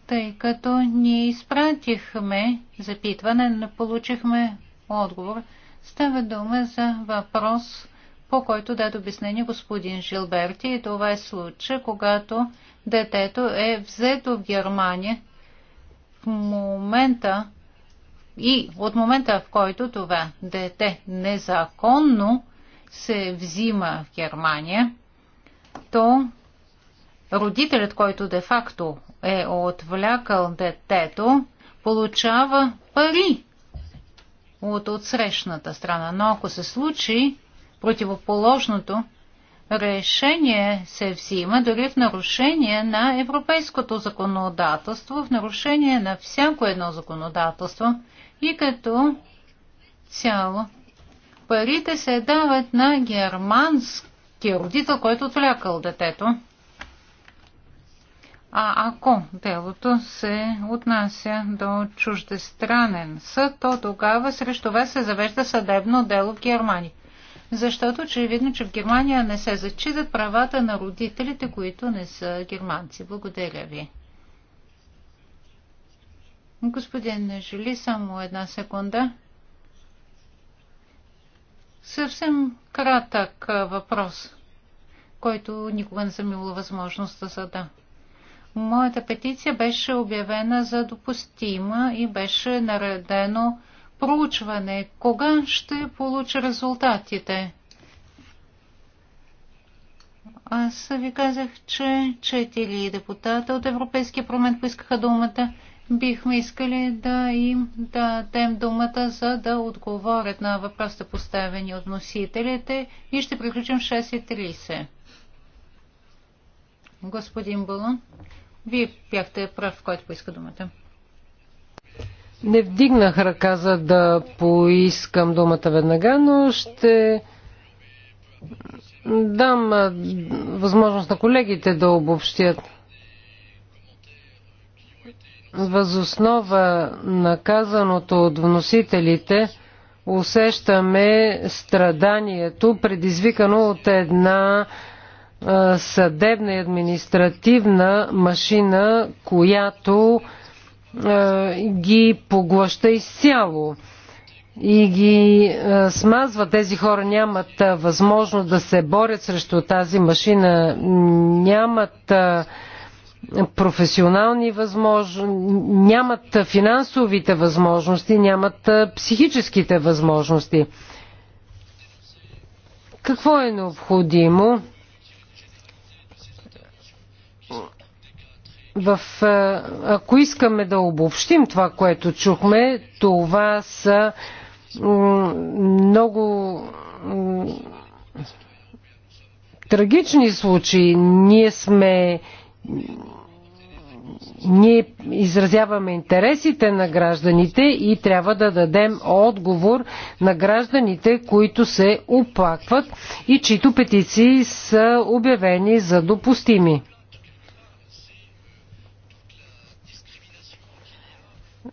тъй като ние изпратихме запитване, не получихме отговор. Става дума за въпрос, по който даде обяснение господин Жилберти. И това е случай, когато детето е взето в Германия момента и от момента, в който това дете незаконно се взима в Германия, то родителят, който де-факто е отвлякал детето, получава пари от отсрещната страна. Но ако се случи противоположното, решение се взима дори в нарушение на европейското законодателство, в нарушение на всяко едно законодателство и като цяло. Парите се дават на германски родител, който е отвлякал детето. А ако делото се отнася до чуждестранен съд, то тогава срещу вас се завежда съдебно дело в Германия защото очевидно, че в Германия не се зачитат правата на родителите, които не са германци. Благодаря ви. Господин Жили, само една секунда. Съвсем кратък въпрос, който никога не съм имала възможност да зада. Моята петиция беше обявена за допустима и беше наредено проучване. Кога ще получа резултатите? Аз ви казах, че четири депутата от Европейския парламент поискаха думата. Бихме искали да им дадем думата, за да отговорят на въпросите поставени от носителите и ще приключим в 6.30. Господин Бълън, вие бяхте прав, който поиска думата. Не вдигнах ръка, за да поискам думата веднага, но ще дам възможност на колегите да обобщят. Възоснова на казаното от вносителите усещаме страданието, предизвикано от една съдебна и административна машина, която ги поглъща изцяло и ги смазва. Тези хора нямат възможност да се борят срещу тази машина, нямат професионални възможности, нямат финансовите възможности, нямат психическите възможности. Какво е необходимо? в, ако искаме да обобщим това, което чухме, това са много трагични случаи. Ние сме ние изразяваме интересите на гражданите и трябва да дадем отговор на гражданите, които се оплакват и чието петиции са обявени за допустими.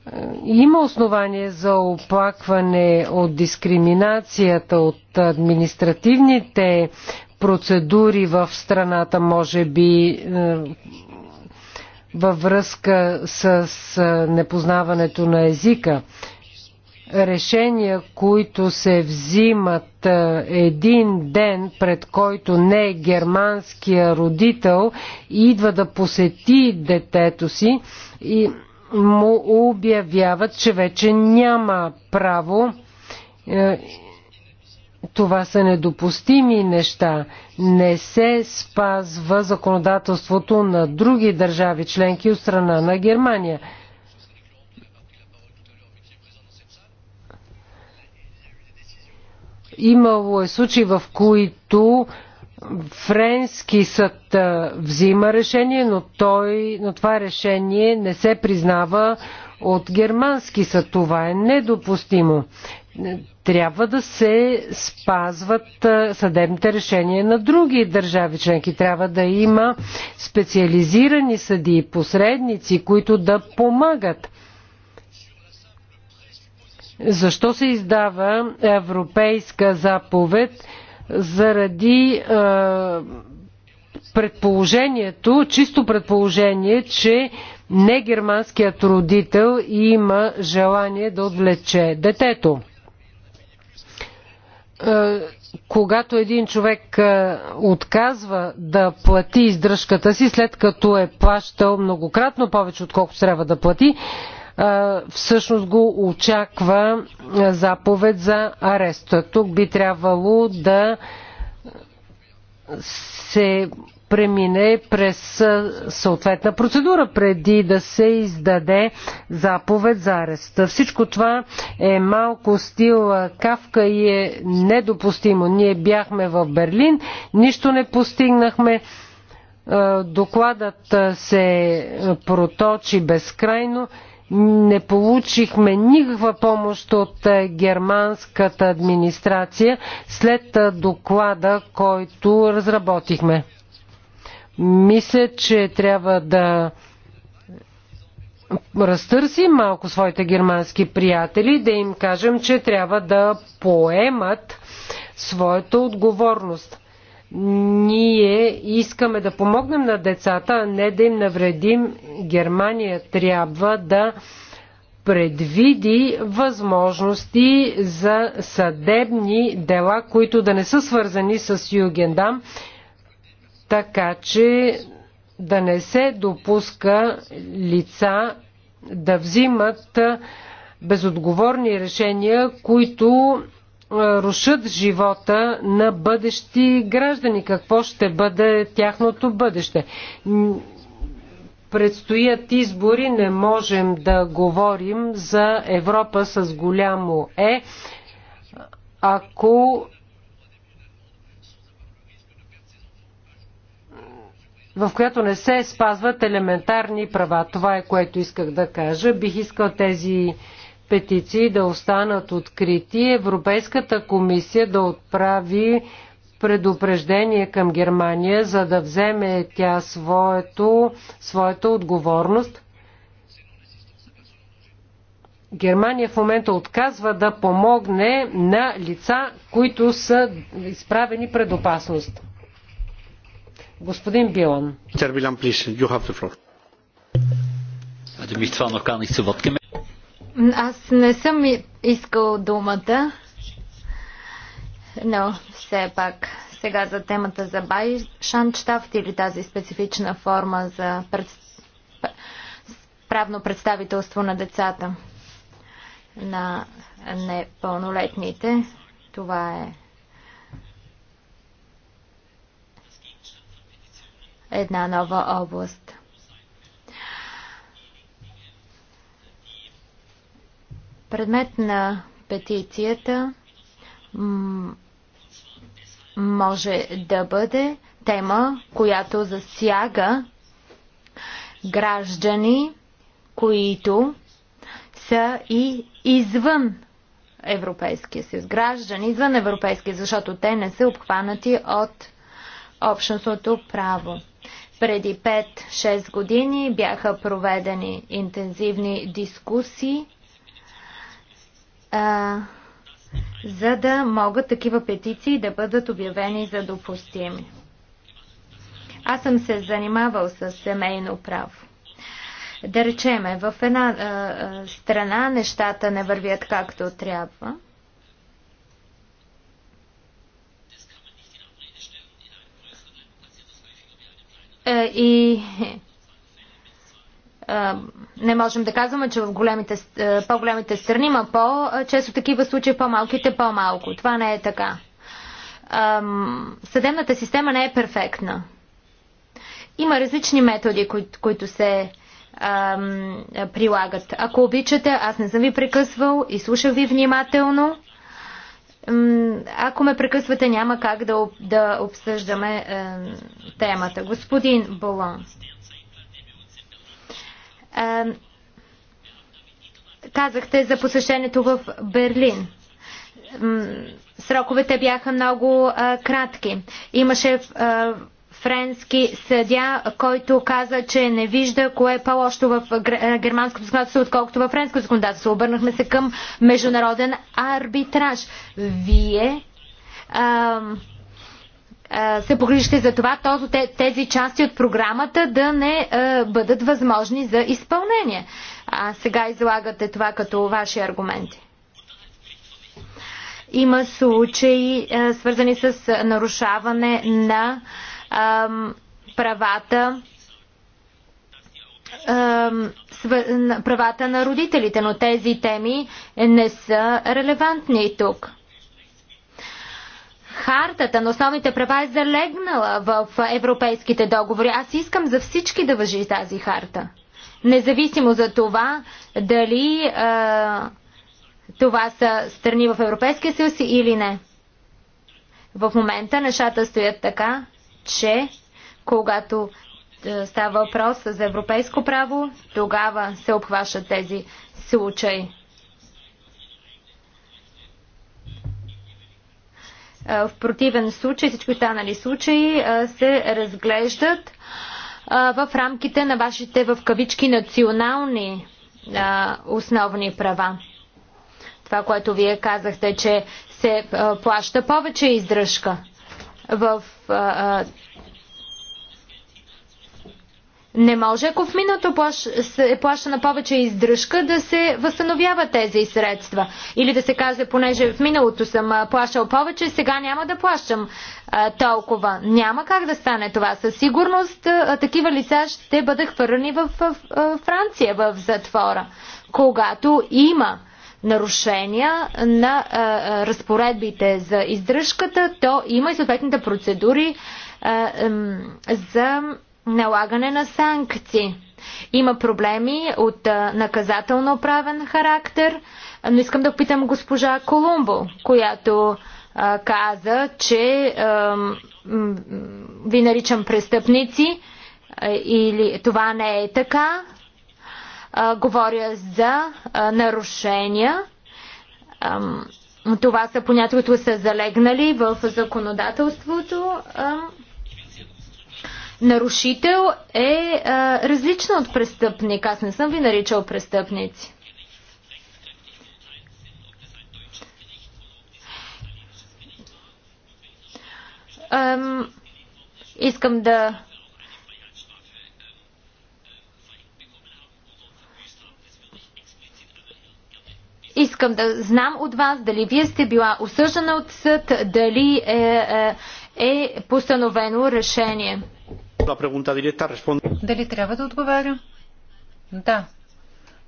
Е, има основание за оплакване от дискриминацията, от административните процедури в страната, може би е, във връзка с е, непознаването на езика. Решения, които се взимат един ден, пред който не е германския родител идва да посети детето си и му обявяват, че вече няма право. Е, това са недопустими неща. Не се спазва законодателството на други държави членки от страна на Германия. Имало е случаи, в които Френски съд взима решение, но, той, но това решение не се признава от германски съд. Това е недопустимо. Трябва да се спазват съдебните решения на други държави членки. Трябва да има специализирани съди и посредници, които да помагат. Защо се издава европейска заповед? заради предположението, чисто предположение, че не германският родител има желание да отвлече детето. Когато един човек отказва да плати издръжката си, след като е плащал многократно повече, отколкото трябва да плати, всъщност го очаква заповед за арест. Тук би трябвало да се премине през съответна процедура преди да се издаде заповед за арест. Всичко това е малко стил кавка и е недопустимо. Ние бяхме в Берлин, нищо не постигнахме. Докладът се проточи безкрайно не получихме никаква помощ от е, германската администрация след е, доклада, който разработихме. Мисля, че трябва да разтърсим малко своите германски приятели, да им кажем, че трябва да поемат своята отговорност. Ние искаме да помогнем на децата, а не да им навредим. Германия трябва да предвиди възможности за съдебни дела, които да не са свързани с Югендам, така че да не се допуска лица да взимат безотговорни решения, които е, рушат живота на бъдещи граждани. Какво ще бъде тяхното бъдеще? Предстоят избори, не можем да говорим за Европа с голямо Е, ако в която не се спазват елементарни права. Това е което исках да кажа. Бих искал тези петиции да останат открити, Европейската комисия да отправи предупреждение към Германия, за да вземе тя своето, своята отговорност. Германия в момента отказва да помогне на лица, които са изправени пред опасност. Господин Билан. Мистер Билан, please, you have the floor. Аз не съм искал думата, но все пак сега за темата за байшанчтафт или тази специфична форма за пред... правно представителство на децата на непълнолетните. Това е една нова област. Предмет на петицията може да бъде тема, която засяга граждани, които са и извън Европейския съюз. Граждани извън Европейския, защото те не са обхванати от общностното право. Преди 5-6 години бяха проведени интензивни дискусии а, за да могат такива петиции да бъдат обявени за допустими. Аз съм се занимавал с семейно право. Да речеме, в една а, страна нещата не вървят както трябва. Е, и не можем да казваме, че в големите, по-големите страни има по-често такива случаи, по-малките по-малко. Това не е така. Съдебната система не е перфектна. Има различни методи, кои, които се ам, прилагат. Ако обичате, аз не съм ви прекъсвал и слушах ви внимателно. Ако ме прекъсвате, няма как да, да обсъждаме е, темата. Господин Болон. Казахте за посещението в Берлин. Сроковете бяха много а, кратки. Имаше а, френски съдя, който каза, че не вижда кое е по-лошо в германското законодателство, отколкото в френско законодателство. Обърнахме се към международен арбитраж. Вие. А, е, се погрижите за това този, тези части от програмата да не е, бъдат възможни за изпълнение. А сега излагате това като ваши аргументи. Има случаи е, свързани с нарушаване на правата правата на родителите, но тези теми не са релевантни тук хартата на основните права е залегнала в европейските договори. Аз искам за всички да въжи тази харта. Независимо за това дали е, това са страни в Европейския съюз или не. В момента нещата стоят така, че когато става въпрос за европейско право, тогава се обхващат тези случаи. В противен случай, всички останали случаи се разглеждат в рамките на вашите в кавички национални основни права. Това, което вие казахте, че се плаща повече издръжка в не може, ако в миналото плащ, е плащана повече издръжка, да се възстановява тези средства. Или да се каже, понеже в миналото съм плащал повече, сега няма да плащам а, толкова. Няма как да стане това. Със сигурност а, такива лица ще бъдат хвърлени в, в, в Франция, в затвора, когато има нарушения на а, а, разпоредбите за издръжката, то има и съответните процедури а, а, за налагане на санкции. Има проблеми от наказателно-правен характер, но искам да питам госпожа Колумбо, която а, каза, че а, ви наричам престъпници а, или това не е така. А, говоря за а, нарушения. А, това са понятия, които са залегнали в законодателството. А, нарушител е а, различна от престъпник. Аз не съм ви наричал престъпници. Ам, искам да Искам да знам от вас дали вие сте била осъждана от съд, дали е, е, е постановено решение. Дали трябва да отговаря? Да.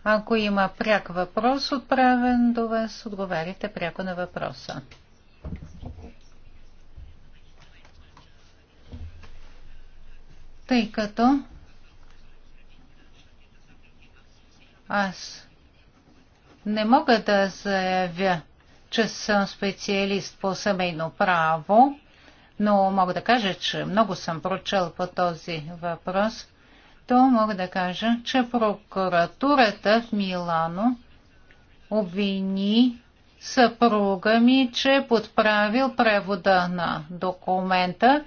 Ако има пряк въпрос отправен до вас, отговаряйте пряко на въпроса. Тъй като аз не мога да заявя, че съм специалист по семейно право, но мога да кажа, че много съм прочел по този въпрос, то мога да кажа, че прокуратурата в Милано обвини съпруга ми, че подправил превода на документа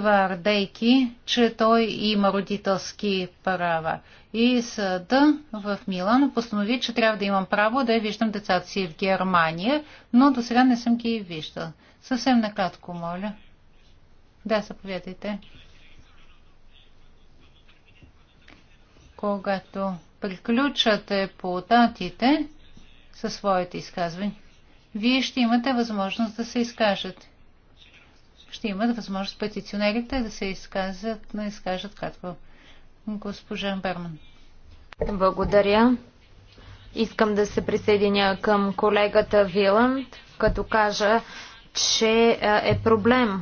твърдейки, че той има родителски права. И съда в Милано постанови, че трябва да имам право да виждам децата си в Германия, но до сега не съм ги виждал. Съвсем накратко, моля. Да, заповядайте. Когато приключат депутатите със своите изказвания, вие ще имате възможност да се изкажете ще имат възможност петиционерите да се изказват, не изкажат както госпожа Берман. Благодаря. Искам да се присъединя към колегата Виланд, като кажа, че е проблем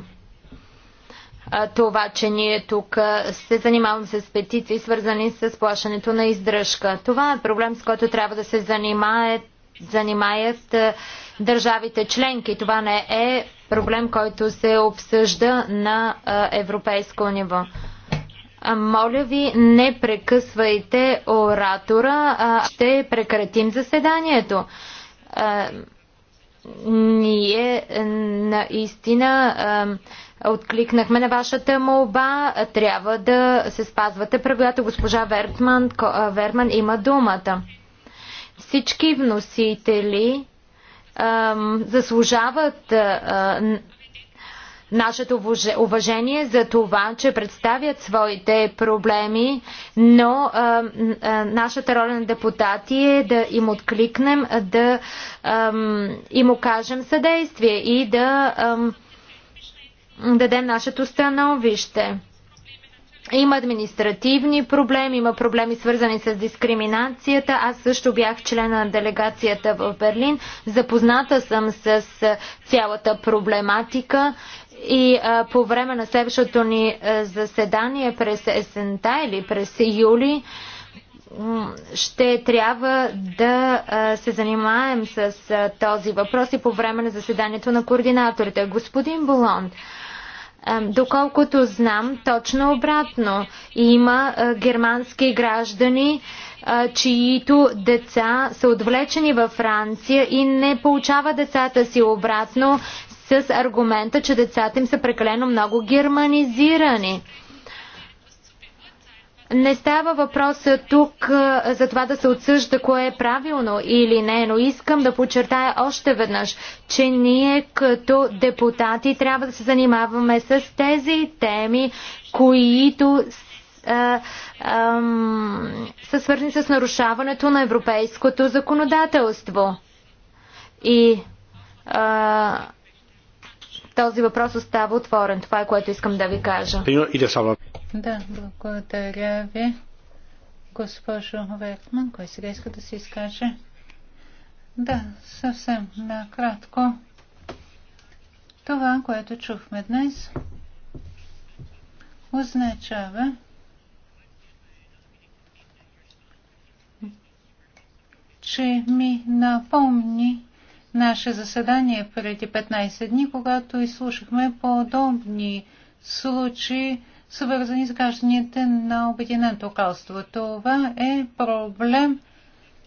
това, че ние тук се занимаваме с петиции, свързани с плащането на издръжка. Това е проблем, с който трябва да се занимае занимаят е, държавите членки. Това не е проблем, който се обсъжда на е, европейско ниво. Моля ви, не прекъсвайте оратора. Ще прекратим заседанието. Ние е, наистина откликнахме на вашата молба. Трябва да се спазвате правилата. Госпожа Вертман, Верман има думата. Всички вносители ам, заслужават а, нашето уважение за това, че представят своите проблеми, но а, нашата роля на депутати е да им откликнем, да им окажем съдействие и да дадем нашето становище. Има административни проблеми, има проблеми свързани с дискриминацията. Аз също бях член на делегацията в Берлин. Запозната съм с цялата проблематика и а, по време на следващото ни а, заседание през есента или през юли ще трябва да а, се занимаем с а, този въпрос и по време на заседанието на координаторите. Господин Болонд, а, Доколкото знам, точно обратно. Има германски граждани, чието деца са отвлечени във Франция и не получава децата си обратно с аргумента, че децата им са прекалено много германизирани. Не става въпрос тук за това да се отсъжда кое е правилно или не, но искам да подчертая още веднъж, че ние като депутати трябва да се занимаваме с тези теми, които а, а, са свързани с нарушаването на европейското законодателство. И а, този въпрос остава отворен. Това е което искам да ви кажа. Да, благодаря ви, госпожо Вертман, кой сега иска да се изкаже. Да, съвсем накратко. Това, което чухме днес, означава, че ми напомни наше заседание преди 15 дни, когато изслушахме подобни случаи свързани с гражданите на Обединеното кралство. Това е проблем,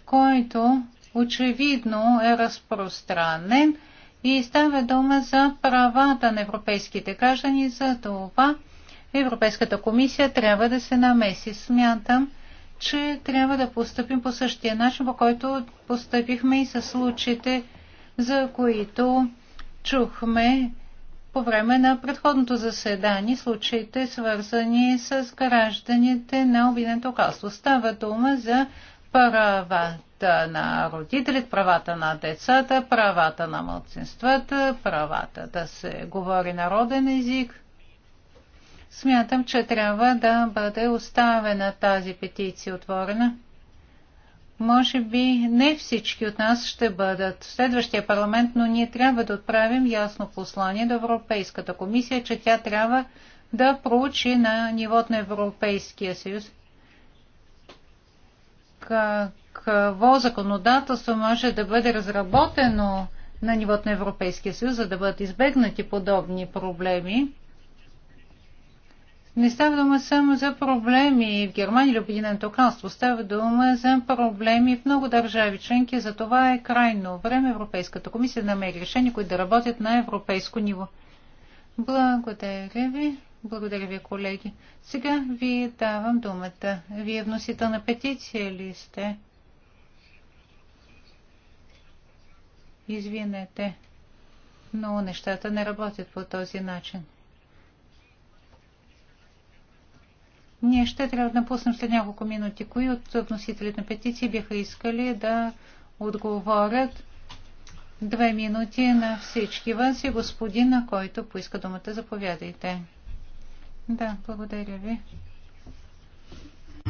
който очевидно е разпространен и става дума за правата на европейските граждани. За това Европейската комисия трябва да се намеси. Смятам, че трябва да поступим по същия начин, по който поступихме и с случаите, за които чухме по време на предходното заседание случаите, свързани с гражданите на обидното кралство. Става дума за правата на родителите, правата на децата, правата на младсинствата, правата да се говори народен език. Смятам, че трябва да бъде оставена тази петиция отворена. Може би не всички от нас ще бъдат в следващия парламент, но ние трябва да отправим ясно послание до Европейската комисия, че тя трябва да проучи на нивото на Европейския съюз какво законодателство може да бъде разработено на нивото на Европейския съюз, за да бъдат избегнати подобни проблеми. Не става дума само за проблеми в Германия или Обединеното кралство. Става дума за проблеми в много държави членки. За това е крайно време Европейската комисия да намери решения, които да работят на европейско ниво. Благодаря ви. Благодаря ви, колеги. Сега ви давам думата. Вие вносител на петиция ли сте? Извинете, но нещата не работят по този начин. Ние ще трябва да напуснем след няколко минути. Кои от вносителите на петиции биха искали да отговорят две минути на всички вас и господина, който поиска думата. Заповядайте. Да, благодаря ви.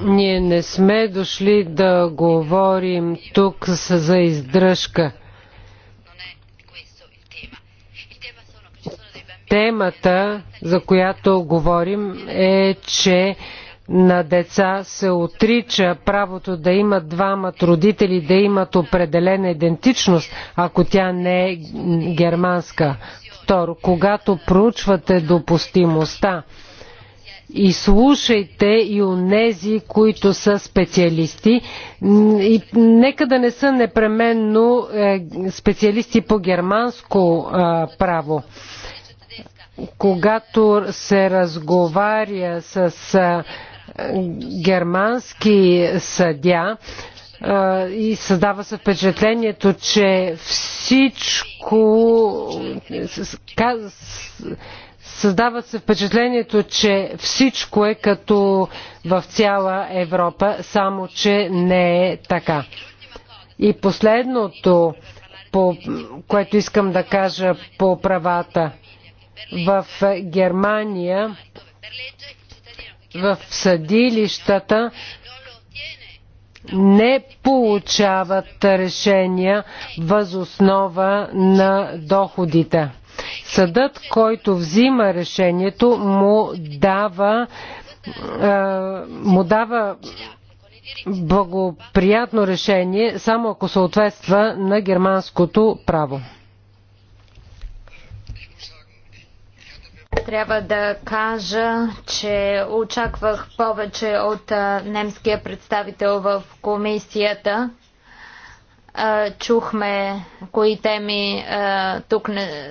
Ние не сме дошли да говорим тук за издръжка. Темата, за която говорим, е, че на деца се отрича правото да имат двама родители, да имат определена идентичност, ако тя не е германска. Второ, когато проучвате допустимостта, и слушайте и онези, които са специалисти. И нека да не са непременно е, специалисти по германско е, право. Когато се разговаря с е, германски съдя и създава се впечатлението, че всичко създава се впечатлението, че всичко е като в цяла Европа, само че не е така. И последното, по, което искам да кажа по правата в Германия, в съдилищата не получават решения възоснова на доходите. Съдът, който взима решението, му дава, е, му дава благоприятно решение, само ако съответства на германското право. Трябва да кажа, че очаквах повече от немския представител в комисията. Чухме кои теми тук не,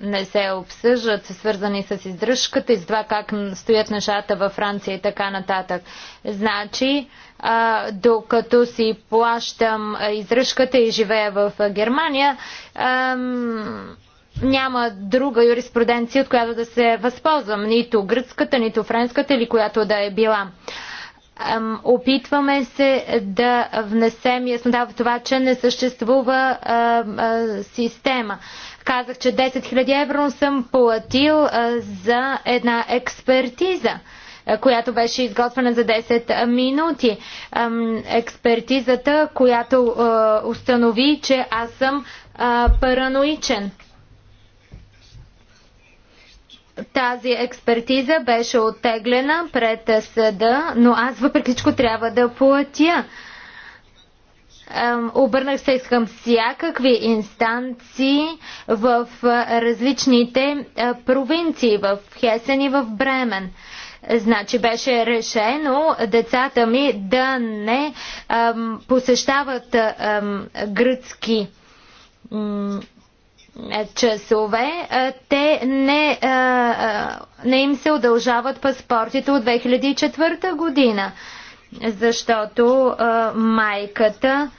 не се обсъждат, свързани с издръжката и с това как стоят нещата във Франция и така нататък. Значи, докато си плащам издръжката и живея в Германия, няма друга юриспруденция, от която да се възползвам, нито гръцката, нито френската или която да е била. Опитваме се да внесем яснота в това, че не съществува система. Казах, че 10 000 евро съм платил за една експертиза която беше изготвена за 10 минути. Експертизата, която установи, че аз съм параноичен. Тази експертиза беше оттеглена пред съда, но аз въпреки всичко трябва да платя. Обърнах се към всякакви инстанции в е, различните е, провинции, в Хесен и в Бремен. Значи беше решено децата ми да не ам, посещават ам, гръцки ам, часове, те не, не им се удължават паспортите от 2004 година, защото майката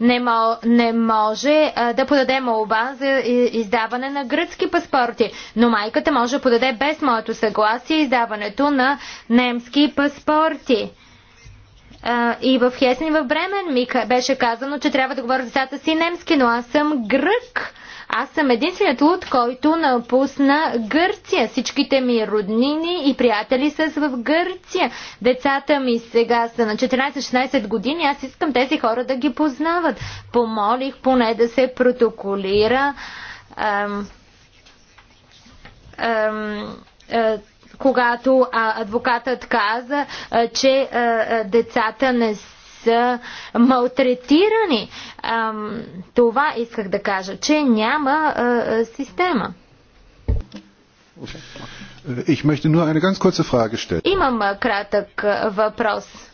не, мол, не може да подаде молба за издаване на гръцки паспорти, но майката може да подаде без моето съгласие издаването на немски паспорти и в Хесен, и в Бремен ми беше казано, че трябва да говоря с децата си немски, но аз съм грък. Аз съм единственият луд, който напусна Гърция. Всичките ми роднини и приятели са в Гърция. Децата ми сега са на 14-16 години. Аз искам тези хора да ги познават. Помолих поне да се протоколира ам, ам, когато адвокатът каза, че децата не са малтретирани. Това исках да кажа, че няма система. Имам кратък въпрос.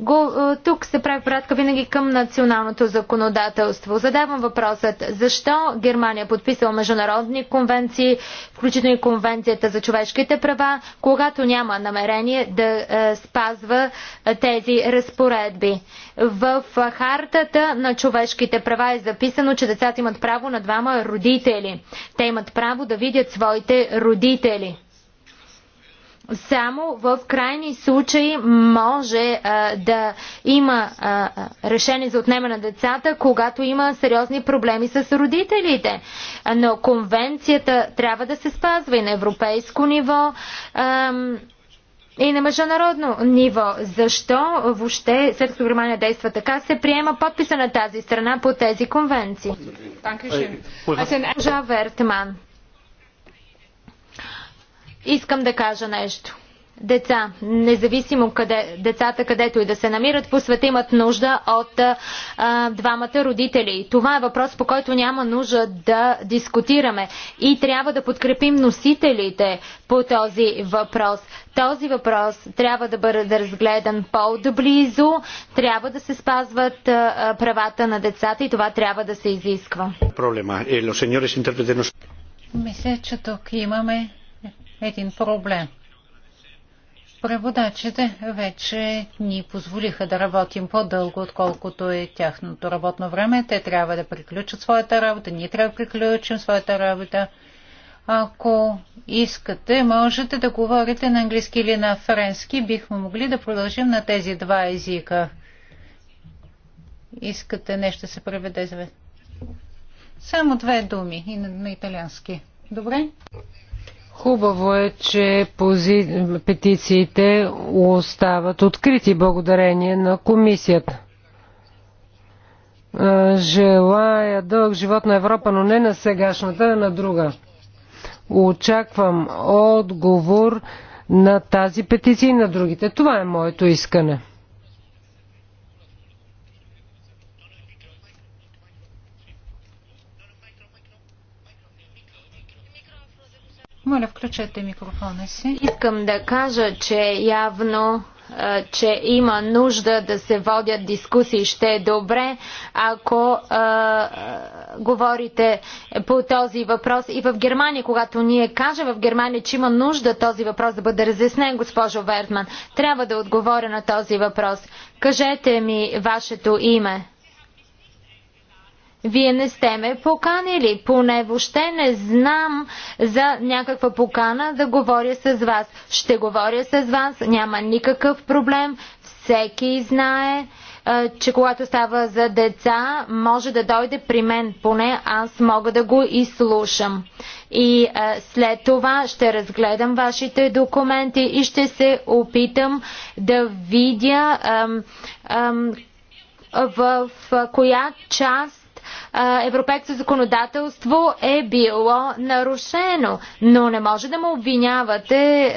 Го, е, тук се прави пратка винаги към националното законодателство. Задавам въпросът, защо Германия е подписала международни конвенции, включително и конвенцията за човешките права, когато няма намерение да е, спазва е, тези разпоредби. В хартата на човешките права е записано, че децата имат право на двама родители. Те имат право да видят своите родители. Само в крайни случаи може а, да има а, решение за отнема на децата, когато има сериозни проблеми с родителите. Но конвенцията трябва да се спазва и на европейско ниво. А, и на международно ниво. Защо въобще, след като Германия действа така, се приема подписа на тази страна по тези конвенции? Благодаря. Вертман. Искам да кажа нещо. Деца, независимо къде, децата където и да се намират по света, имат нужда от а, двамата родители. Това е въпрос, по който няма нужда да дискутираме. И трябва да подкрепим носителите по този въпрос. Този въпрос трябва да бъде е разгледан по-доблизо, трябва да се спазват а, правата на децата и това трябва да се изисква. Проблема. Е, Мисля, че тук имаме един проблем. Преводачите вече ни позволиха да работим по-дълго, отколкото е тяхното работно време. Те трябва да приключат своята работа, ние трябва да приключим своята работа. Ако искате, можете да говорите на английски или на френски. Бихме могли да продължим на тези два езика. Искате нещо да се преведе за Само две думи и на, на италиански. Добре? Хубаво е, че пози... петициите остават открити благодарение на комисията. Е, желая дълъг живот на Европа, но не на сегашната, а на друга. Очаквам отговор на тази петиция и на другите. Това е моето искане. Моля, включете микрофона си. Искам да кажа, че явно че има нужда да се водят дискусии. Ще е добре, ако е, говорите по този въпрос и в Германия, когато ние кажем в Германия, че има нужда този въпрос да бъде разяснен, госпожо Вертман. Трябва да отговоря на този въпрос. Кажете ми вашето име. Вие не сте ме поканили, поне въобще не знам за някаква покана да говоря с вас. Ще говоря с вас, няма никакъв проблем, всеки знае, че когато става за деца, може да дойде при мен, поне аз мога да го изслушам. И след това ще разгледам вашите документи и ще се опитам да видя в коя част европейското законодателство е било нарушено, но не може да му обвинявате,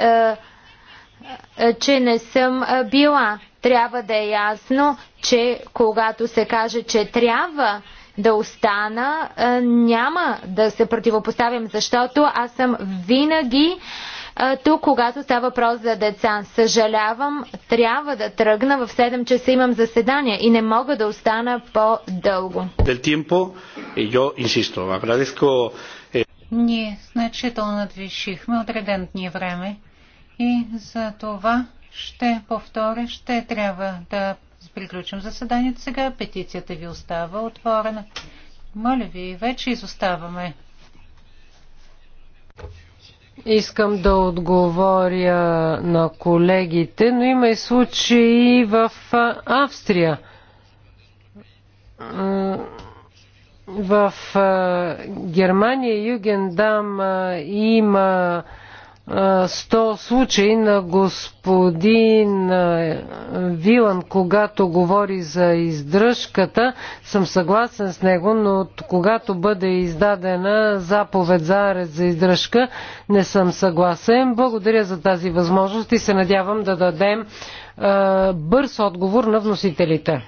че не съм била. Трябва да е ясно, че когато се каже, че трябва да остана, няма да се противопоставям, защото аз съм винаги тук, когато става въпрос за деца. Съжалявам, трябва да тръгна. В 7 часа имам заседание и не мога да остана по-дълго. Eh, Ние значително надвишихме отредент ни време и за това ще повторя, ще трябва да приключим заседанието сега. Петицията ви остава отворена. Моля ви, вече изоставаме. Искам да отговоря на колегите, но има и случаи в Австрия. В Германия Югендам има 100 случаи на господин Вилан, когато говори за издръжката, съм съгласен с него, но когато бъде издадена заповед за арест за издръжка, не съм съгласен. Благодаря за тази възможност и се надявам да дадем бърз отговор на вносителите.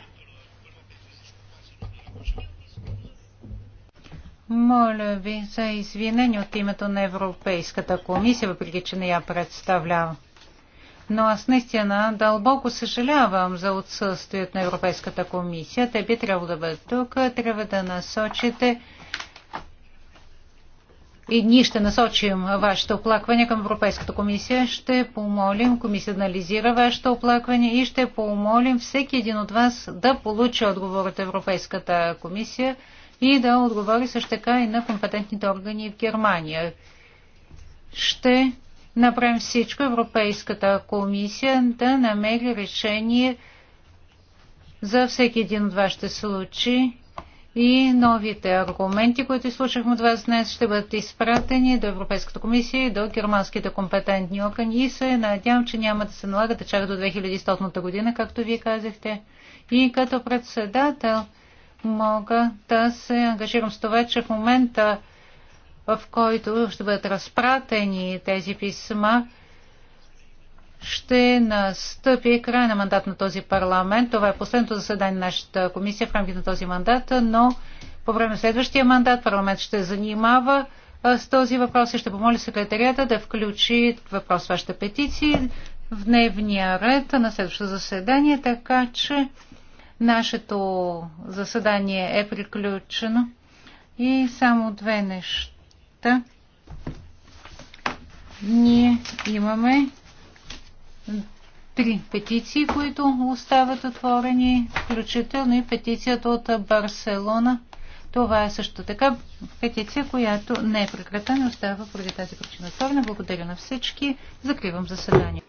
Моля ви за извинение от името на Европейската комисия, въпреки че не я представлявам. Но аз наистина дълбоко съжалявам за отсъствието на Европейската комисия. Те би трябвало да бъдат тук, трябва да насочите и ние ще насочим вашето оплакване към Европейската комисия. Ще помолим комисия да анализира вашето оплакване и ще помолим всеки един от вас да получи отговор от Европейската комисия и да отговори също така и на компетентните органи в Германия. Ще направим всичко Европейската комисия да намери решение за всеки един от вашите случаи и новите аргументи, които слушахме от вас днес, ще бъдат изпратени до Европейската комисия и до германските компетентни органи и се надявам, че няма да се налага да чака до 2100 година, както вие казахте. И като председател мога да се ангажирам с това, че в момента, в който ще бъдат разпратени тези писма, ще настъпи край на мандат на този парламент. Това е последното заседание на нашата комисия в рамките на този мандат, но по време на следващия мандат парламент ще занимава с този въпрос и ще помоля секретарията да включи въпрос вашата петиции в дневния ред на следващото заседание, така че Нашето заседание е приключено и само две неща. Ние имаме три петиции, които остават отворени, включително и петицията от Барселона. Това е също така петиция, която не е прекратена и остава поради тази причина Благодаря на всички. Закривам заседанието.